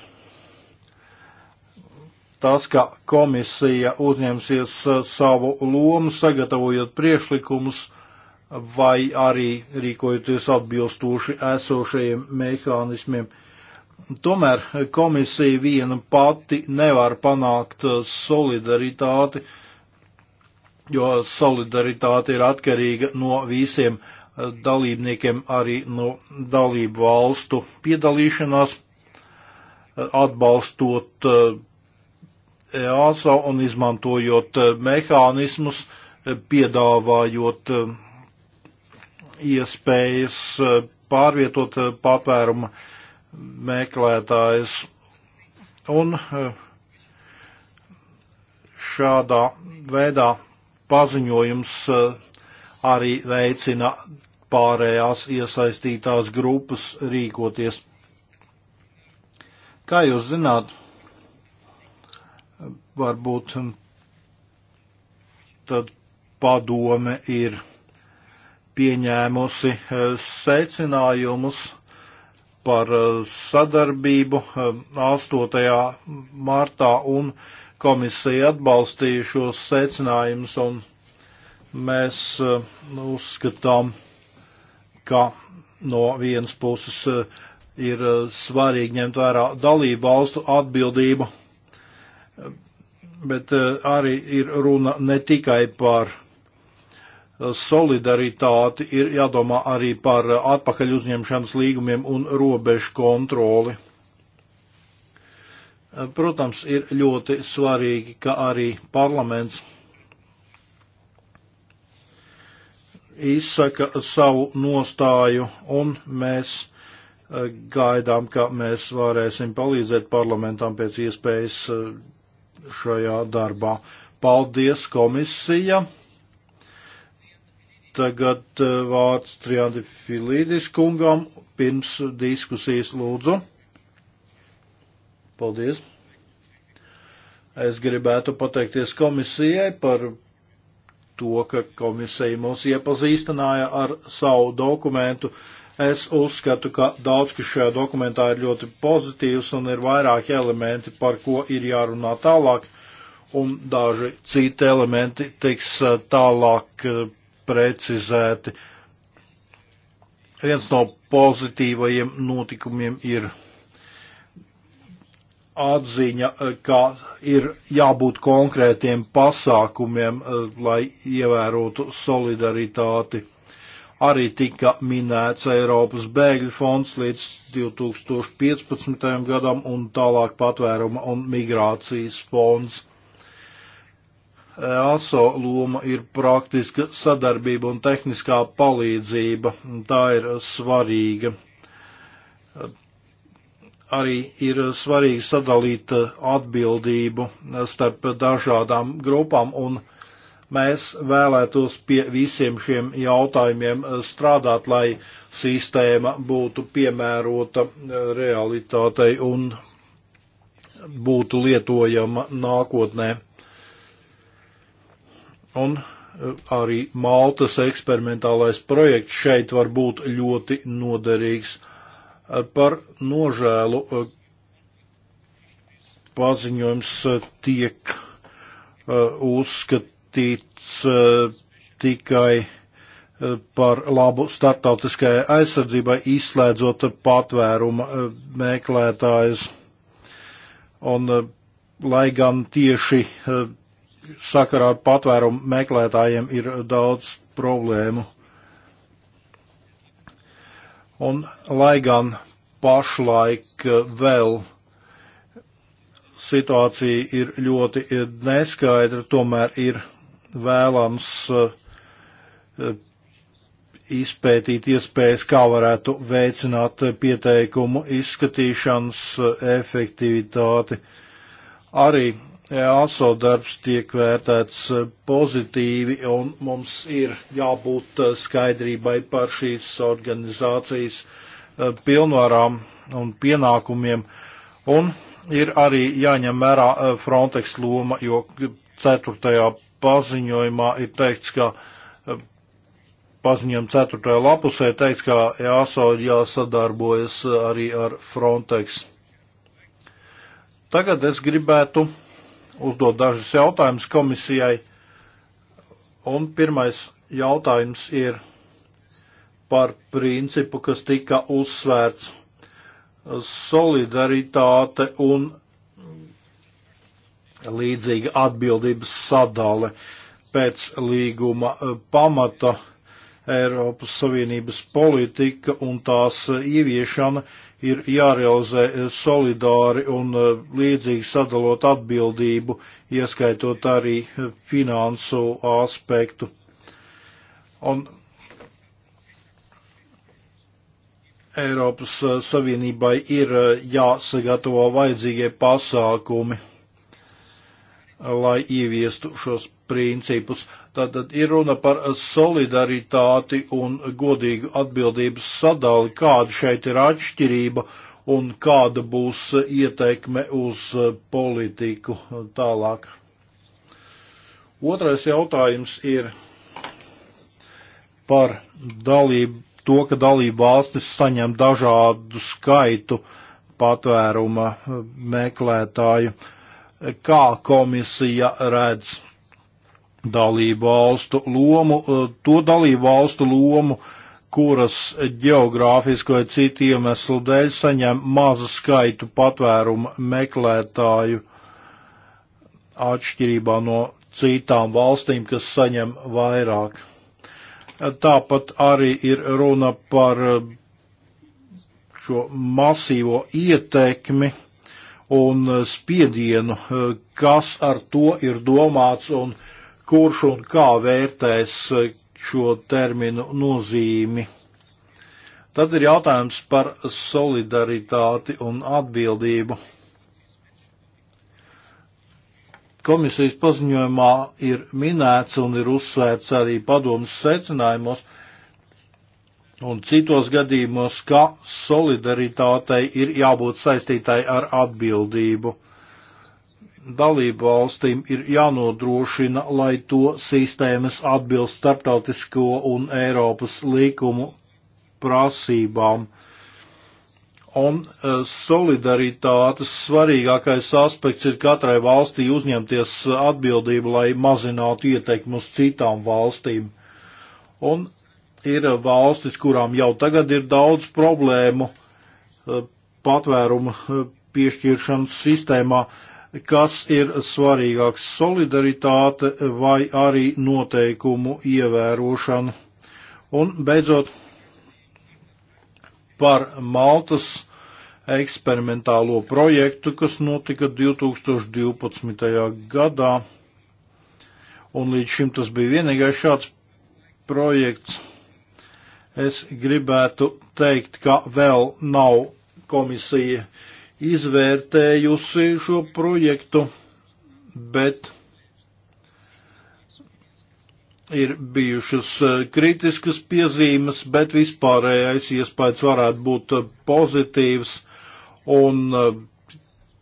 tas, ka komisija uzņemsies savu lomu, sagatavojot priekšlikumus vai arī rīkojoties atbilstoši esošajiem mehānismiem. Tomēr komisija viena pati nevar panākt uh, solidaritāti, jo solidaritāte ir atkarīga no visiem uh, dalībniekiem, arī no dalību valstu piedalīšanās, uh, atbalstot EASO un izmantojot mehānismus, piedāvājot iespējas pārvietot papēruma meklētājus. Un e, šādā veidā paziņojums e, arī veicina pārējās iesaistītās grupas rīkoties. Kā jūs zināt, varbūt tad padome ir pieņēmusi e, secinājumus par eh, sadarbību 8. Eh, martā un komisija atbalstīja šos secinājumus un mēs eh, uzskatām, ka no vienas puses ir svarīgi ņemt vērā dalību valstu atbildību, bet arī ir runa ne tikai par solidaritāti, ir jādomā arī par atpakaļ uzņemšanas līgumiem un robežu kontroli. Protams, ir ļoti svarīgi, ka arī parlaments izsaka savu nostāju, un mēs eh, gaidām, ka mēs varēsim palīdzēt parlamentam pēc iespējas eh, šajā darbā. Paldies, komisija! Tagad eh, vārds Triandi Filīdis kungam pirms diskusijas lūdzu. Paldies. Es gribētu pateikties komisijai par to, ka komisija mūs iepazīstināja ar savu dokumentu. Es uzskatu, ka daudz, kas šajā dokumentā ir ļoti pozitīvs un ir vairāki elementi, par ko ir jārunā tālāk, un daži citi elementi tiks eh, tālāk eh, precizēti. Viens no pozitīvajiem notikumiem ir atziņa, ka ir jābūt konkrētiem pasākumiem, lai ievērotu solidaritāti. Arī tika minēts Eiropas bēgļu fonds līdz 2015. gadam un tālāk patvēruma un migrācijas fonds. EASO loma ir praktiska sadarbība un tehniskā palīdzība. Tā ir svarīga. Arī ir svarīgi sadalīt atbildību starp dažādām grupām, un mēs vēlētos pie visiem šiem jautājumiem strādāt, lai sistēma būtu piemērota realitātei un būtu lietojama nākotnē. Un e, arī Maltas eksperimentālais projekts šeit var būt ļoti noderīgs. E, par nožēlu e, paziņojums tiek uzskatīts tikai par labu starptautiskajai aizsardzībai, izslēdzot patvēruma meklētājus. Un, lai gan tieši sakarā ar patvērumu meklētājiem ir daudz problēmu. Un lai gan pašlaik vēl situācija ir ļoti neskaidra, tomēr ir vēlams eh, izpētīt iespējas, kā varētu veicināt pieteikumu izskatīšanas efektivitāti. Arī ASO darbs tiek vērtēts eh, pozitīvi, un mums ir jābūt eh, skaidrībai par šīs organizācijas eh, pilnvarām un pienākumiem, un ir arī jāņem vērā Frontex loma, jo ceturtajā paziņojumā ir teikts, ka paziņojuma ceturtajā lapusē teikts, ka ASO jāsadarbojas arī ar Frontex. Tagad es gribētu uzdot dažus jautājumus komisijai. Un pirmais jautājums ir par principu, kas tika uzsvērts - solidaritāte un līdzīga atbildības sadale pēc līguma eh, pamata Eiropas Savienības politika un tās ieviešana ir jārealizē e, solidāri un e, līdzīgi sadalot atbildību, ieskaitot arī e, finansu aspektu. Un Eiropas Savienībai ir jāsagatavo vajadzīgie pasākumi, lai ieviestu šos principus. Tātad ir runa par solidaritāti un godīgu atbildības sadali, kāda šeit ir atšķirība un kāda būs ieteikme uz politiku tālāk. Otrais jautājums ir par dalību, to, ka dalību valstis saņem dažādu skaitu patvēruma meklētāju. Kā komisija redz dalību valstu lomu, eh, to dalību valstu lomu, kuras geogrāfisko vai citu iemeslu dēļ saņem mazu skaitu patvērumu meklētāju atšķirībā no citām valstīm, kas saņem vairāk. Tāpat arī ir runa par eh, šo masīvo ietekmi un eh, spiedienu, kas ar to ir domāts un uh, kurš un kā vērtēs e, šo terminu nozīmi. Tad ir jautājums par solidaritāti un atbildību. Komisijas paziņojumā ir minēts un ir uzsvērts arī padomas secinājumos un citos gadījumos, ka solidaritātei ir jābūt saistītai ar atbildību dalību valstīm ir jānodrošina, lai to sistēmas atbilst starptautisko un Eiropas līkumu prasībām. Un e, solidaritātes svarīgākais aspekts ir katrai valstī uzņemties atbildību, lai mazinātu ietekmi uz citām valstīm. Un ir valstis, kurām jau tagad ir daudz problēmu e, patvēruma e, piešķiršanas sistēmā, kas ir svarīgāks - solidaritāte vai arī noteikumu ievērošana. Un beidzot, par Maltas eksperimentālo projektu, kas notika 2012. gadā. Un līdz šim tas bija vienīgais šāds projekts. Es gribētu teikt, ka vēl nav komisija uh, izvērtējusi šo projektu, bet ir bijušas e, kritiskas piezīmes, bet vispārējais iespējas varētu būt e, pozitīvs un e,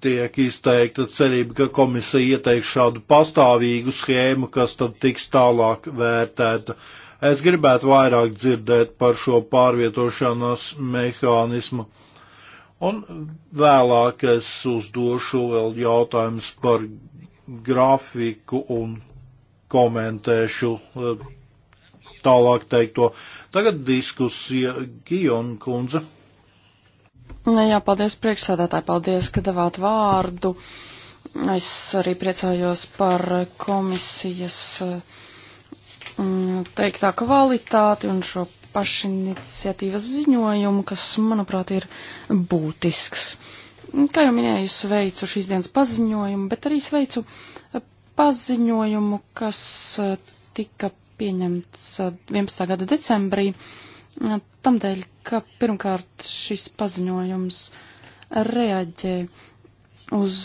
tiek izteikta cerība, ka komisija ieteiks šādu pastāvīgu schēmu, kas tad tiks tālāk vērtēta. Es gribētu vairāk dzirdēt par šo pārvietošanās mehānismu. Un vēlāk es uzdošu vēl jautājumus par grafiku un komentēšu eh, tālāk teikto. Tagad diskusija Gion Kunze. Nu jā, paldies priekšsēdētāji, paldies, ka devāt vārdu. Es arī priecājos par komisijas eh, mm, teiktā kvalitāti un šo pašiniciatīvas ziņojumu, kas, manuprāt, ir būtisks. Kā jau minēju, sveicu šīs dienas paziņojumu, bet arī sveicu eh, paziņojumu, kas eh, tika pieņemts 11. Eh, gada decembrī, tamdēļ, ka pirmkārt šis paziņojums reaģē uz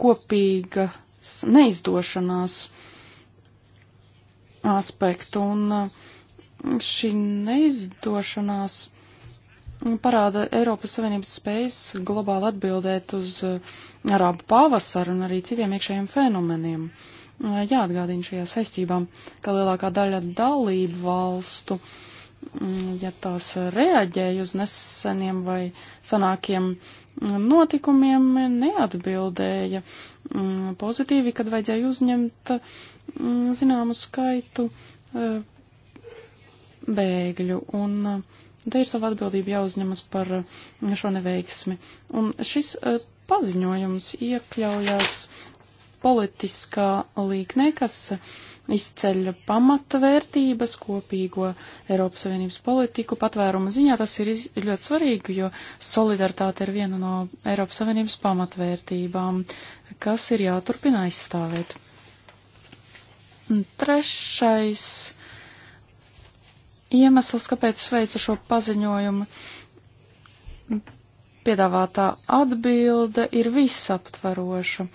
kopīgas neizdošanās aspektu un uh, Šī neizdošanās parāda Eiropas Savienības spējas globāli atbildēt uz uh, arābu pavasaru un arī citiem iekšējiem fenomeniem. Uh, jāatgādina šajā saistībā, ka lielākā daļa dalību valstu, mm, ja tās reaģēja uz neseniem vai sanākiem mm, notikumiem, neatbildēja mm, pozitīvi, kad vajadzēja uzņemt zināmu skaitu uh, bēgļu, un uh, te ir sava atbildība jāuzņemas par uh, šo neveiksmi. Un šis uh, paziņojums iekļaujās politiskā līknē, kas izceļ pamatvērtības, kopīgo Eiropas Savienības politiku. Patvēruma ziņā tas ir ļoti svarīgi, jo solidaritāte ir viena no Eiropas Savienības pamatvērtībām, kas ir jāturpina aizstāvēt. Trešais iemesls, kāpēc es veicu šo paziņojumu. Piedāvātā atbilde ir visaptvaroša.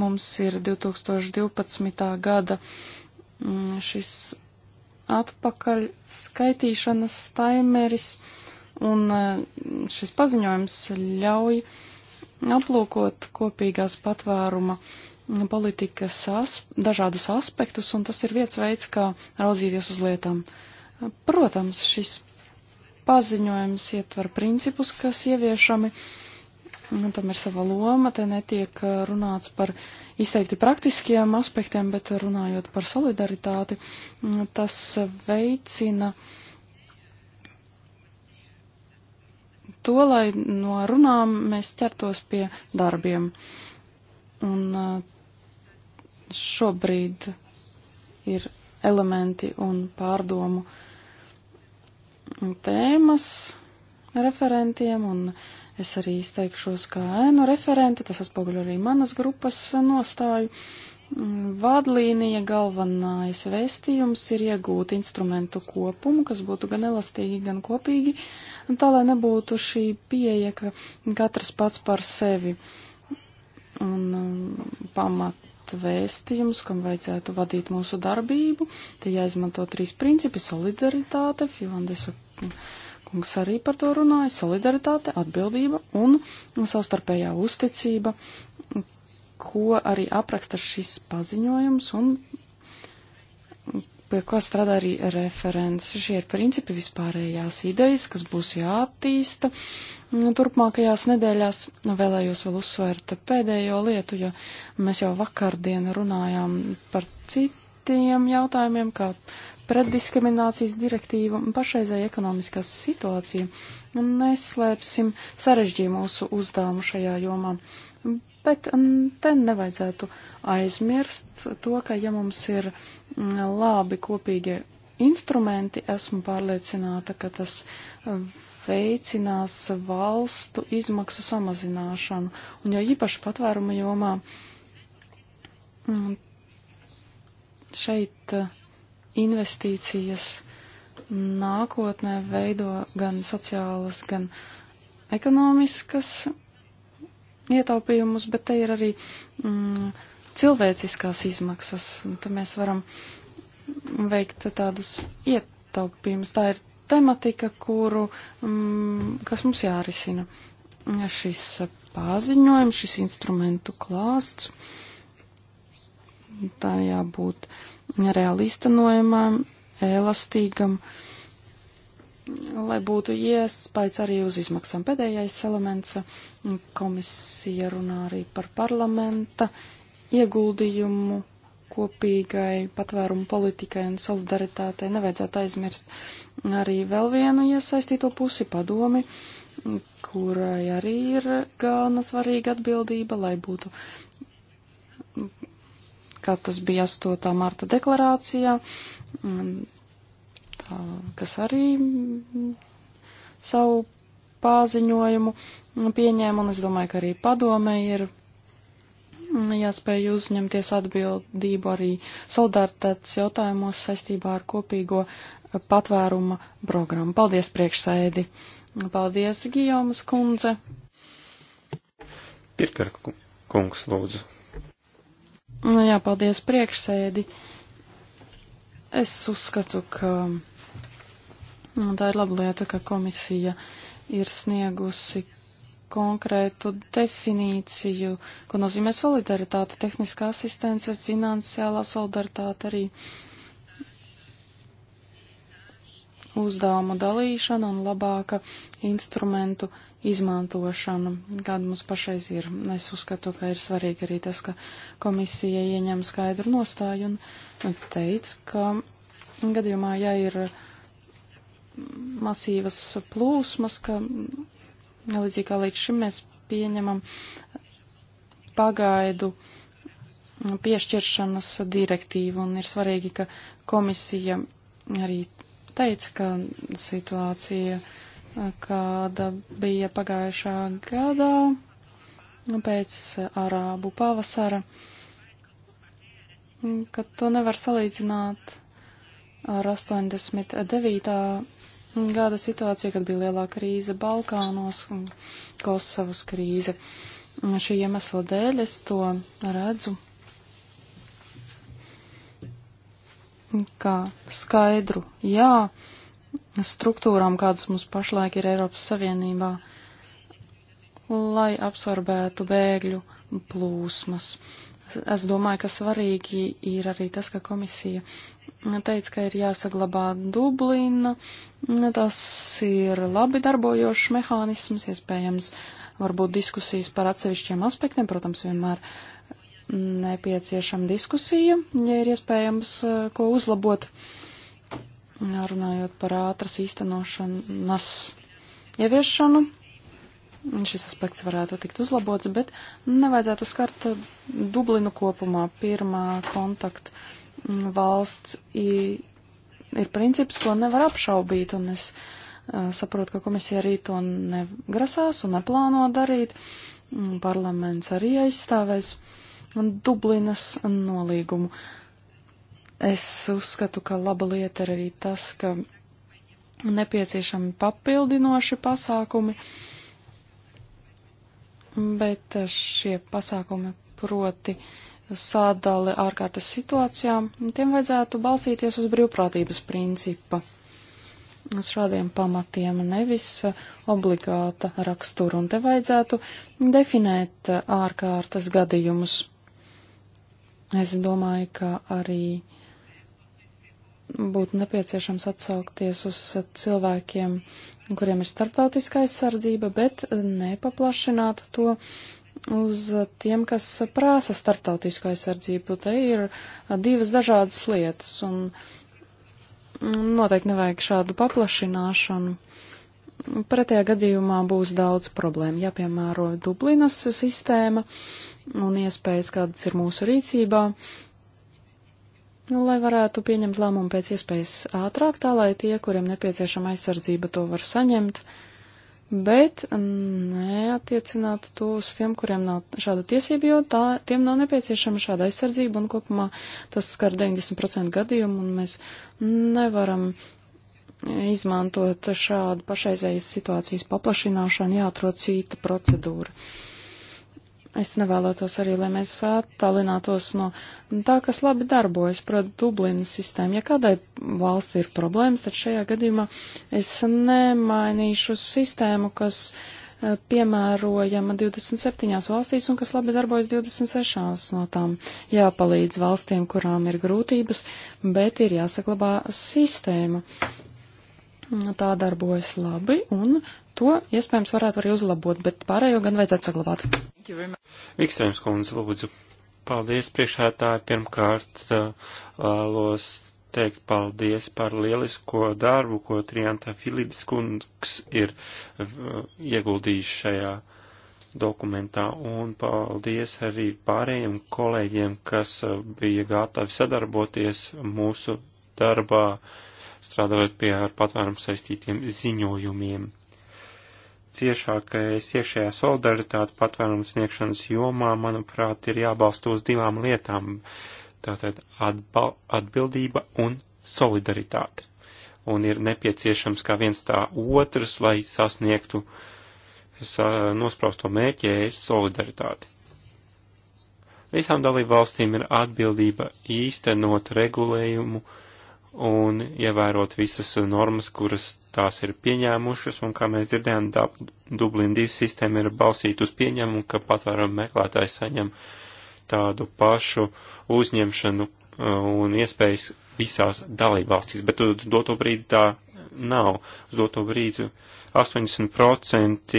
Mums ir 2012. gada mm, šis atpakaļ skaitīšanas taimeris, un mm, šis paziņojums ļauj aplūkot kopīgās patvēruma politikas as, dažādus aspektus, un tas ir viens veids, kā raudzīties uz lietām. Uh, Protams, šis paziņojums ietver principus, kas ieviešami, un tam ir sava loma, te netiek uh, runāts par izteikti praktiskiem aspektiem, bet runājot par solidaritāti, mm, tas veicina to, lai no runām mēs ķertos pie darbiem. Un uh, šobrīd ir elementi un pārdomu uh, tēmas referentiem, un es arī izteikšos kā ēnu referente, tas atspoguļo arī manas grupas nostāju. Vādlīnija galvenais vēstījums ir iegūt instrumentu kopumu, kas būtu gan elastīgi, gan kopīgi, tā lai nebūtu šī pieeja, ka katrs pats par sevi un um, pamat radīt vēstījumus, kam vajadzētu vadīt mūsu darbību. Te jāizmanto trīs principi - solidaritāte, Filandesa kungs arī par to runāja, solidaritāte, atbildība un savstarpējā uzticība, ko arī apraksta šis paziņojums un pie ko strādā arī referents. Šie ir principi vispārējās idejas, kas būs jāattīsta. Turpmākajās nedēļās vēlējos vēl uzsvērt pēdējo lietu, jo mēs jau vakardien runājām par citiem jautājumiem, kā preddiskriminācijas direktīva un pašreizēja ekonomiskā situācija. Neslēpsim sarežģīju mūsu uzdevumu šajā jomā. Bet mm, te nevajadzētu aizmirst to, ka ja mums ir mm, labi kopīgie instrumenti, esmu pārliecināta, ka tas mm, veicinās valstu izmaksu samazināšanu, un jo īpaši patvēruma jomā šeit investīcijas nākotnē veido gan sociālas, gan ekonomiskas ietaupījumus, bet te ir arī mm, cilvēciskās izmaksas, un te mēs varam veikt tādus ietaupījumus. Tā ir tematika, kuru, mm, kas mums jārisina. Šis paziņojums, šis instrumentu klāsts, tā jābūt reāli iztenojumam, elastīgam. Mm, lai būtu iespējas arī uz izmaksām. Pēdējais elements komisija runā arī par parlamenta ieguldījumu kopīgai patvērumu politikai un solidaritātei. Nevajadzētu aizmirst arī vēl vienu iesaistīto pusi padomi, kurai arī ir gana svarīga atbildība, lai būtu, kā tas bija 8. marta deklarācijā, kas arī mm, savu paziņojumu pieņēma, un es domāju, ka arī padome ir mm, jāspēj uzņemties atbildību arī solidaritātes jautājumos saistībā ar kopīgo patvēruma programmu. Paldies priekšsēdi! Paldies, Gijomas kundze! Pirkar kungs, lūdzu. Nu jā, paldies priekšsēdi. Es uzskatu, ka Un tā ir laba lieta, ka komisija ir sniegusi konkrētu definīciju, ko nozīmē solidaritāte, tehniskā asistence, finansiālā solidaritāte arī uzdevuma dalīšana un labāka instrumentu izmantošana, kāda mums pašreiz ir. Es uzskatu, ka ir svarīgi arī tas, ka komisija ieņem skaidru nostāju un teica, ka gadījumā, ja ir masīvas plūsmas, ka līdzīgi kā līdz šim mēs pieņemam pagaidu piešķiršanas direktīvu, un ir svarīgi, ka komisija arī teica, ka situācija, kāda bija pagājušā gadā, nu, pēc arābu pavasara, ka to nevar salīdzināt ar 89 gada situācija, kad bija lielā krīze Balkānos un Kosovas krīze. Šī iemesla dēļ es to redzu kā skaidru, jā, struktūrām, kādas mums pašlaik ir Eiropas Savienībā, lai absorbētu bēgļu plūsmas. Uh, Es domāju, ka svarīgi ir arī tas, ka komisija teica, ka ir jāsaglabā Dublina. Tas ir labi darbojošs mehānisms, iespējams, varbūt diskusijas par atsevišķiem aspektiem, protams, vienmēr nepieciešama diskusija, ja ir iespējams eh, ko uzlabot, runājot par ātras īstenošanas ieviešanu šis aspekts varētu tikt uzlabots, bet nevajadzētu skart Dublinu kopumā. Pirmā kontakta mm, valsts ir, ir princips, ko nevar apšaubīt, un es e, saprotu, ka komisija arī to negrasās un neplāno darīt. Mm, parlaments arī aizstāvēs Dublinas nolīgumu. Es uzskatu, ka laba lieta ir arī tas, ka nepieciešami papildinoši pasākumi. Uh, bet šie pasākumi proti sādali ārkārtas situācijām, tiem vajadzētu balstīties uz brīvprātības principa. Uz šādiem pamatiem nevis obligāta rakstura, un te vajadzētu definēt ārkārtas gadījumus. Es domāju, ka arī būtu nepieciešams atsaukties uz cilvēkiem, kuriem ir starptautiska aizsardzība, bet nepaplašināt to uz tiem, kas prāsa starptautisko aizsardzību. Te ir divas dažādas lietas, un noteikti nevajag šādu paplašināšanu. Pretējā gadījumā būs daudz problēmu. Jāpiemēro Dublinas sistēma un iespējas, kādas ir mūsu rīcībā. Uh, lai varētu pieņemt lēmumu pēc iespējas ātrāk, tā lai tie, kuriem nepieciešama aizsardzība, to var saņemt, bet neatiecināt to uz tiem, kuriem nav šādu tiesību, jo tā, tiem nav nepieciešama šāda aizsardzība, un kopumā tas skar 90% gadījumu, un mēs nevaram izmantot šādu pašreizējas situācijas paplašināšanu, jāatrod cita procedūra. Uh, Es nevēlētos arī, lai mēs attālinātos no tā, kas labi darbojas, proti, Dublinas sistēma. Ja kādai valstī ir problēmas, tad šajā gadījumā es nemainīšu sistēmu, kas eh, piemērojama 27 valstīs un kas labi darbojas 26 no tām. Jāpalīdz valstīm, kurām ir grūtības, bet ir jāsaglabā sistēma. Tā darbojas labi un to iespējams varētu arī uzlabot, bet pārējo gan vajadzētu saglabāt. Vikstrēms kundze, lūdzu. Paldies priekšētāji. Pirmkārt, uh, vēlos teikt paldies par lielisko darbu, ko Trianta Filidis kungs ir ieguldījis šajā dokumentā, un paldies arī pārējiem kolēģiem, kas uh, bija gatavi sadarboties mūsu darbā, strādājot pie ar patvērumu saistītiem ziņojumiem ciešākais iekšējā solidaritāte patvērums sniegšanas jomā, manuprāt, ir jābalsta uz divām lietām - tātad atbildība un solidaritāte. Un ir nepieciešams kā viens tā otrs, lai sasniegtu sa nosprausto mērķi ES solidaritāti. Visām dalību valstīm ir atbildība īstenot regulējumu un ievērot visas normas, kuras tās ir pieņēmušas, un kā mēs dzirdējām, Dublina 2 sistēma ir balstīta uz pieņēmumu, ka patvērumu meklētājs saņem tādu pašu uzņemšanu uh, un iespējas visās dalībvalstīs, bet uz doto brīdi tā nav. Uz doto brīdi 80%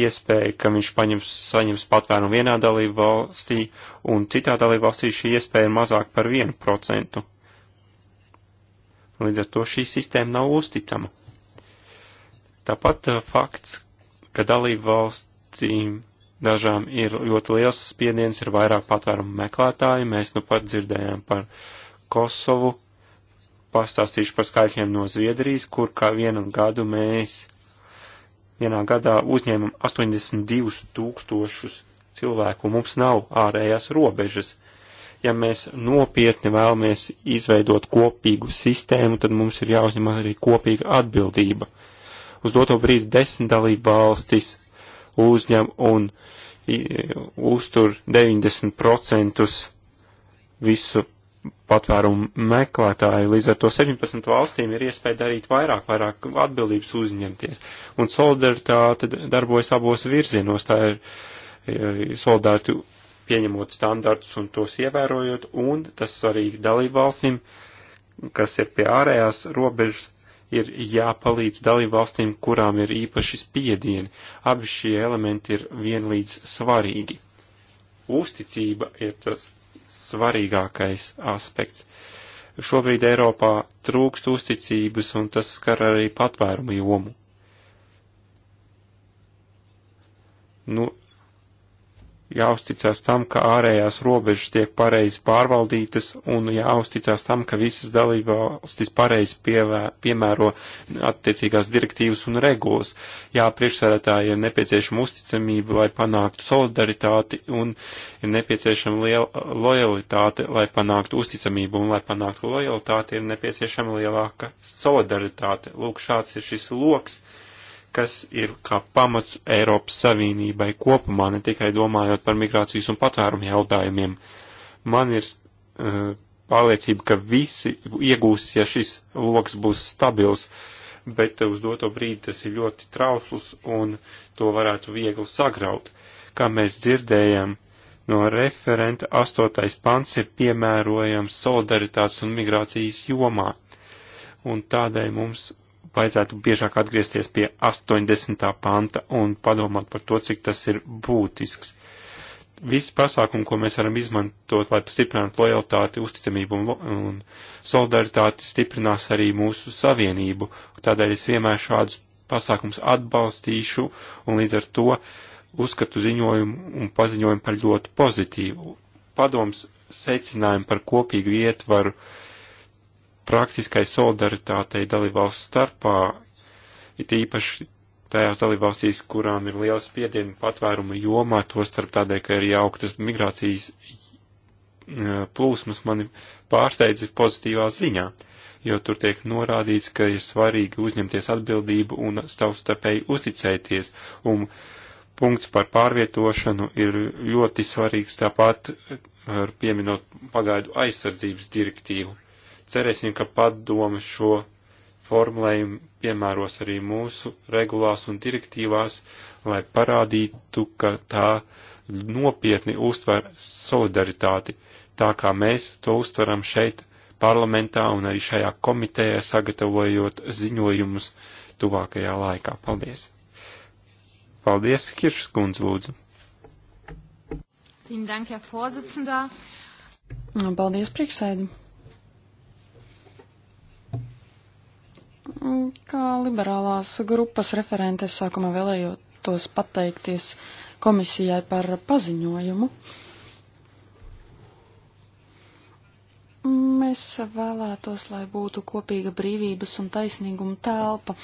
iespēja, ka viņš paņems, saņems patvērumu vienā dalībvalstī, un citā dalībvalstī šī iespēja ir mazāk par 1%. Līdz ar to šī sistēma nav uzticama. Tāpat uh, fakts, ka dalību valstīm dažām ir ļoti liels spiediens, ir vairāk patvērumu meklētāji. Mēs nu pat dzirdējām par Kosovu, pastāstīšu par skaitļiem no Zviedrijas, kur kā vienu gadu mēs vienā gadā uzņēmam 82 tūkstošus cilvēku, mums nav ārējās robežas. Ja mēs nopietni vēlamies izveidot kopīgu sistēmu, tad mums ir jāuzņem arī kopīga atbildība. Uz doto brīdi desmit dalība valstis uzņem un uztur 90% visu patvērumu meklētāju. Līdz ar to 17 valstīm ir iespēja darīt vairāk, vairāk atbildības uzņemties. Un solidaritāte darbojas abos virzienos. Tā ir solidaritāte pieņemot standartus un tos ievērojot, un tas svarīgi dalību valstīm, kas ir pie ārējās robežas, ir jāpalīdz dalību valstīm, kurām ir īpaši spiedieni. Abi šie elementi ir vienlīdz svarīgi. Uzticība ir tas svarīgākais aspekts. Šobrīd Eiropā trūkst uzticības, un tas skar arī patvērumu jomu. Nu, jāuzticās tam, ka ārējās robežas tiek pareizi pārvaldītas un jāuzticās tam, ka visas dalībvalstis pareizi pievē, piemēro attiecīgās direktīvas un regulas. Jā, priekšsēdētāji ir nepieciešama uzticamība, lai panāktu solidaritāti un ir nepieciešama liela lojalitāte, lai panāktu uzticamību un lai panāktu lojalitāti ir nepieciešama lielāka solidaritāte. Lūk, šāds ir šis loks kas ir kā pamats Eiropas Savienībai kopumā, ne tikai domājot par migrācijas un patvērumu jautājumiem. Man ir uh, pārliecība, ka visi iegūs, ja šis loks būs stabils, bet uz doto brīdi tas ir ļoti trauslus un to varētu viegli sagraut. Kā mēs dzirdējam, no referenta astotais pants ir piemērojams solidaritātes un migrācijas jomā. Un tādēļ mums vajadzētu biežāk atgriezties pie 80. panta un padomāt par to, cik tas ir būtisks. Visi pasākumi, ko mēs varam izmantot, lai pastiprinātu lojalitāti, uzticamību un, un solidaritāti, stiprinās arī mūsu savienību. Tādēļ es vienmēr šādus pasākums atbalstīšu un līdz ar to uzskatu ziņojumu un paziņojumu par ļoti pozitīvu. Padoms secinājumi par kopīgu ietvaru uh, praktiskai solidaritātei dalībvalstu starpā, it īpaši tajās dalībvalstīs, kurām ir liels spiedieni patvērumu jomā, to starp tādēļ, ka ir jauktas migrācijas e, plūsmas, mani pārsteidz pozitīvā ziņā, jo tur tiek norādīts, ka ir svarīgi uzņemties atbildību un savstarpēji uzticēties, un punkts par pārvietošanu ir ļoti svarīgs tāpat e, pieminot pagaidu aizsardzības direktīvu cerēsim, ka padome šo formulējumu piemēros arī mūsu regulās un direktīvās, lai parādītu, ka tā nopietni uztver solidaritāti, tā kā mēs to uztveram šeit parlamentā un arī šajā komitejā sagatavojot ziņojumus tuvākajā laikā. Paldies! Paldies, Hiršs kundz, lūdzu! Paldies, priekšsēdētāji! Mm, kā liberālās grupas referentes sākumā vēlējotos pateikties komisijai par paziņojumu. Mēs vēlētos, lai būtu kopīga brīvības un taisnīguma telpa,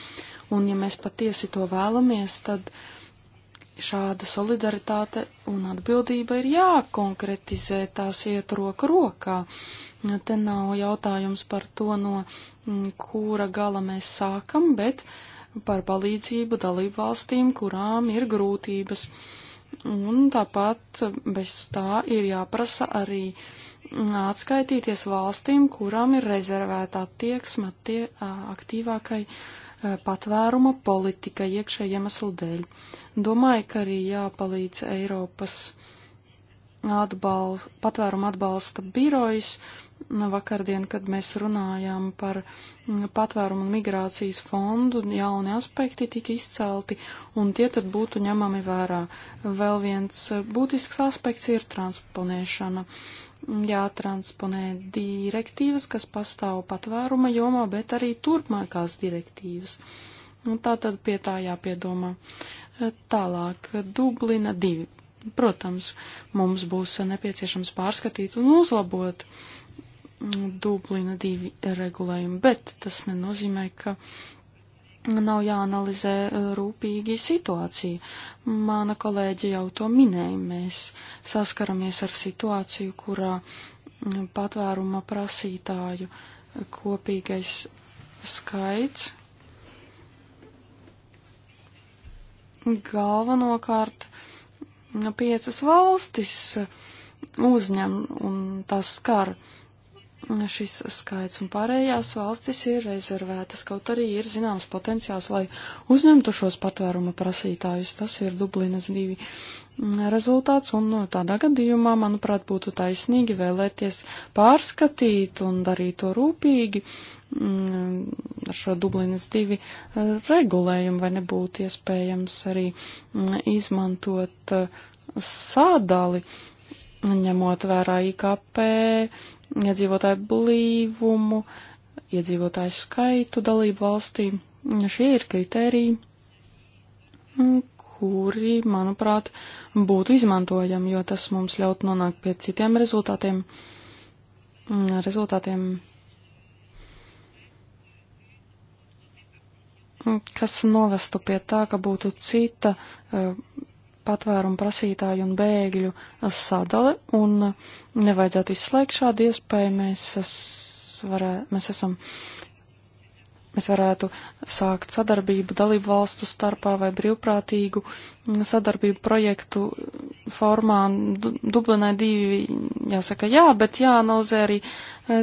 un ja mēs patiesi to vēlamies, tad šāda solidaritāte un atbildība ir jākonkretizē, tās iet roka rokā. Te nav jautājums par to, no Mm, kura gala mēs sākam, bet par palīdzību dalību valstīm, kurām ir grūtības. Un tāpat bez tā ir jāprasa arī atskaitīties valstīm, kurām ir rezervēta attieksme tie, aktīvākai patvēruma politika iekšējiem iemeslu dēļ. Domāju, ka arī jāpalīdz Eiropas uh, atbal, patvērumu atbalsta birojas. Mm, vakardien, kad mēs runājām par mm, patvērumu un migrācijas fondu, jauni aspekti tika izcelti, un tie tad būtu ņemami vērā. Vēl viens eh, būtisks aspekts ir transponēšana. Jātransponē direktīvas, kas pastāv patvēruma jomā, bet arī turpmākās direktīvas. Un nu, tā tad pie tā jāpiedomā. Eh, tālāk, Dublina 2 Protams, mums būs nepieciešams pārskatīt un uzlabot mm, Dublina divi regulējumu, bet tas nenozīmē, ka nav jāanalizē e, rūpīgi situācija. Mana kolēģe jau to minēja, mēs saskaramies ar situāciju, kurā mm, patvēruma prasītāju kopīgais skaits galvenokārt uh, piecas valstis uzņem un tas skar šis skaits, un pārējās valstis ir rezervētas, kaut arī ir zināms potenciāls, lai uzņemtu šos patvēruma prasītājus. Tas ir Dublinas divi rezultāts, un no tādā gadījumā, manuprāt, būtu taisnīgi vēlēties pārskatīt un darīt to rūpīgi. Uh, Mm, ar šo Dublinas divi eh, regulējumu, vai nebūtu iespējams arī mm, izmantot eh, sādali, ņemot vērā IKP, iedzīvotāju blīvumu, iedzīvotāju skaitu dalību valstī. Šie ir kriteriji, mm, kuri, manuprāt, būtu izmantojami, jo tas mums ļaut nonākt pie citiem rezultātiem. Rezultātiem Mm, kas novestu pie tā, ka būtu cita e, patvērumu prasītāju un bēgļu sadale, un nevajadzētu izslēgt šādu iespēju. Mēs, es varē, mēs esam Mēs varētu sākt sadarbību dalību valstu starpā vai brīvprātīgu sadarbību projektu formā. Dublinai divi jāsaka jā, bet jāanalizē arī e,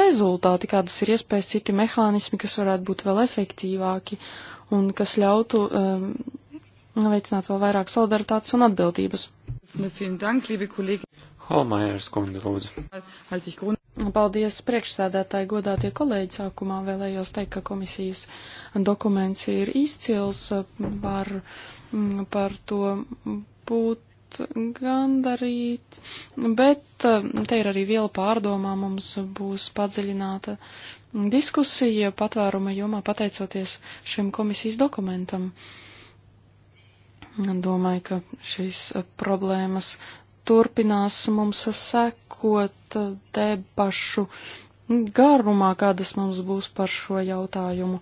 rezultāti, kādas ir iespējas citi mehānismi, kas varētu būt vēl efektīvāki un kas ļautu um, veicināt vēl vairāk solidaritātes un atbildības. Holmajers kundze, lūdzu. Paldies priekšsēdētāji godātie kolēģi. Sākumā vēlējos teikt, ka komisijas dokuments ir izcils par, mm, par to būt gandarīt, bet mm, te ir arī viela pārdomā, mums būs padziļināta diskusija patvēruma jomā pateicoties šim komisijas dokumentam. Domāju, ka šīs problēmas turpinās mums sekot debašu garumā, kādas mums būs par šo jautājumu.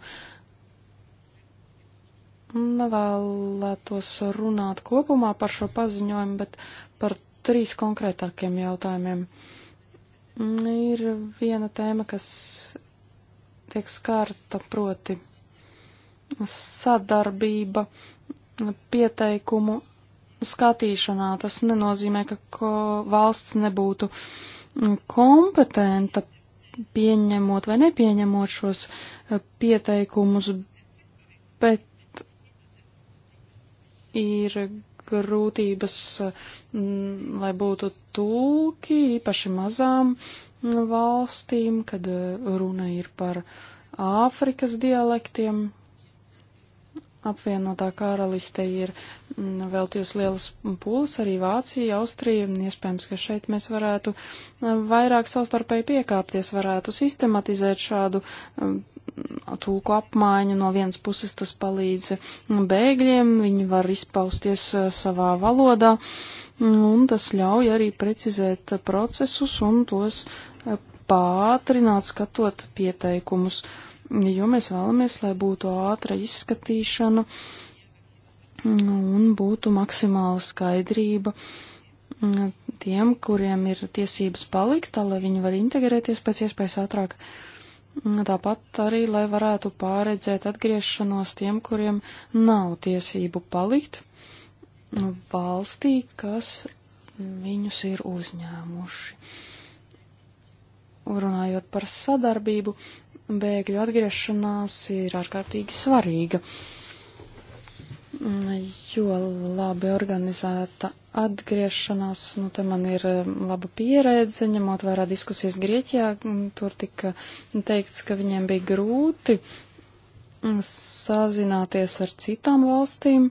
Nevēlētos runāt kopumā par šo paziņojumu, bet par trīs konkrētākiem jautājumiem. Ir viena tēma, kas tiek skārta, proti sadarbība pieteikumu skatīšanā. Tas nenozīmē, ka ko, valsts nebūtu mm, kompetenta pieņemot vai nepieņemot šos e, pieteikumus, bet ir grūtības, e, mm, lai būtu tūki, īpaši mazām mm, valstīm, kad e, runa ir par Āfrikas dialektiem apvienotā karaliste ir mm, veltījusi lielas pūles, arī Vācija, Austrija, iespējams, ka šeit mēs varētu mm, vairāk savstarpēji piekāpties, varētu sistematizēt šādu mm, tulku apmaiņu. No vienas puses tas palīdz bēgļiem, viņi var izpausties eh, savā valodā, un tas ļauj arī precizēt procesus un tos eh, pātrināt, skatot pieteikumus. Uh, jo mēs vēlamies, lai būtu ātra izskatīšana un būtu maksimāla skaidrība mm, tiem, kuriem ir tiesības palikt, tā lai viņi var integrēties pēc iespējas ātrāk. Mm, tāpat arī, lai varētu pārredzēt atgriešanos tiem, kuriem nav tiesību palikt valstī, kas viņus ir uzņēmuši. Runājot par sadarbību, bēgļu atgriešanās ir ārkārtīgi svarīga, mm, jo labi organizēta atgriešanās, nu te man ir mm, laba pieredze, ņemot vērā diskusijas Grieķijā, mm, tur tika teikts, ka viņiem bija grūti sazināties ar citām valstīm,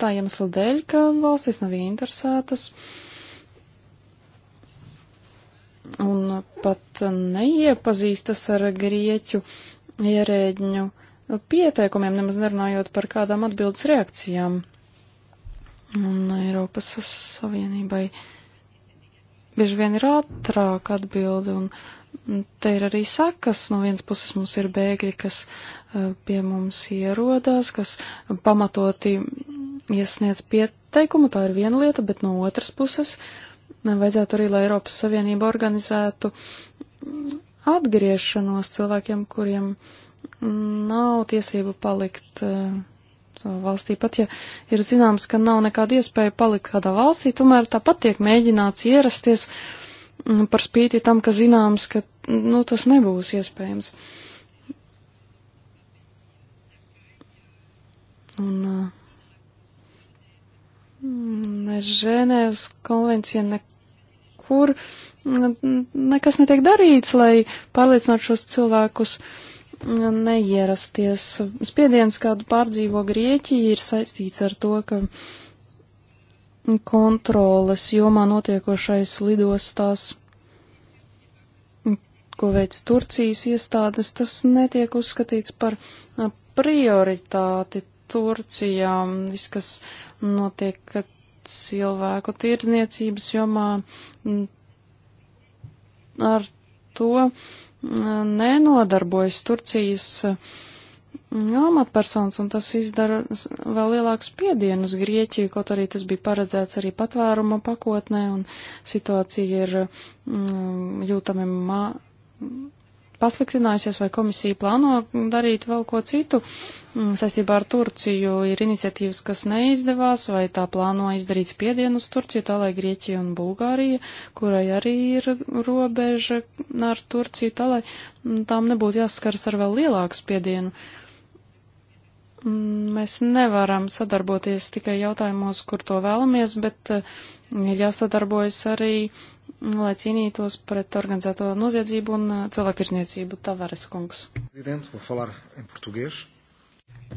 tā iemesla dēļ, ka valstis nav interesētas. Uh, un pat neiepazīstas ar grieķu ierēģiņu pieteikumiem, nemaz nerunājot par kādām atbildes reakcijām. Un Eiropas Savienībai bieži vien ir ātrāk atbildi, un te ir arī sekas. No vienas puses mums ir bēgļi, kas eh, pie mums ierodās, kas pamatoti iesniedz pieteikumu, tā ir viena lieta, bet no otras puses uh, vajadzētu arī, lai Eiropas Savienība organizētu atgriešanos cilvēkiem, kuriem nav tiesību palikt uh, savā valstī. Pat ja ir zināms, ka nav nekāda iespēja palikt kādā valstī, tomēr tāpat tiek mēģināts ierasties um, par spīti tam, ka zināms, ka nu, tas nebūs iespējams. Un, uh, Ženēvas konvencija nekur, nekas netiek darīts, lai pārliecinātu šos cilvēkus neierasties. Spiediens, kādu pārdzīvo Grieķija, ir saistīts ar to, ka kontroles jomā notiekošais lidostās, ko veids Turcijas iestādes, tas netiek uzskatīts par prioritāti Turcijām. Viss, kas notiek cilvēku tirdzniecības jomā mm, ar to mm, nenodarbojas Turcijas mm, amatpersonas, un tas izdara vēl lielāku spiedienu uz Grieķiju, kaut arī tas bija paredzēts arī patvēruma pakotnē, un situācija ir mm, jūtami mā pasliktinājusies, vai komisija plāno darīt vēl ko citu mm, saistībā ar Turciju? Ir iniciatīvas, kas neizdevās, vai tā plāno izdarīt spiedienu uz Turciju, tā lai Grieķija un Bulgārija, kurai arī ir robeža ar Turciju, tā lai mm, tām nebūtu jāskars ar vēl lielāku spiedienu. Mm, mēs nevaram sadarboties tikai jautājumos, kur to vēlamies, bet eh, ir jāsadarbojas arī uh, lai cīnītos pret organizēto noziedzību un eh, cilvēktirzniecību. Tavares kungs.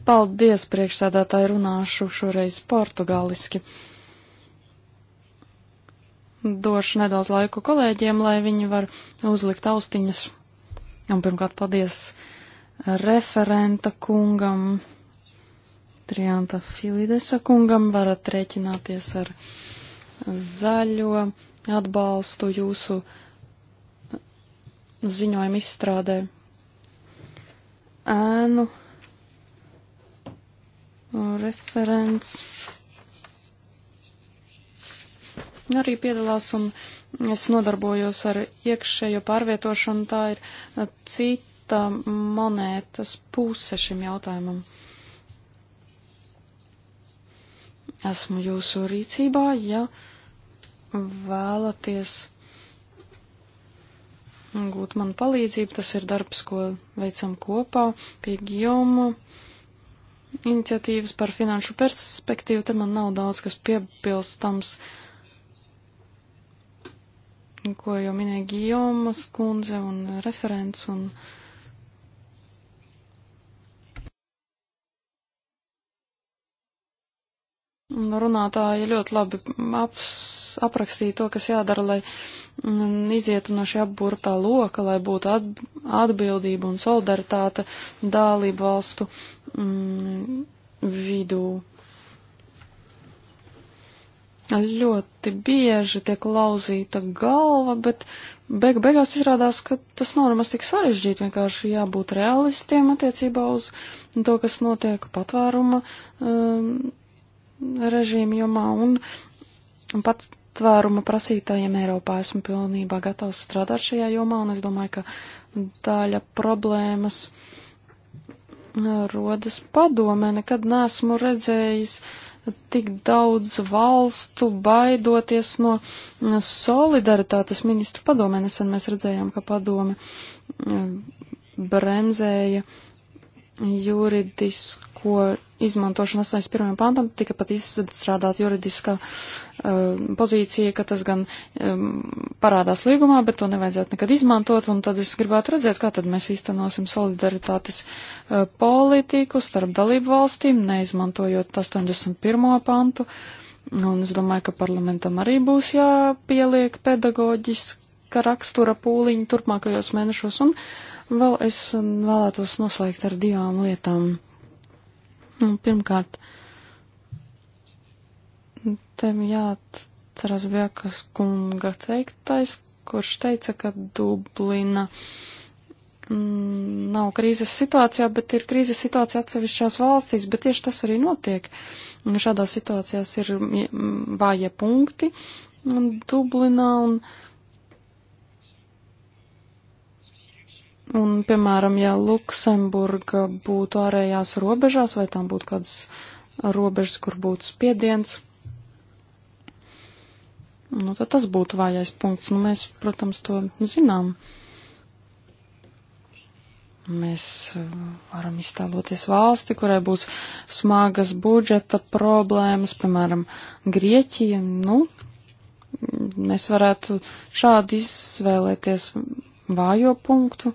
Paldies, priekšsēdētāji, runāšu šoreiz portugāliski. Došu nedaudz laiku kolēģiem, lai viņi var uzlikt austiņas. Un pirmkārt, paldies referenta kungam, Trianta Filidesa kungam, varat rēķināties ar zaļo atbalstu jūsu ziņojumu izstrādē. Ēnu referents arī piedalās un es nodarbojos ar iekšējo pārvietošanu. Tā ir cita monētas puse šim jautājumam. Esmu jūsu rīcībā, ja. Uh, vēlaties gūt manu palīdzību, tas ir darbs, ko veicam kopā pie Gijomu iniciatīvas par finanšu perspektīvu, te man nav daudz kas piebilstams, ko jau minēja Gijomas kundze un referents un. Uh, Runātāji ļoti labi aps, aprakstīja to, kas jādara, lai mm, izietu no šī apburtā loka, lai būtu at, atbildība un solidaritāte dālību valstu mm, vidū. Ļoti bieži tiek lauzīta galva, bet beig beigās izrādās, ka tas nav nemaz tik sarežģīti, vienkārši jābūt realistiem attiecībā uz to, kas notiek patvēruma. Mm, režīmu jomā un, un pat tvēruma prasītājiem Eiropā esmu pilnībā gatavs strādāt šajā jomā, un es domāju, ka daļa problēmas eh, rodas padomē. Nekad neesmu redzējis tik daudz valstu baidoties no solidaritātes ministru padomē. Nesen mēs redzējām, ka padome eh, bremzēja juridisko izmantošana 81. pantam tika pat izstrādāta juridiskā uh, eh, pozīcija, ka tas gan um, parādās līgumā, bet to nevajadzētu nekad izmantot, un tad es gribētu redzēt, kā tad mēs īstenosim solidaritātes uh, politiku starp dalību valstīm, neizmantojot 81. pantu, un es domāju, ka parlamentam arī būs jāpieliek pedagoģiska rakstura pūliņa turpmākajos mēnešos, un vēl es vēlētos noslēgt ar divām lietām. Nu, pirmkārt, tam jāatceras Bjekas kunga teiktais, kurš teica, ka Dublina mm, nav krīzes situācijā, bet ir krīzes situācija atsevišķās valstīs, bet tieši tas arī notiek. Šādās situācijās ir vāja punkti Dublinā un. Dublina, un Un, piemēram, ja Luksemburga būtu ārējās robežās, vai tam būtu kādas robežas, kur būtu spiediens, nu, tad tas būtu vājais punkts. Nu, mēs, protams, to zinām. Mēs eh, varam iztēloties valsti, kurai būs smagas budžeta problēmas, piemēram, Grieķija. Nu, mēs varētu šādi izvēlēties vājo punktu.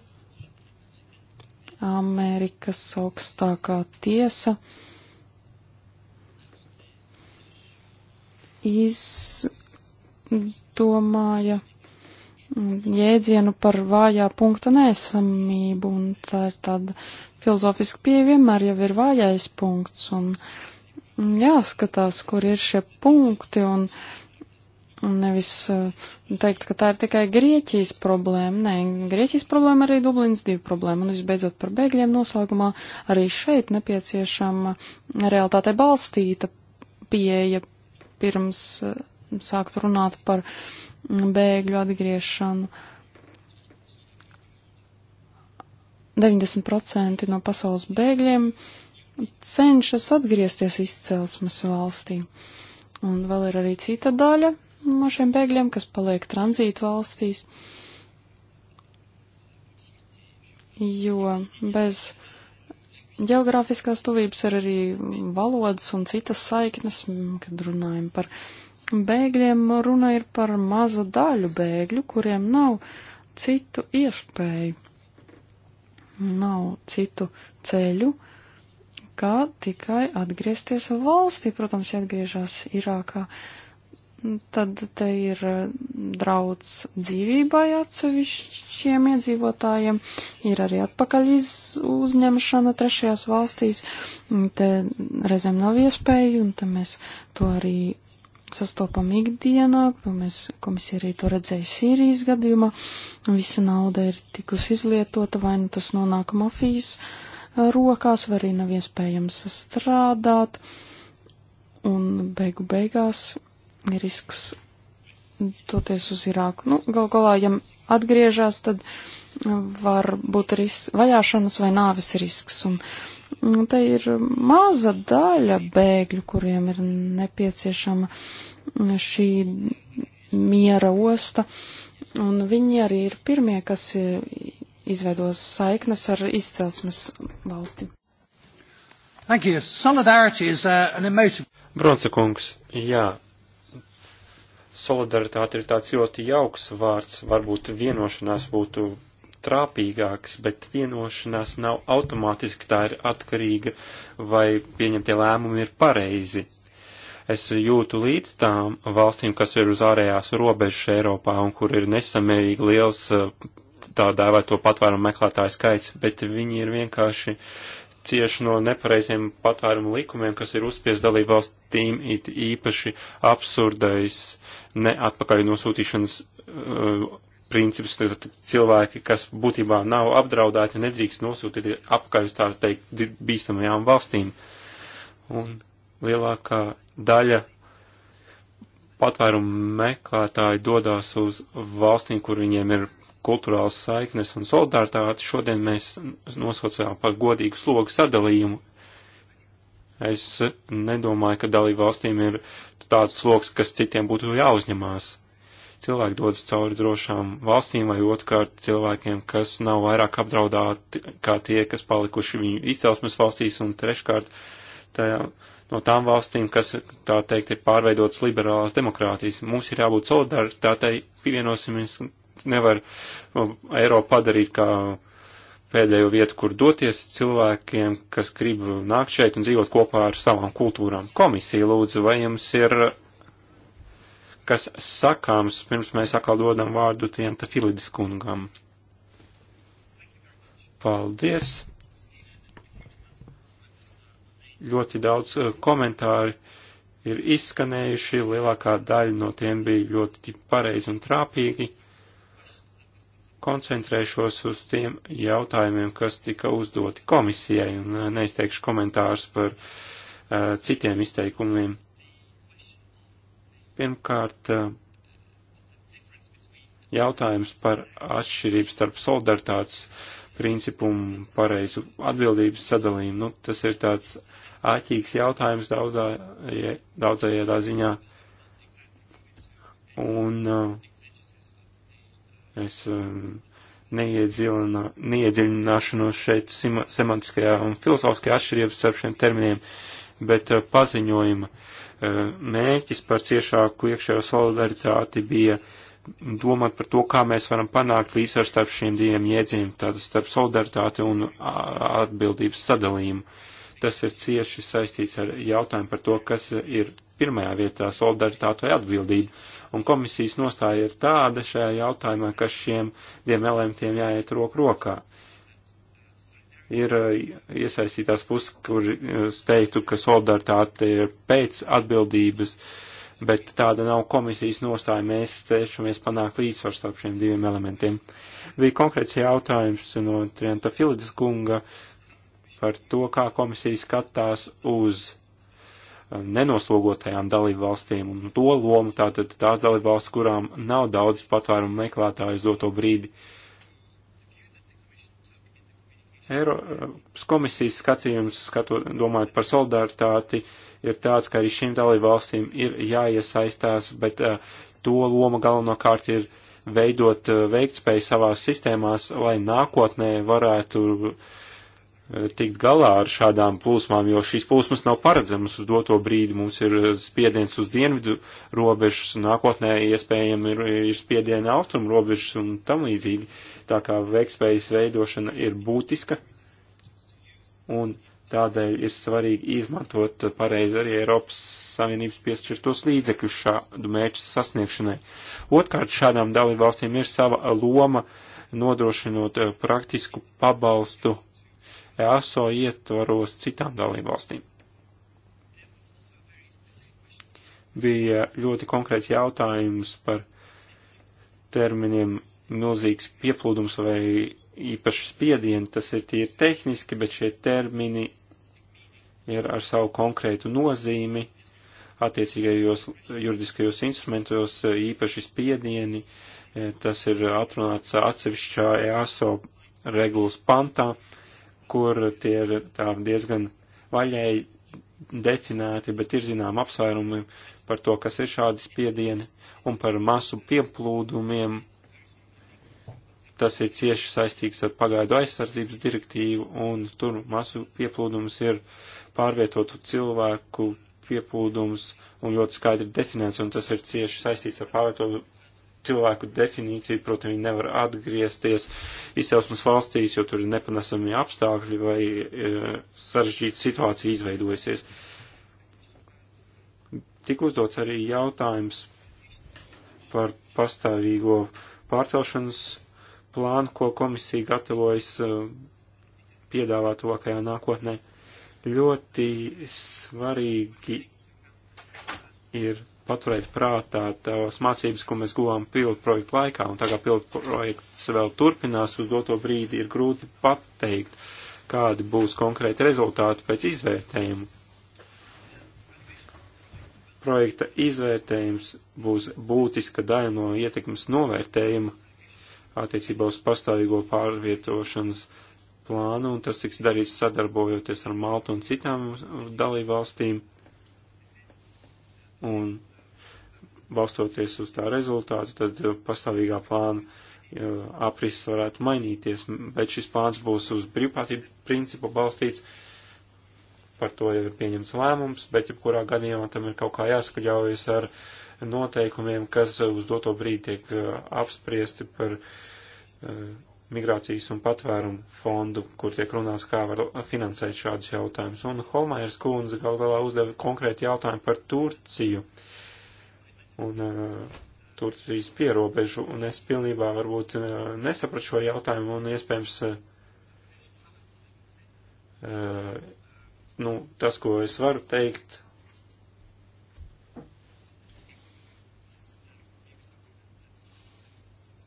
Amerikas augstākā tiesa izdomāja jēdzienu par vājā punkta nesamību, un tā ir tāda filozofiska pieeja vienmēr jau ir vājais punkts, un jāskatās, kur ir šie punkti, un Un nevis eh, teikt, ka tā ir tikai Grieķijas problēma. Nē, Grieķijas problēma arī Dublins divi problēma. Un visbeidzot par bēgļiem noslēgumā arī šeit nepieciešama realitātei balstīta pieeja pirms eh, sākt runāt par mm, bēgļu atgriešanu. 90% no pasaules bēgļiem cenšas atgriezties izcelsmes valstī. Un vēl ir arī cita daļa, no šiem bēgļiem, kas paliek tranzītu valstīs, jo bez ģeogrāfiskās tuvības ir arī valodas un citas saiknes, kad runājam par bēgļiem, runa ir par mazu daļu bēgļu, kuriem nav citu iespēju, nav citu ceļu, kā tikai atgriezties valstī, protams, ja atgriežas Irākā. Uh, tad te ir eh, draudz dzīvībai atsevišķiem iedzīvotājiem, ir arī atpakaļ uzņemšana trešajās valstīs, te reizēm nav iespēju, un te mēs to arī sastopam ikdienā, to mēs komisija arī to redzēja Sīrijas gadījumā, visa nauda ir tikus izlietota, vai nu tas nonāk mafijas eh, rokās, vai arī nav iespējams strādāt, un beigu beigās risks doties uz Irāku. Nu, gal galā, ja atgriežas, tad var būt arī vajāšanas vai nāves risks. Un, un mm, te ir maza daļa bēgļu, kuriem ir nepieciešama šī miera osta, un viņi arī ir pirmie, kas eh, izveidos saiknes ar izcelsmes valsti. Thank you. Solidarity is uh, an emotive. Bronsa kungs, jā, solidaritāte ir tāds ļoti jauks vārds, varbūt vienošanās būtu trāpīgāks, bet vienošanās nav automātiski, tā ir atkarīga, vai pieņemtie lēmumi ir pareizi. Es jūtu līdz tām valstīm, kas ir uz ārējās robežas Eiropā un kur ir nesamērīgi liels eh, tā dēvēto patvērumu meklētāju skaits, bet viņi ir vienkārši cieši no nepareiziem patvērumu likumiem, kas ir uzspies dalību valstīm, it īpaši absurdais uh, ne atpakaļ nosūtīšanas uh, princips, tad cilvēki, kas būtībā nav apdraudēti, nedrīkst nosūtīt apakaļ uz tā teikt bīstamajām valstīm. Un lielākā daļa patvērumu meklētāji dodās uz valstīm, kur viņiem ir kultūrāls saiknes un solidaritāte. Šodien mēs nosaucām par godīgu slogu sadalījumu. Es nedomāju, ka dalību valstīm ir tāds sloks, kas citiem būtu jāuzņemās. Cilvēki dodas cauri drošām valstīm vai otrkārt cilvēkiem, kas nav vairāk apdraudāti kā tie, kas palikuši viņu izcelsmes valstīs, un treškārt tajā, no tām valstīm, kas, tā teikt, ir pārveidotas liberālās demokrātijas. Mums ir jābūt solidaritātei, pievienosimies, nevar Eiropu padarīt kā pēdējo vietu, kur doties cilvēkiem, kas grib nākt šeit un dzīvot kopā ar savām kultūrām. Komisija lūdzu, vai jums ir kas sakāms, pirms mēs atkal dodam vārdu Tienta Filidis kungam. Paldies! Ļoti daudz eh, komentāri ir izskanējuši, lielākā daļa no tiem bija ļoti pareizi un trāpīgi koncentrēšos uz tiem jautājumiem, kas tika uzdoti komisijai, un uh, neizteikšu komentārus par uh, citiem izteikumiem. Pirmkārt, uh, jautājums par atšķirību starp solidaritātes principu un pareizu atbildības sadalījumu. Nu, tas ir tāds āķīgs jautājums daudzajā, daudzajā ziņā. Un uh, Es um, neiedziļināšanos šeit semantiskajā un filozofiskajā atšķirības starp šiem terminiem, bet uh, paziņojuma uh, mērķis par ciešāku iekšējo solidaritāti bija domāt par to, kā mēs varam panākt līdzsvaru starp šiem diviem jēdzieniem, tātad starp solidaritāti un atbildības sadalījumu. Tas ir cieši saistīts ar jautājumu par to, kas ir pirmajā vietā - solidaritāte vai atbildība. Uh, un komisijas nostāja ir tāda šajā jautājumā, ka šiem diviem elementiem jāiet roku rokā. Ir uh, iesaistītās puses, kur es uh, teiktu, ka solidaritāte ir pēc atbildības, bet tāda nav komisijas nostāja. Mēs cenšamies panākt līdzsvaru starp šiem diviem elementiem. Bija konkrēts jautājums no Trienta Filides kunga par to, kā komisija skatās uz uh, nenoslogotajām dalību valstīm un to lomu tātad tās dalību valsts, kurām nav daudz patvērumu meklētāju uz doto brīdi. Eiropas komisijas skatījums, skatu, domājot par solidaritāti, ir tāds, ka arī šīm dalību valstīm ir jāiesaistās, bet uh, to loma galvenokārt ir veidot uh, veiktspēju savās sistēmās, lai nākotnē varētu uh, tikt galā ar šādām plūsmām, jo šīs plūsmas nav paredzamas uz doto brīdi. Mums ir spiediens uz dienvidu robežas, un nākotnē iespējami ir, ir spiediena austrumu robežas un tam līdzīgi. Tā kā veikspējas veidošana ir būtiska, un tādēļ ir svarīgi izmantot pareizi arī Eiropas Savienības piešķirtos līdzekļus šādu mērķu sasniegšanai. Otkārt, šādām dalībvalstīm ir sava loma nodrošinot eh, praktisku pabalstu EASO ietvaros citām dalībvalstīm. Bija ļoti konkrēts jautājums par terminiem milzīgs pieplūdums vai īpaši spiedieni, tas ir tīri tehniski, bet šie termini ir ar savu konkrētu nozīmi attiecīgajos juridiskajos instrumentos, īpaši spiedieni, tas ir atrunāts atsevišķā EASO regulas pantā, kur tie ir tā diezgan vaļēji definēti, bet ir zinām apsvērumi par to, kas ir šādi spiedieni un par masu pieplūdumiem. Tas ir cieši saistīts ar pagaidu aizsardzības direktīvu un tur masu pieplūdums ir pārvietotu cilvēku pieplūdums un ļoti skaidri definēts, un tas ir cieši saistīts ar pārvietotu cilvēku definīciju, protams, viņi nevar atgriezties izcelsmes valstīs, jo tur ir nepanesami apstākļi vai e, sarežģīta situācija izveidojusies. Tik uzdots arī jautājums par pastāvīgo pārcelšanas plānu, ko komisija gatavojas e, piedāvāt tuvākajā nākotnē. Ļoti svarīgi ir paturēt prātā tās mācības, ko mēs guvām pilotu projektu laikā, un tā kā pilotu projekts vēl turpinās uz doto brīdi, ir grūti pateikt, kādi būs konkrēti rezultāti pēc izvērtējumu. Projekta izvērtējums būs būtiska daļa no ietekmes novērtējuma attiecībā uz pastāvīgo pārvietošanas plānu, un tas tiks darīts sadarbojoties ar Maltu un citām dalībvalstīm. Un balstoties uz tā rezultātu, tad uh, pastāvīgā plāna aprises varētu mainīties, bet šis plāns būs uz brīvprātību principu balstīts, par to jau ir pieņemts lēmums, bet jebkurā gadījumā tam ir kaut kā jāskaļaujas ar noteikumiem, kas uh, uz doto brīdi tiek uh, apspriesti par migrācijas un patvērumu fondu, kur tiek runāts, kā var finansēt šādus jautājumus. Un Holmaiers kundze gal galā uzdeva konkrēti jautājumu par Turciju. Uh, un ar uh, Turcijas pierobežu, un es pilnībā varbūt uh, nesapratu šo jautājumu, un iespējams, uh, nu, tas, ko es varu teikt,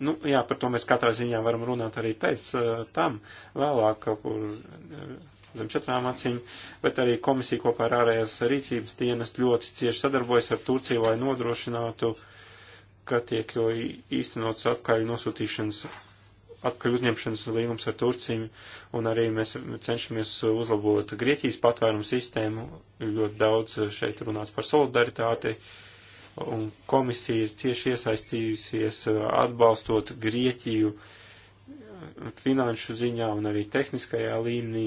Nu, jā, par to mēs katrā ziņā varam runāt arī pēc uh, tam, vēlāk kaut kur eh, zem četrām acīm, bet arī komisija kopā ar ārējās rīcības dienas ļoti cieši sadarbojas ar Turciju, lai nodrošinātu, ka tiek jau īstenots atkaļ nosūtīšanas, atkaļ uzņemšanas līgums ar Turciju, un arī mēs cenšamies uzlabot Grieķijas patvērumu sistēmu, ļoti daudz šeit runāts par solidaritāti. Uh, un komisija ir cieši iesaistījusies uh, atbalstot Grieķiju uh, finanšu ziņā un arī tehniskajā līmenī,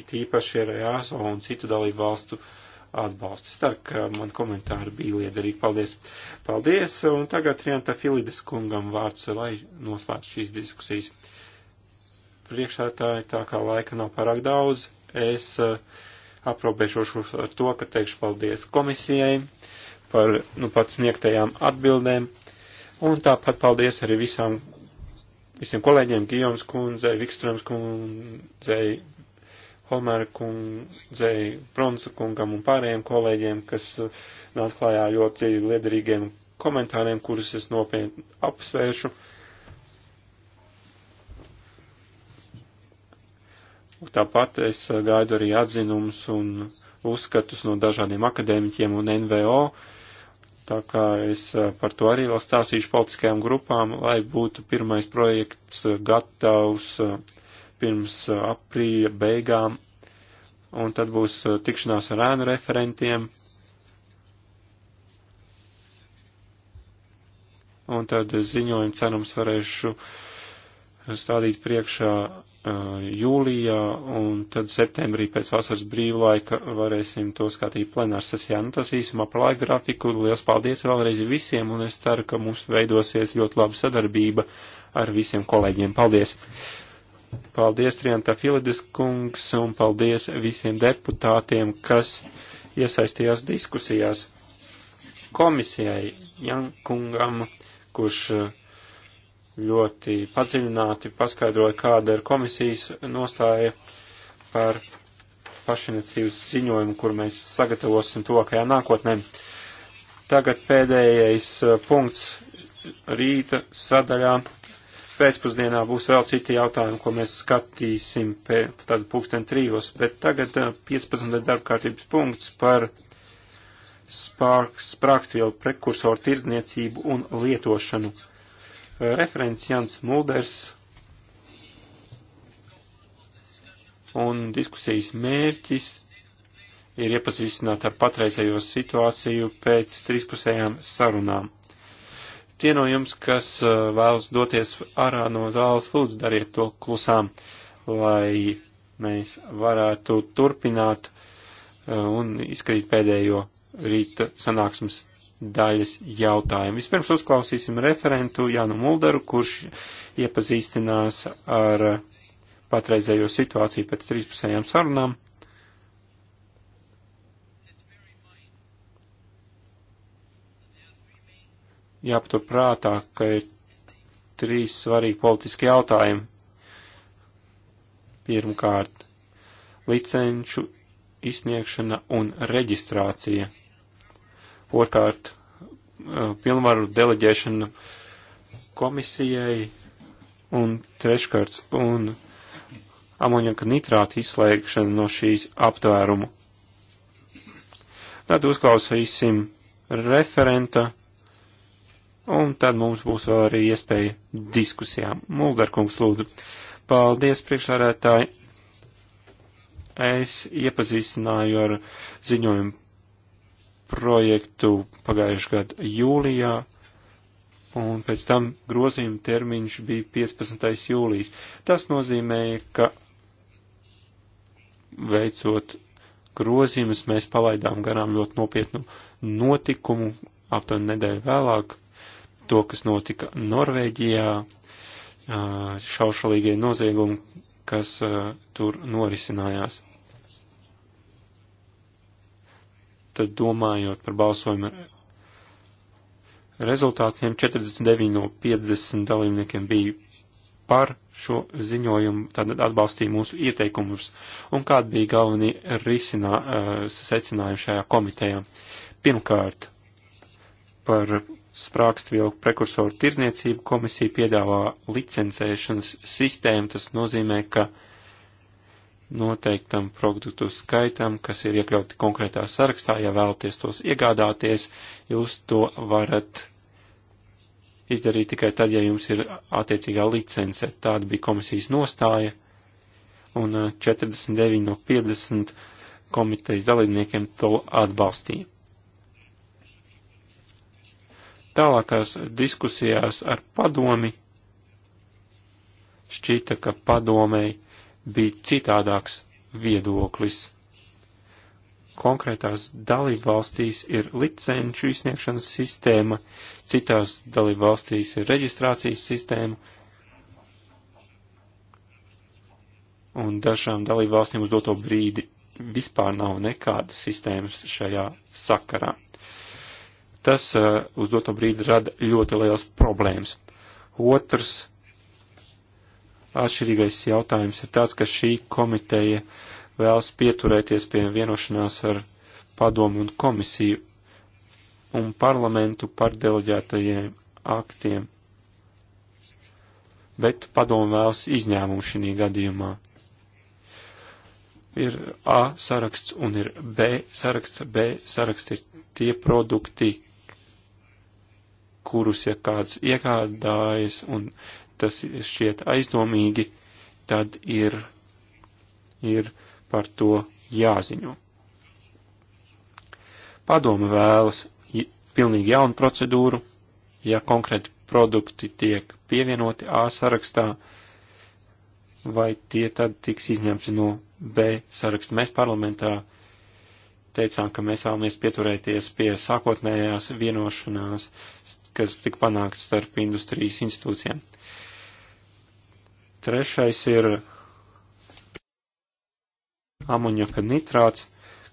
it īpaši ar EASO un citu dalību valstu atbalstu. Es ceru, ka man komentāri bija liederīgi. Paldies! Paldies! Un tagad Rianta Filides kungam vārds, lai noslēgtu šīs diskusijas. Priekšētāji tā kā laika nav pārāk daudz, es uh, aprobežošos ar to, ka teikšu paldies komisijai par nu pat sniegtajām atbildēm. Un tāpat paldies arī visām, visiem kolēģiem, Gijoms kundzei, Vikstrams kundzei, Homēra kundzei, Bronsa kungam un pārējiem kolēģiem, kas uh, nāk klājā ļoti liederīgiem komentāriem, kurus es nopietni apsvēršu. Tāpat es uh, gaidu arī atzinumus un uzskatus no dažādiem akadēmiķiem un NVO, uh, Tā kā es eh, par to arī vēl stāstīšu politiskajām grupām, lai būtu pirmais projekts eh, gatavs eh, pirms aprīļa beigām, un tad būs tikšanās ar ēnu referentiem. Un tad ziņojumu cerams varēšu stādīt priekšā jūlijā, un tad septembrī pēc vasaras brīvlaika varēsim to skatīt plenārs sesijā. Nu, tas īsumā par laika grafiku. Liels paldies vēlreiz visiem, un es ceru, ka mums veidosies ļoti laba sadarbība ar visiem kolēģiem. Paldies! Paldies, Triantā Filides kungs, un paldies visiem deputātiem, kas iesaistījās diskusijās komisijai Jankungam, kurš uh, ļoti padziļināti paskaidroja, kāda ir komisijas nostāja par pašiniciatīvas ziņojumu, kur mēs sagatavosim tuvākajā nākotnē. Tagad pēdējais uh, punkts rīta sadaļā. Pēcpusdienā būs vēl citi jautājumi, ko mēs skatīsim pēc tāda pūksteni trijos, bet tagad 15. Uh, darbkārtības punkts par sprākstvielu prekursoru tirdzniecību un lietošanu referents Jans Mulders. Un diskusijas mērķis ir iepazīstināt ar patreizējo situāciju pēc trīspusējām sarunām. Tie no jums, kas uh, vēlas doties ārā no zāles, lūdzu dariet to klusām, lai mēs varētu turpināt uh, un izskatīt pēdējo rīta sanāksmes daļas jautājumu. Vispirms uzklausīsim referentu Jānu Mulderu, kurš iepazīstinās ar patreizējo situāciju pēc trīspusējām sarunām. Jāpatur prātā, ka ir trīs svarīgi politiski jautājumi. Pirmkārt, licenču izsniegšana un reģistrācija Otrkārt, eh, pilnvaru deleģēšana komisijai un treškārt un amoņaka nitrāta izslēgšana no šīs aptvērumu. Tad uzklausīsim referenta, un tad mums būs vēl arī iespēja diskusijām. Mulderkungs lūdzu. Paldies, priekšsādētāji. Es iepazīstināju ar ziņojumu projektu pagājušajā gada jūlijā, un pēc tam grozījuma termiņš bija 15. jūlijas. Tas nozīmēja, ka veicot grozījumus mēs palaidām garām ļoti nopietnu notikumu aptuveni nedēļu vēlāk, to, kas notika Norvēģijā, šaušalīgie noziegumi, kas tur norisinājās. tad domājot par balsojumu rezultātiem, 49 no 50 dalībniekiem bija par šo ziņojumu, tad atbalstīja mūsu ieteikumus. Un kādi bija galvenie risinā, eh, secinājumi šajā komitejā? Pirmkārt, par sprākstvielu prekursoru tirzniecību komisija piedāvā licencēšanas sistēmu. Tas nozīmē, ka uh, noteiktam produktu skaitam, kas ir iekļauti konkrētā sarakstā. Ja vēlaties tos iegādāties, jūs to varat izdarīt tikai tad, ja jums ir attiecīgā licence. Tāda bija komisijas nostāja, un 49 eh, no 50 komitejas dalībniekiem to atbalstīja. Tālākās diskusijās ar padomi šķita, ka padomēji bija citādāks viedoklis. Konkrētās dalībvalstīs ir licenču izsniegšanas sistēma, citās dalībvalstīs ir reģistrācijas sistēma, un dažām dalībvalstīm uz doto brīdi vispār nav nekādas sistēmas šajā sakarā. Tas uh, uz doto brīdi rada ļoti liels problēmas. Otrs Atšķirīgais jautājums ir tāds, ka šī komiteja vēlas pieturēties pie vienošanās ar padomu un komisiju un parlamentu par deleģētajiem aktiem, bet padomu vēlas izņēmumu šī gadījumā. Ir A saraksts un ir B saraksts. B saraksts ir tie produkti, kurus, ja kāds iegādājas un tas šķiet aizdomīgi, tad ir, ir par to jāziņo. Padome vēlas pilnīgi jaunu procedūru, ja konkrēti produkti tiek pievienoti A sarakstā, vai tie tad tiks izņemti no B saraksta. Mēs parlamentā teicām, ka mēs vēlamies pieturēties pie sākotnējās vienošanās, kas tika panākts starp industrijas institūcijiem. Uh, Trešais ir amuņaka nitrāts,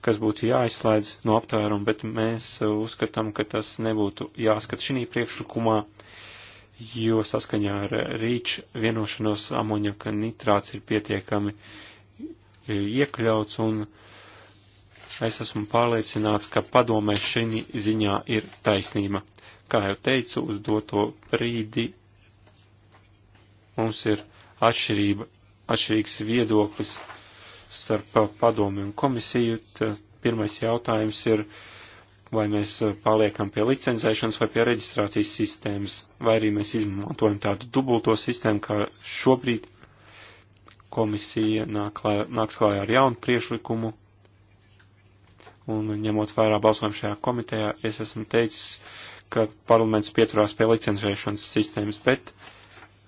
kas būtu jāizslēdz no aptvērumu, bet mēs uzskatām, ka tas nebūtu jāskat šī priekšlikumā, jo saskaņā ar rīč vienošanos amuņaka nitrāts ir pietiekami iekļauts un es esmu pārliecināts, ka padomē šī ziņā ir taisnība. Kā jau teicu, uz doto brīdi mums ir atšķirība, atšķirīgs viedoklis starp padomi un komisiju. Tad pirmais jautājums ir, vai mēs eh, paliekam pie licencēšanas vai pie reģistrācijas sistēmas, vai arī mēs izmantojam tādu dubulto sistēmu, kā šobrīd komisija nāk klā, nāks klājā ar jaunu priešlikumu. Un ņemot vērā balsojumu šajā komitejā, es esmu teicis, ka parlaments pieturās pie licencēšanas sistēmas, bet uh,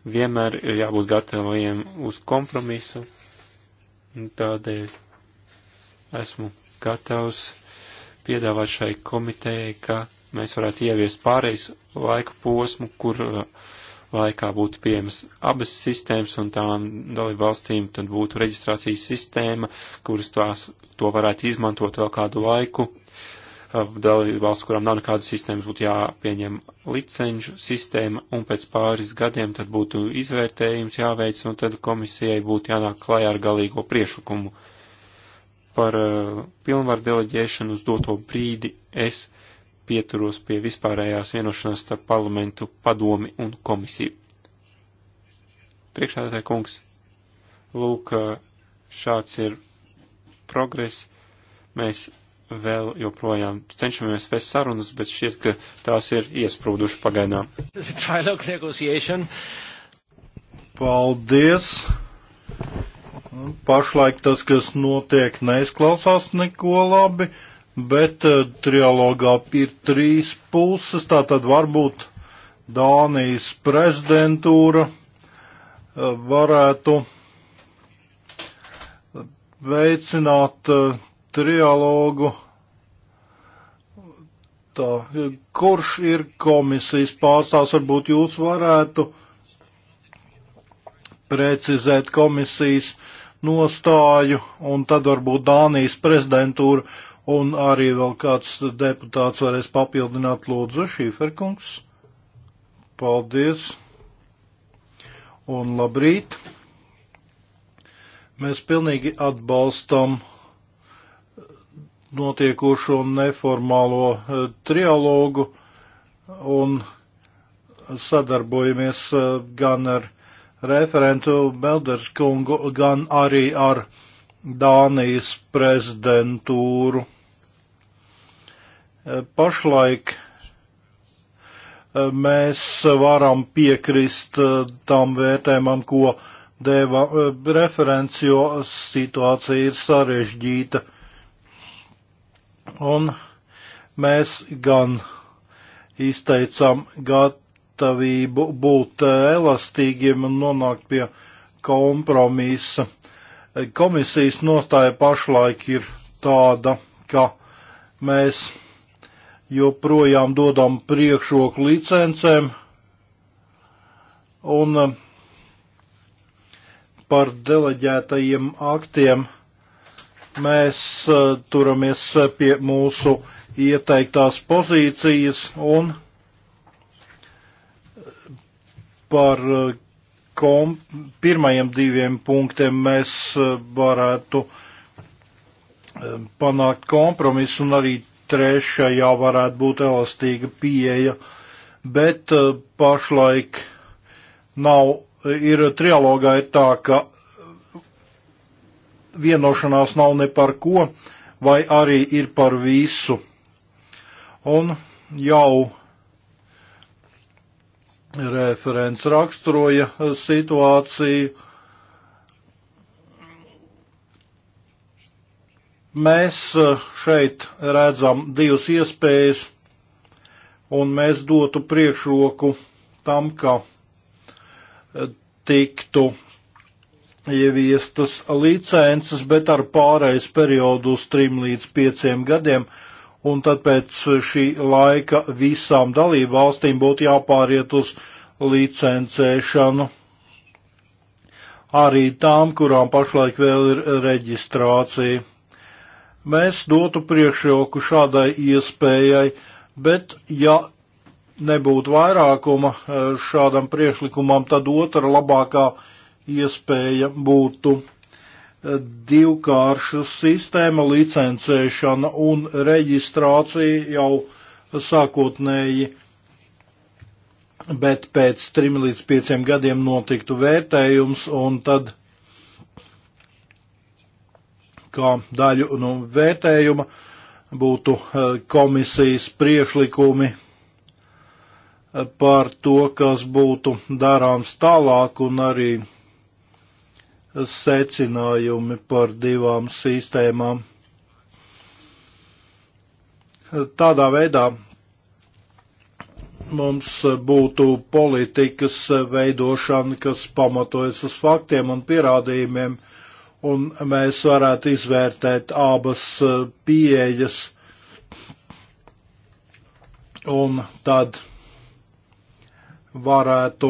vienmēr ir jābūt gataviem uz kompromisu, un tādēļ esmu gatavs piedāvāt šai komitejai, ka mēs varētu ieviest pārejas laika posmu, kur uh, laikā būtu pieejamas abas sistēmas un tām dalību valstīm tad būtu reģistrācijas sistēma, kuras tās to varētu izmantot vēl kādu laiku, dalību valsts, kurām nav nekādas sistēmas, būtu jāpieņem licenžu sistēma, un pēc pāris gadiem tad būtu izvērtējums jāveic, un tad komisijai būtu jānāk klajā ar galīgo priešakumu. Par uh, pilnvaru deleģēšanu uz doto brīdi es pieturos pie vispārējās vienošanās starp parlamentu, padomi un komisiju. Priekšādātāja kungs, lūk, uh, šāds ir progress. Mēs vēl joprojām cenšamies vest sarunas, bet šķiet, ka tās ir iesprūduši pagaidām. Paldies! Pašlaik tas, kas notiek, neizklausās neko labi, bet uh, trialogā ir trīs puses, tā tad varbūt Dānijas prezidentūra uh, varētu eh, veicināt uh, trialogu. Tā, kurš ir komisijas pārstāvs? Varbūt jūs varētu precizēt komisijas nostāju, un tad varbūt Dānijas prezidentūra un arī vēl kāds deputāts varēs papildināt lūdzu Šīferkungs. Paldies un labrīt! Mēs pilnīgi atbalstam notiekošo neformālo eh, trialogu un sadarbojamies eh, gan ar referentu Belderskungu, gan arī ar Dānijas prezidentūru. Eh, pašlaik mēs varam piekrist tam vērtējumam, ko deva referents, jo situācija ir sarežģīta. Un mēs gan izteicām gatavību būt elastīgiem un nonākt pie kompromisa. Komisijas nostāja pašlaik ir tāda, ka mēs joprojām dodam priekšroku licencēm un par deleģētajiem aktiem Mēs eh, turamies pie mūsu ieteiktās pozīcijas un par eh, kom, pirmajiem diviem punktiem mēs eh, varētu panākt kompromisu un arī trešajā varētu būt elastīga pieeja, bet pašlaik nav, ir trialogā ir tā, ka vienošanās nav ne par ko, vai arī ir par visu. Un jau referents raksturoja situāciju. Mēs šeit redzam divas iespējas, un mēs dotu priekšroku tam, ka tiktu ieviestas licences, bet ar pārejas periodu uz 3 līdz 5 gadiem, un tad pēc šī laika visām dalību valstīm būtu jāpāriet uz licencēšanu. Arī tām, kurām pašlaik vēl ir reģistrācija. Mēs dotu priekšroku šādai iespējai, bet ja nebūtu vairākuma eh, šādam priekšlikumam, tad otra labākā iespēja iespēja būtu uh, divkārša sistēma, licencēšana un reģistrācija jau sākotnēji, bet pēc trim līdz pieciem gadiem notiktu vērtējums un tad kā daļu no nu, vērtējuma būtu uh, komisijas priekšlikumi uh, par to, kas būtu darāms tālāk un arī secinājumi par divām sistēmām. Tādā veidā mums būtu politikas veidošana, kas pamatojas uz faktiem un pierādījumiem, un mēs varētu izvērtēt abas pieejas. Un tad varētu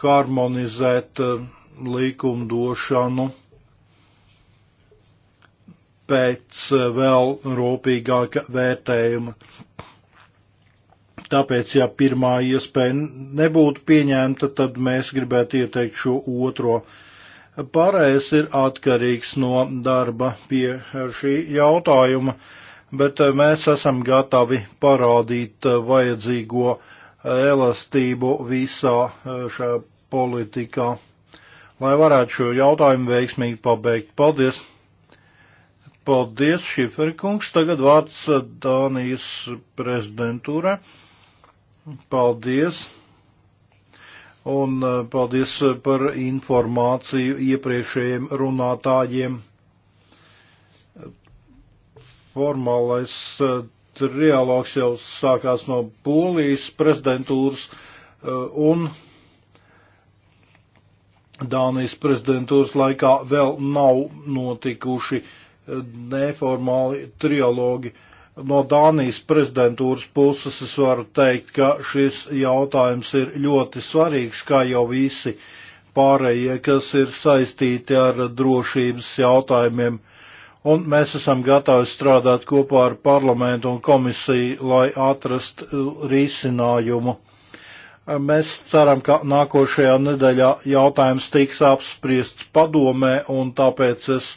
harmonizēt uh, likumdošanu pēc eh, vēl rūpīgāka vērtējuma. Tāpēc, ja pirmā iespēja nebūtu pieņemta, tad mēs gribētu ieteikt šo otro. Pārējais ir atkarīgs no darba pie šī jautājuma, bet eh, mēs esam gatavi parādīt eh, vajadzīgo elastību visā šajā politikā lai varētu šo jautājumu veiksmīgi pabeigt. Paldies! Paldies, Šiferkungs! Tagad vārds eh, Dānijas prezidentūra. Paldies! Un eh, paldies eh, par informāciju iepriekšējiem runātājiem. Formālais trialogs jau sākās no Polijas prezidentūras, un Dānijas prezidentūras laikā vēl nav notikuši eh, neformāli trialogi. No Dānijas prezidentūras puses es varu teikt, ka šis jautājums ir ļoti svarīgs, kā jau visi pārējie, kas ir saistīti ar drošības jautājumiem. Un mēs esam gatavi strādāt kopā ar parlamentu un komisiju, lai atrast eh, risinājumu Mēs ceram, ka nākošajā nedēļā jautājums tiks apspriests padomē, un tāpēc es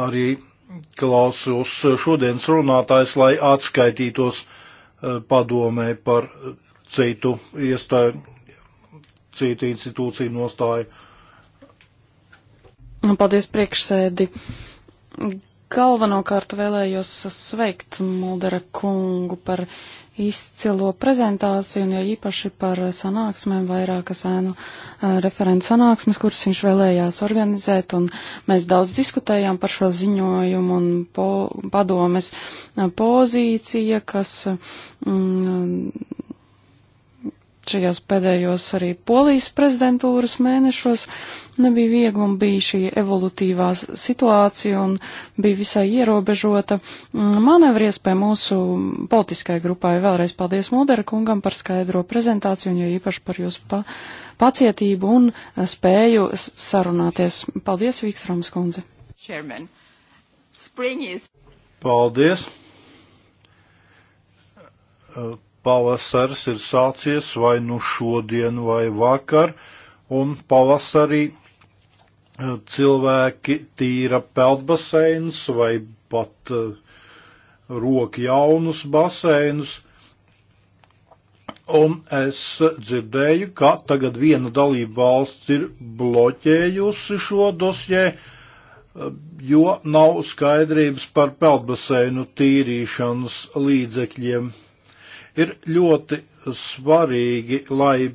arī klausos šodienas runātājs, lai atskaitītos eh, padomē par citu iestāju, citu institūciju nostāju. Nu, paldies priekšsēdi. Galvenokārt vēlējos sveikt Muldera kungu par izcilo prezentāciju, un jo īpaši par sanāksmēm vairākas ēnu referentu sanāksmes, kuras viņš vēlējās organizēt, un mēs daudz diskutējām par šo ziņojumu un po, padomes pozīcija, kas mm, šajos pēdējos arī polijas prezidentūras mēnešos nebija viegli un bija šī evolutīvā situācija un bija visai ierobežota mm, manevri iespēja mūsu politiskai grupai. Vēlreiz paldies Muldera kungam par skaidro prezentāciju un jo īpaši par jūsu pa pacietību un eh, spēju sarunāties. Paldies, Vīkstroms kundze. Chairman. Spring is... Paldies. Uh pavasars ir sācies vai nu šodien vai vakar, un pavasarī eh, cilvēki tīra peldbaseins vai pat eh, roku jaunus baseinus. Un es dzirdēju, ka tagad viena dalība valsts ir bloķējusi šo dosjē, eh, jo nav skaidrības par peldbaseinu tīrīšanas līdzekļiem. Ir ļoti svarīgi, lai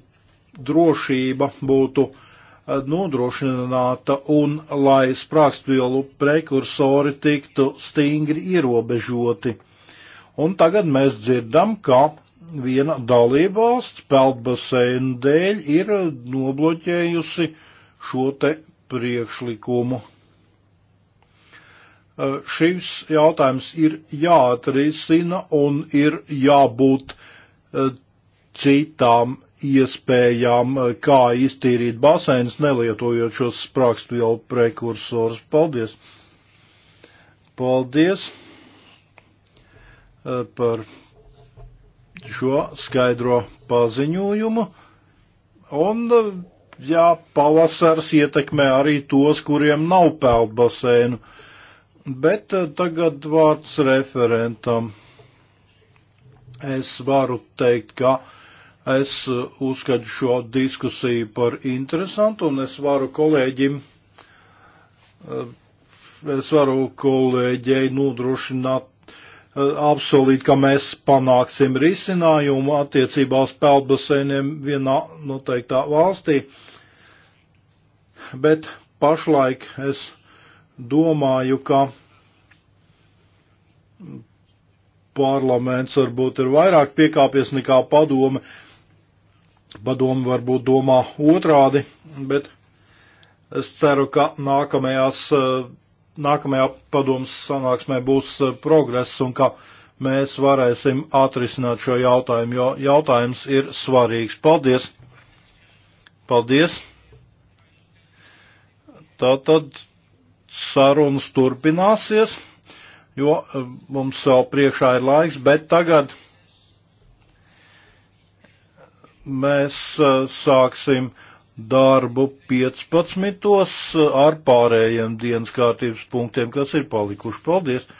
drošība būtu eh, nodrošināta un lai sprākstvielu prekursori tiktu stingri ierobežoti. Un tagad mēs dzirdam, ka viena dalībvalsts peldbaseina dēļ ir nobloķējusi šo te priekšlikumu. Eh, šis jautājums ir jāatrisina un ir jābūt eh, citām iespējām, eh, kā iztīrīt basēnus, nelietojot šos sprākstvielu prekursorus. Paldies! Paldies par šo skaidro paziņojumu. Un, jā, pavasars ietekmē arī tos, kuriem nav peldbasēnu. basēnu Bet eh, tagad vārds referentam. Es varu teikt, ka es eh, uzskatu šo diskusiju par interesantu un es varu kolēģim, eh, es varu kolēģei nodrošināt apsolīt, ka mēs panāksim risinājumu attiecībā uz peldbaseiniem vienā noteiktā valstī, bet pašlaik es domāju, ka parlaments varbūt ir vairāk piekāpies nekā padome. Padome varbūt domā otrādi, bet es ceru, ka nākamajās, nākamajā padomas sanāksmē būs progress un ka mēs varēsim atrisināt šo jautājumu, jo jautājums ir svarīgs. Paldies! Paldies! Tātad sarunas turpināsies, jo e, mums vēl priekšā ir laiks, bet tagad mēs e, sāksim darbu 15. E, ar pārējiem dienas kārtības punktiem, kas ir palikuši. Paldies!